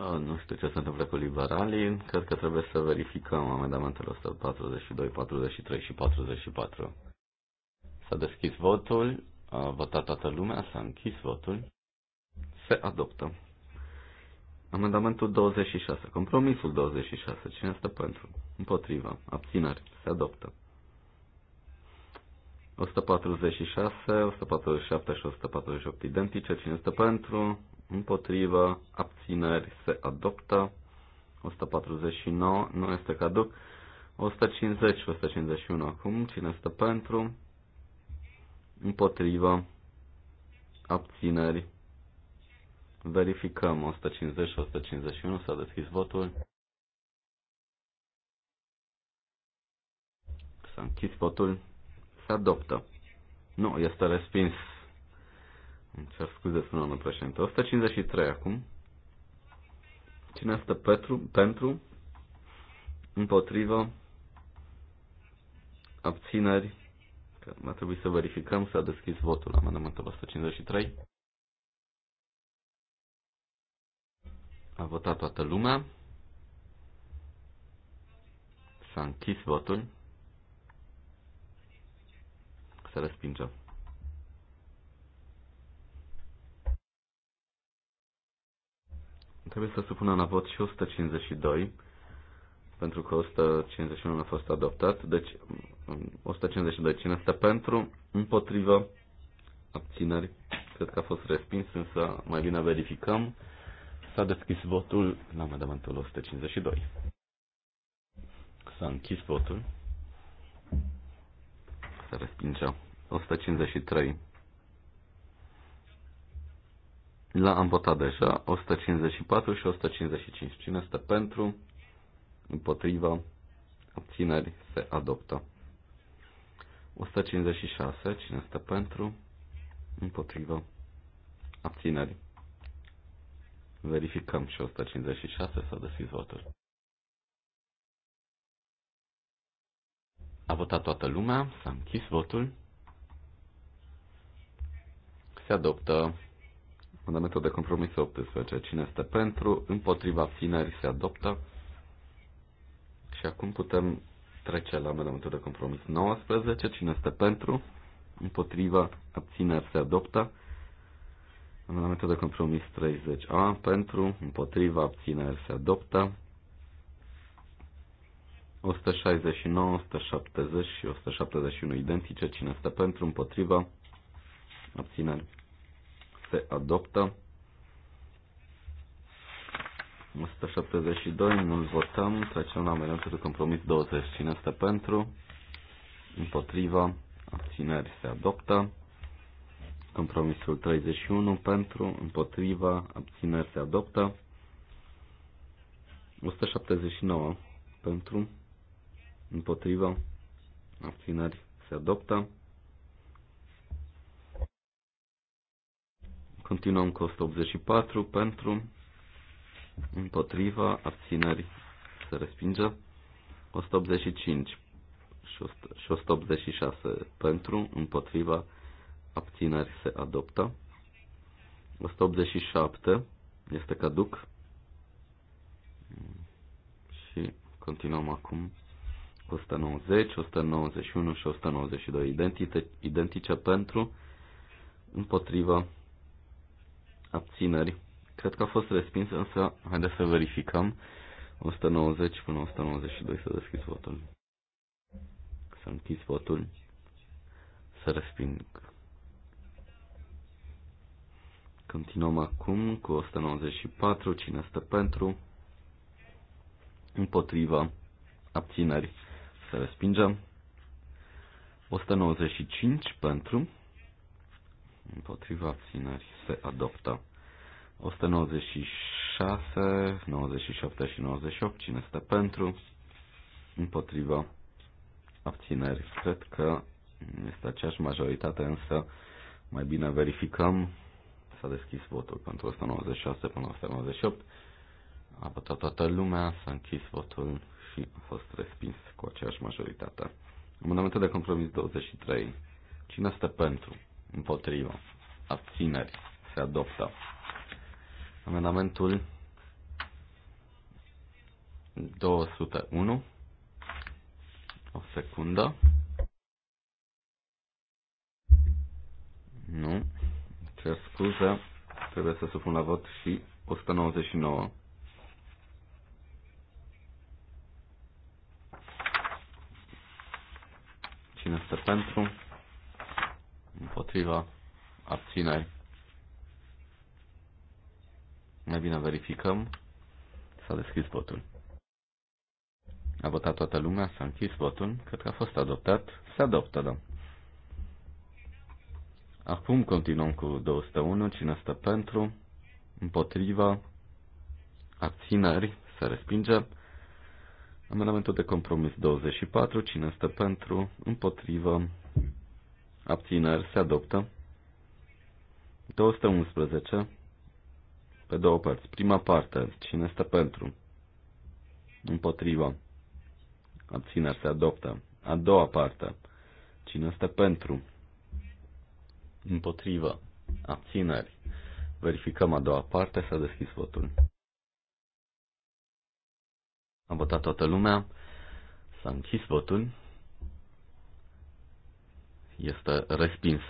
Da, nu știu ce se întâmplă cu liberalii. Cred că trebuie să verificăm amendamentele 142, 43 și 44. S-a deschis votul, a votat toată lumea, s-a închis votul, se adoptă. Amendamentul 26, compromisul 26, cine stă pentru? Împotriva, abțineri, se adoptă. 146, 147 și 148 identice, cine stă pentru? împotrivă, abțineri se adoptă, 149 nu este caduc, 150 151 acum, cine stă pentru, împotrivă, abțineri, verificăm 150 151 s-a deschis votul. S-a închis votul, se adoptă. Nu, este respins îmi cer scuze, spune domnul președinte. 153 acum. Cine este pentru, pentru împotrivă, abțineri, că mai trebuie să verificăm, s-a deschis votul amendamentul 153. A votat toată lumea. S-a închis votul. Se respinge. Trebuie să supună la vot și 152, pentru că 151 a fost adoptat. Deci, 152 cine este pentru, împotrivă, abțineri. Cred că a fost respins, însă mai bine verificăm. S-a deschis votul la amendamentul 152. S-a închis votul. Se respingea. 153 la am votat deja 154 și 155. Cine este pentru? Împotriva? Abțineri? Se adoptă. 156. Cine este pentru? Împotriva? Abțineri? Verificăm și 156 s-a deschis votul. A votat toată lumea, s-a închis votul. Se adoptă Fundamentul de compromis 18. Cine este pentru? Împotriva abținerii se adoptă. Și acum putem trece la amendamentul de compromis 19. Cine este pentru? Împotriva abțineri se adoptă. Amendamentul de compromis 30A pentru, împotriva abțineri se adoptă. 169, 170 și 171 identice. Cine este pentru, împotriva abțineri se adoptă. 172, nu-l votăm, trecem la amenințări de compromis 20. Cine este pentru? Împotriva, abțineri se adoptă. Compromisul 31, pentru, împotriva, abțineri se adoptă. 179, pentru, împotriva, abțineri se adoptă. Continuăm cu 184 pentru, împotriva, abțineri, se respinge. 185 și 186 pentru, împotriva, abțineri se adoptă. 187 este caduc. Și continuăm acum 190, 191 și 192 identice, identice pentru, împotriva, abțineri. Cred că a fost respins, însă haideți să verificăm. 190 până 192 să deschis votul. Să închis votul. Să resping. Continuăm acum cu 194. Cine stă pentru? Împotriva. Abțineri. Să respingem. 195 pentru împotriva abținări se adoptă. 196, 97 și 98, cine stă pentru, împotriva abțineri. Cred că este aceeași majoritate, însă mai bine verificăm. S-a deschis votul pentru 196 până 198. A votat toată lumea, s-a închis votul și a fost respins cu aceeași majoritate. Amendamentul de compromis 23. Cine este pentru? împotrivă, abțineri, se adoptă. Amendamentul 201, o secundă. Nu, cer scuze, trebuie să supun la vot și 199. Cine este pentru? împotriva, abțineri. Mai bine verificăm. S-a deschis votul. A votat toată lumea, s-a închis votul, cred că a fost adoptat, se adoptă, da. Acum continuăm cu 201, cine stă pentru, împotriva, abțineri, se respinge. Amendamentul de compromis 24, cine stă pentru, împotriva, abțineri se adoptă. 211 pe două părți. Prima parte, cine este pentru? Împotriva. Abțineri se adoptă. A doua parte, cine este pentru? Împotriva. Abțineri. Verificăm a doua parte, s-a deschis votul. A votat toată lumea, s-a închis votul este respins.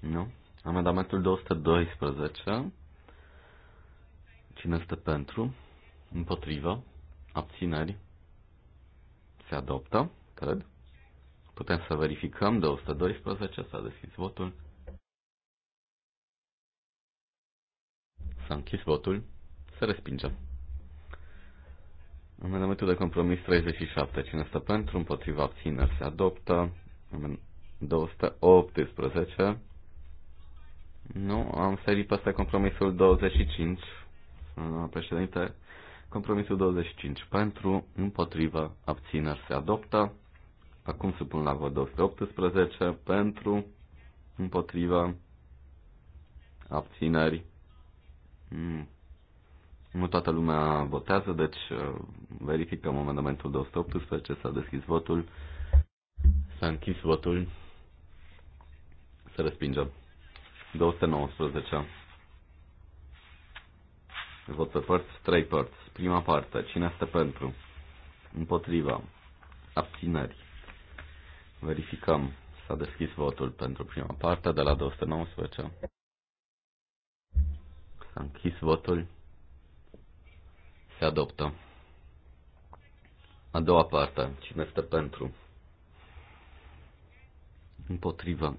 Nu? Amendamentul 212. Cine este pentru? Împotrivă? Abțineri? Se adoptă, cred. Putem să verificăm 212, s-a deschis votul. S-a închis votul, se respinge. Amendamentul de compromis 37. Cine stă pentru, împotriva abțineri se adoptă. 218. Nu, am sărit peste compromisul 25. președinte, compromisul 25 pentru, împotriva, abțineri se adoptă. Acum supun la vot 218 pentru, împotriva, abțineri. Hmm. Nu toată lumea votează, deci uh, verificăm amendamentul 218, s-a deschis votul, s-a închis votul, să respingem. 219. Vot pe părți, trei părți. Prima parte, cine este pentru? Împotriva. Abțineri. Verificăm. S-a deschis votul pentru prima parte de la 219. S-a închis votul te adoptă. A doua parte. Cine este pentru? Împotrivă.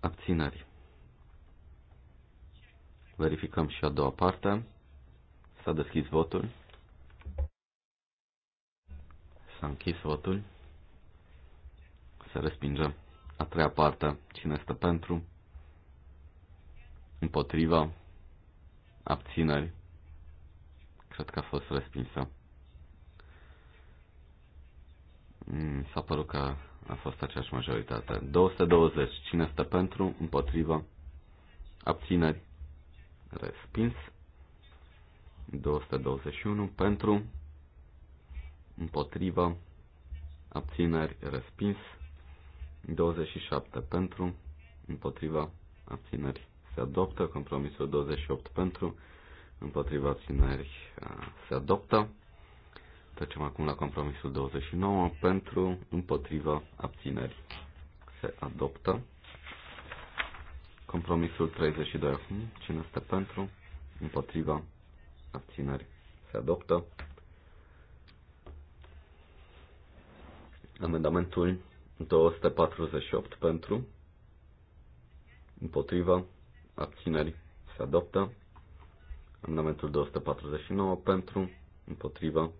Abțineri. Verificăm și a doua parte. S-a deschis votul. S-a închis votul. Se respinge. A treia parte. Cine este pentru? Împotriva. Abțineri. Cred că a fost respinsă. Mm, s-a părut că a fost aceeași majoritate. 220. Cine stă pentru? Împotrivă? Abțineri? Respins. 221. Pentru? Împotrivă? Abțineri? Respins. 27. Pentru? Împotriva? Abțineri? Se adoptă. Compromisul 28. Pentru? împotriva țineri se adoptă. Trecem acum la compromisul 29 pentru împotriva abțineri se adoptă. Compromisul 32 acum. Cine este pentru? Împotriva abțineri se adoptă. Amendamentul 248 pentru împotriva abțineri se adoptă. Amendamentul 249 pentru, împotriva,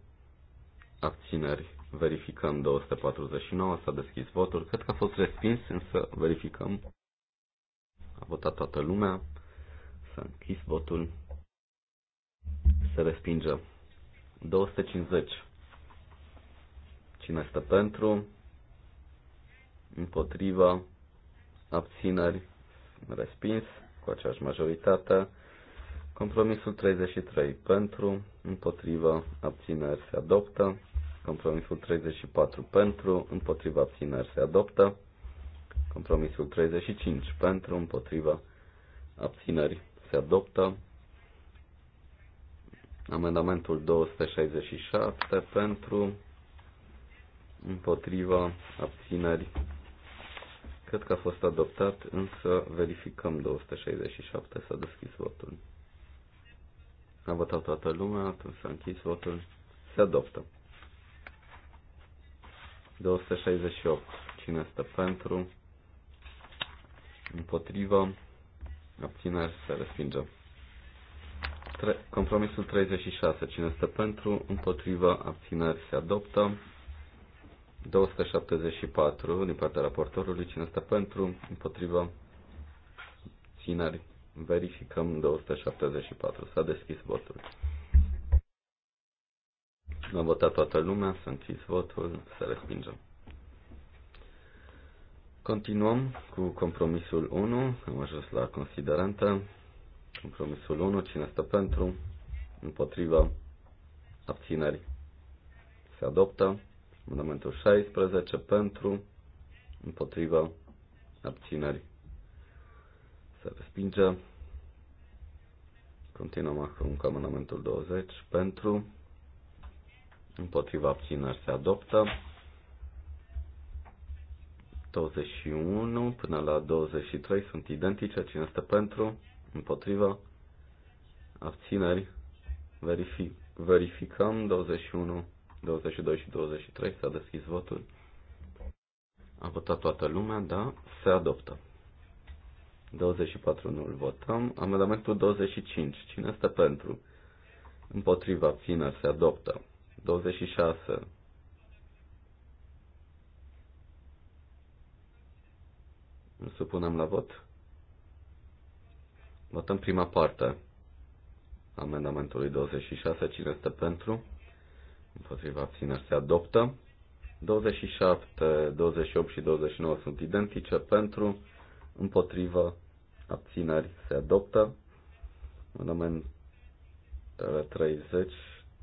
abțineri. Verificăm 249, s-a deschis votul. Cred că a fost respins, însă verificăm. A votat toată lumea, s-a închis votul, se respinge. 250. Cine este pentru? Împotriva? Abțineri? Respins cu aceeași majoritate. Compromisul 33 pentru, împotriva abțineri se adoptă. Compromisul 34 pentru, împotriva abțineri se adoptă. Compromisul 35 pentru, împotriva abțineri se adoptă. Amendamentul 267 pentru, împotriva abțineri. Cred că a fost adoptat, însă verificăm 267 să deschis votul a votat toată lumea, atunci s-a închis votul. Se adoptă. 268. Cine stă pentru? Împotrivă? Abținere Se respinge. Tre- compromisul 36. Cine stă pentru? Împotrivă? Abținere Se adoptă. 274 din partea raportorului, cine stă pentru, împotrivă, țineri, Verificăm 274. S-a deschis votul. A votat toată lumea, s-a închis votul, să respingem. Continuăm cu compromisul 1. Am ajuns la considerentă. Compromisul 1. Cine stă pentru? Împotriva? Abțineri? Se adoptă. Amendamentul 16. Pentru? Împotriva? Abțineri? se respinge. Continuăm acum cu amendamentul 20 pentru, împotriva abțineri se adoptă. 21 până la 23 sunt identice, cine este pentru, împotriva, abțineri, verific, verificăm 21, 22 și 23, s-a deschis votul. A votat toată lumea, da, se adoptă. 24 nu îl votăm. Amendamentul 25. Cine este pentru? Împotriva abțineri se adoptă. 26. Îl supunem la vot. Votăm prima parte amendamentului 26. Cine este pentru? Împotriva abțineri se adoptă. 27, 28 și 29 sunt identice pentru, împotriva abțineri se adoptă. Amendamentele 30,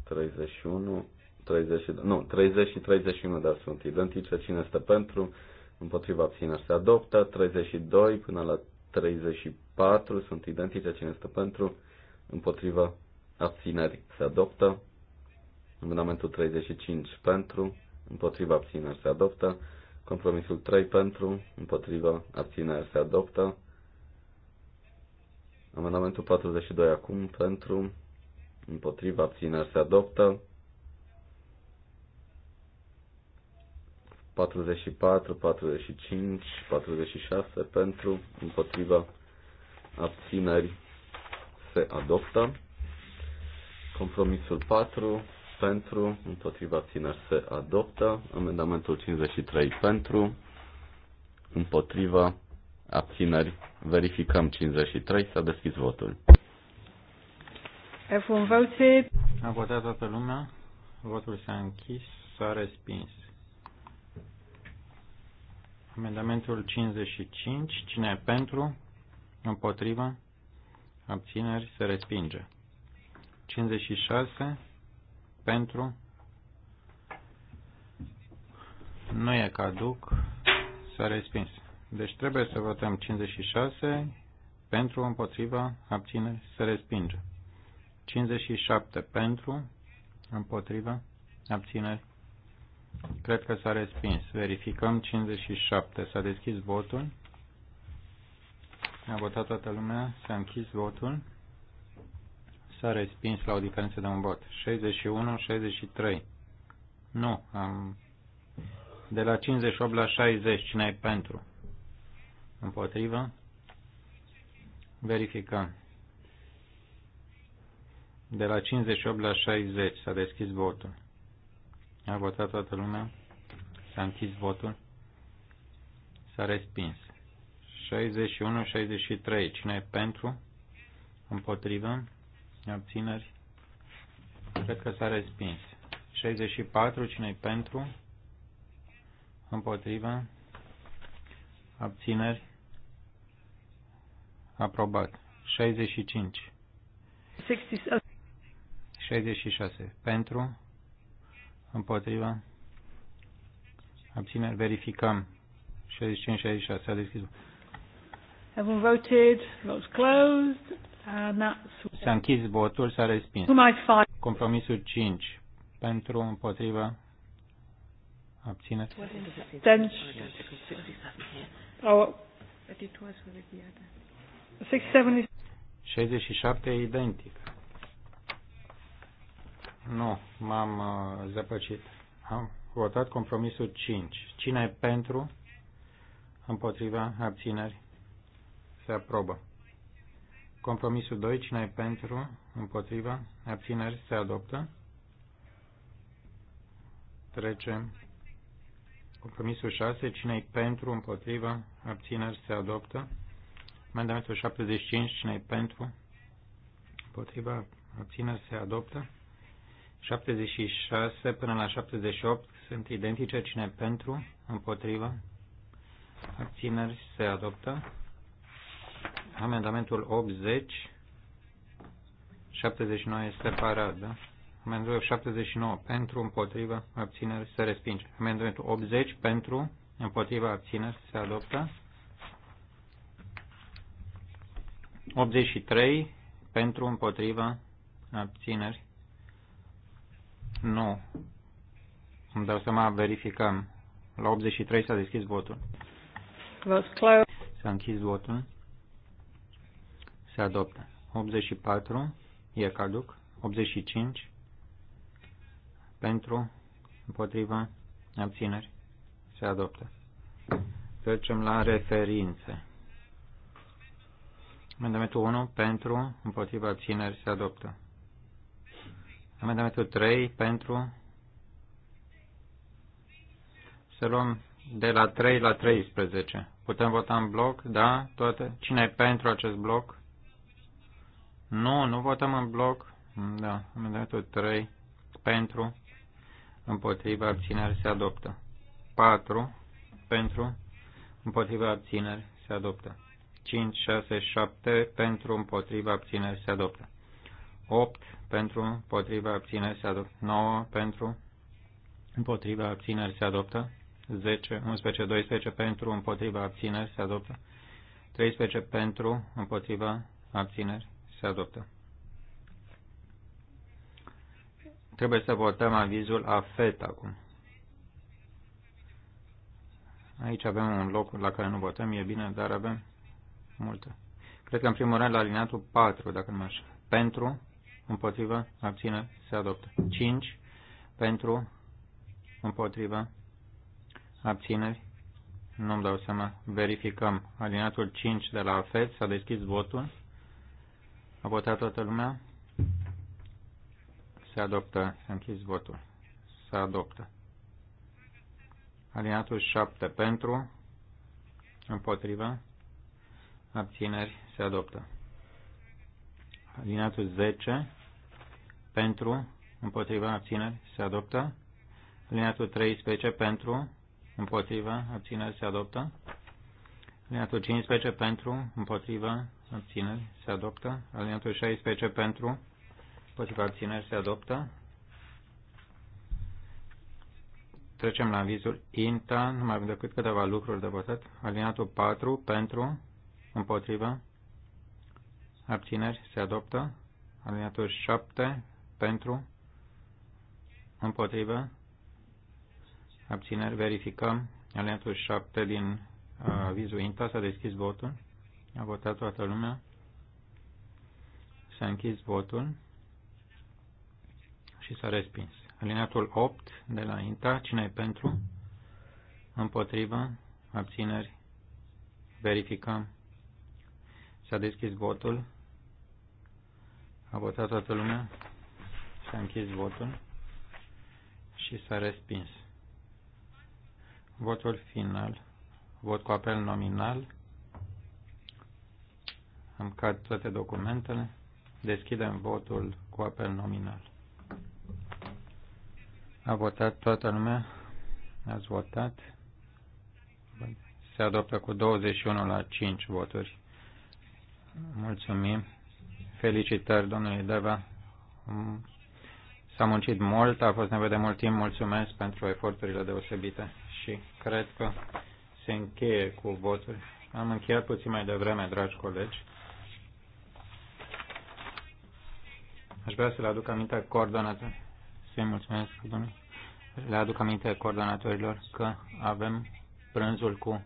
31, 30, nu, 30 și 31, dar sunt identice. Cine este pentru? Împotriva abțineri se adoptă. 32 până la 34 sunt identice. Cine este pentru? Împotriva abțineri se adoptă. Amendamentul 35 pentru, împotriva abțineri se adoptă. Compromisul 3 pentru, împotriva abțineri se adoptă. Amendamentul 42 acum pentru, împotriva abțineri se adoptă. 44, 45, 46 pentru, împotriva abțineri se adoptă. Compromisul 4 pentru, împotriva abțineri se adoptă. Amendamentul 53 pentru, împotriva abțineri, verificăm 53, s-a deschis votul. F1 voted. A votat toată lumea, votul s-a închis, s-a respins. Amendamentul 55, cine e pentru, împotriva, abțineri, se respinge. 56, pentru, nu e caduc, s-a respins. Deci trebuie să votăm 56 pentru, împotriva, abține, se respinge. 57 pentru, împotriva, abține. cred că s-a respins. Verificăm 57. S-a deschis votul. A votat toată lumea, s-a închis votul. S-a respins la o diferență de un vot. 61-63. Nu, am... De la 58 la 60, cine e pentru? Împotrivă? Verificăm. De la 58 la 60 s-a deschis votul. A votat toată lumea? S-a închis votul? S-a respins. 61-63. Cine e pentru? Împotrivă? Abțineri? Cred că s-a respins. 64. Cine e pentru? Împotrivă? Abțineri? Aprobat. 65. 66. Pentru. Împotriva. Abțineri. Verificăm. 65-66. S-a deschis. voted. Votes closed. And that's... S-a închis votul, s-a respins. Compromisul 5. Pentru, împotriva, abține. Then... Oh. 67 e identic. Nu, m-am uh, zăpăcit. Am votat compromisul 5. Cine e pentru? Împotriva? Abțineri? Se aprobă. Compromisul 2. Cine e pentru? Împotriva? Abțineri? Se adoptă. Trecem. Compromisul 6. Cine e pentru? Împotriva? Abțineri? Se adoptă. Mandamentul 75, cine e pentru? potriva, abțineri, se adoptă. 76 până la 78 sunt identice, cine pentru? Împotriva, abțineri, se adoptă. Amendamentul 80, 79 este separat, da? Amendamentul 79 pentru, împotriva, abțineri, se respinge. Amendamentul 80 pentru, împotriva, abțineri, se adoptă. 83 pentru împotriva abțineri. Nu. Îmi dau seama, verificăm. La 83 s-a deschis votul. S-a închis votul. Se adoptă. 84 e caduc. 85 pentru împotriva abțineri. Se adoptă. Trecem la referințe. Amendamentul 1 pentru, împotriva abțineri se adoptă. Amendamentul 3 pentru. Să luăm de la 3 la 13. Putem vota în bloc? Da? Toate? Cine e pentru acest bloc? Nu, nu votăm în bloc. Da, amendamentul 3 pentru, împotriva abțineri se adoptă. 4 pentru, împotriva abțineri se adoptă. 5, 6, 7 pentru împotriva abțineri se adoptă. 8 pentru împotriva abțineri se adoptă. 9 pentru împotriva abțineri se adoptă. 10, 11, 12 pentru împotriva abțineri se adoptă. 13 pentru împotriva abțineri se adoptă. Trebuie să votăm avizul AFET acum. Aici avem un loc la care nu votăm, e bine, dar avem multe. Cred că în primul rând la alineatul 4, dacă nu mă așa. Pentru, împotrivă, abține, se adoptă. 5, pentru, împotrivă, abțineri, nu-mi dau seama. Verificăm. Alineatul 5 de la AFET s-a deschis votul. A votat toată lumea. Se adoptă. S-a închis votul. Se adoptă. Alineatul 7 pentru, împotrivă, abțineri, se adoptă. Alineatul 10, pentru, împotriva, abțineri, se adoptă. Alineatul 13, pentru, împotriva, abțineri, se adoptă. Alineatul 15, pentru, împotriva, abțineri, se adoptă. Alineatul 16, pentru, împotriva, abțineri, se adoptă. Trecem la avizul INTA, nu mai avem decât câteva lucruri de votat. Alineatul 4, pentru, Împotrivă. abțineri, se adoptă. Alineatul 7 pentru, Împotrivă. abțineri, verificăm. Alineatul 7 din uh, vizul INTA. s-a deschis votul. A votat toată lumea. S-a închis votul și s-a respins. Alineatul 8 de la INTA, cine e pentru? Împotrivă? Abțineri? Verificăm. S-a deschis votul. A votat toată lumea. S-a închis votul. Și s-a respins. Votul final. Vot cu apel nominal. Am cad toate documentele. Deschidem votul cu apel nominal. A votat toată lumea. Ați votat. Se adoptă cu 21 la 5 voturi. Mulțumim. Felicitări, domnului Deva. Mm, S-a muncit mult, a fost nevoie de mult timp. Mulțumesc pentru eforturile deosebite și cred că se încheie cu voturi. Am încheiat puțin mai devreme, dragi colegi. Aș vrea să le aduc aminte coordonatorilor. mulțumesc, domnule. Le aduc aminte coordonatorilor că avem prânzul cu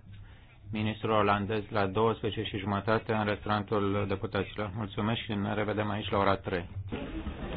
ministrul olandez la 12 și jumătate în restaurantul deputaților. Mulțumesc și ne revedem aici la ora 3.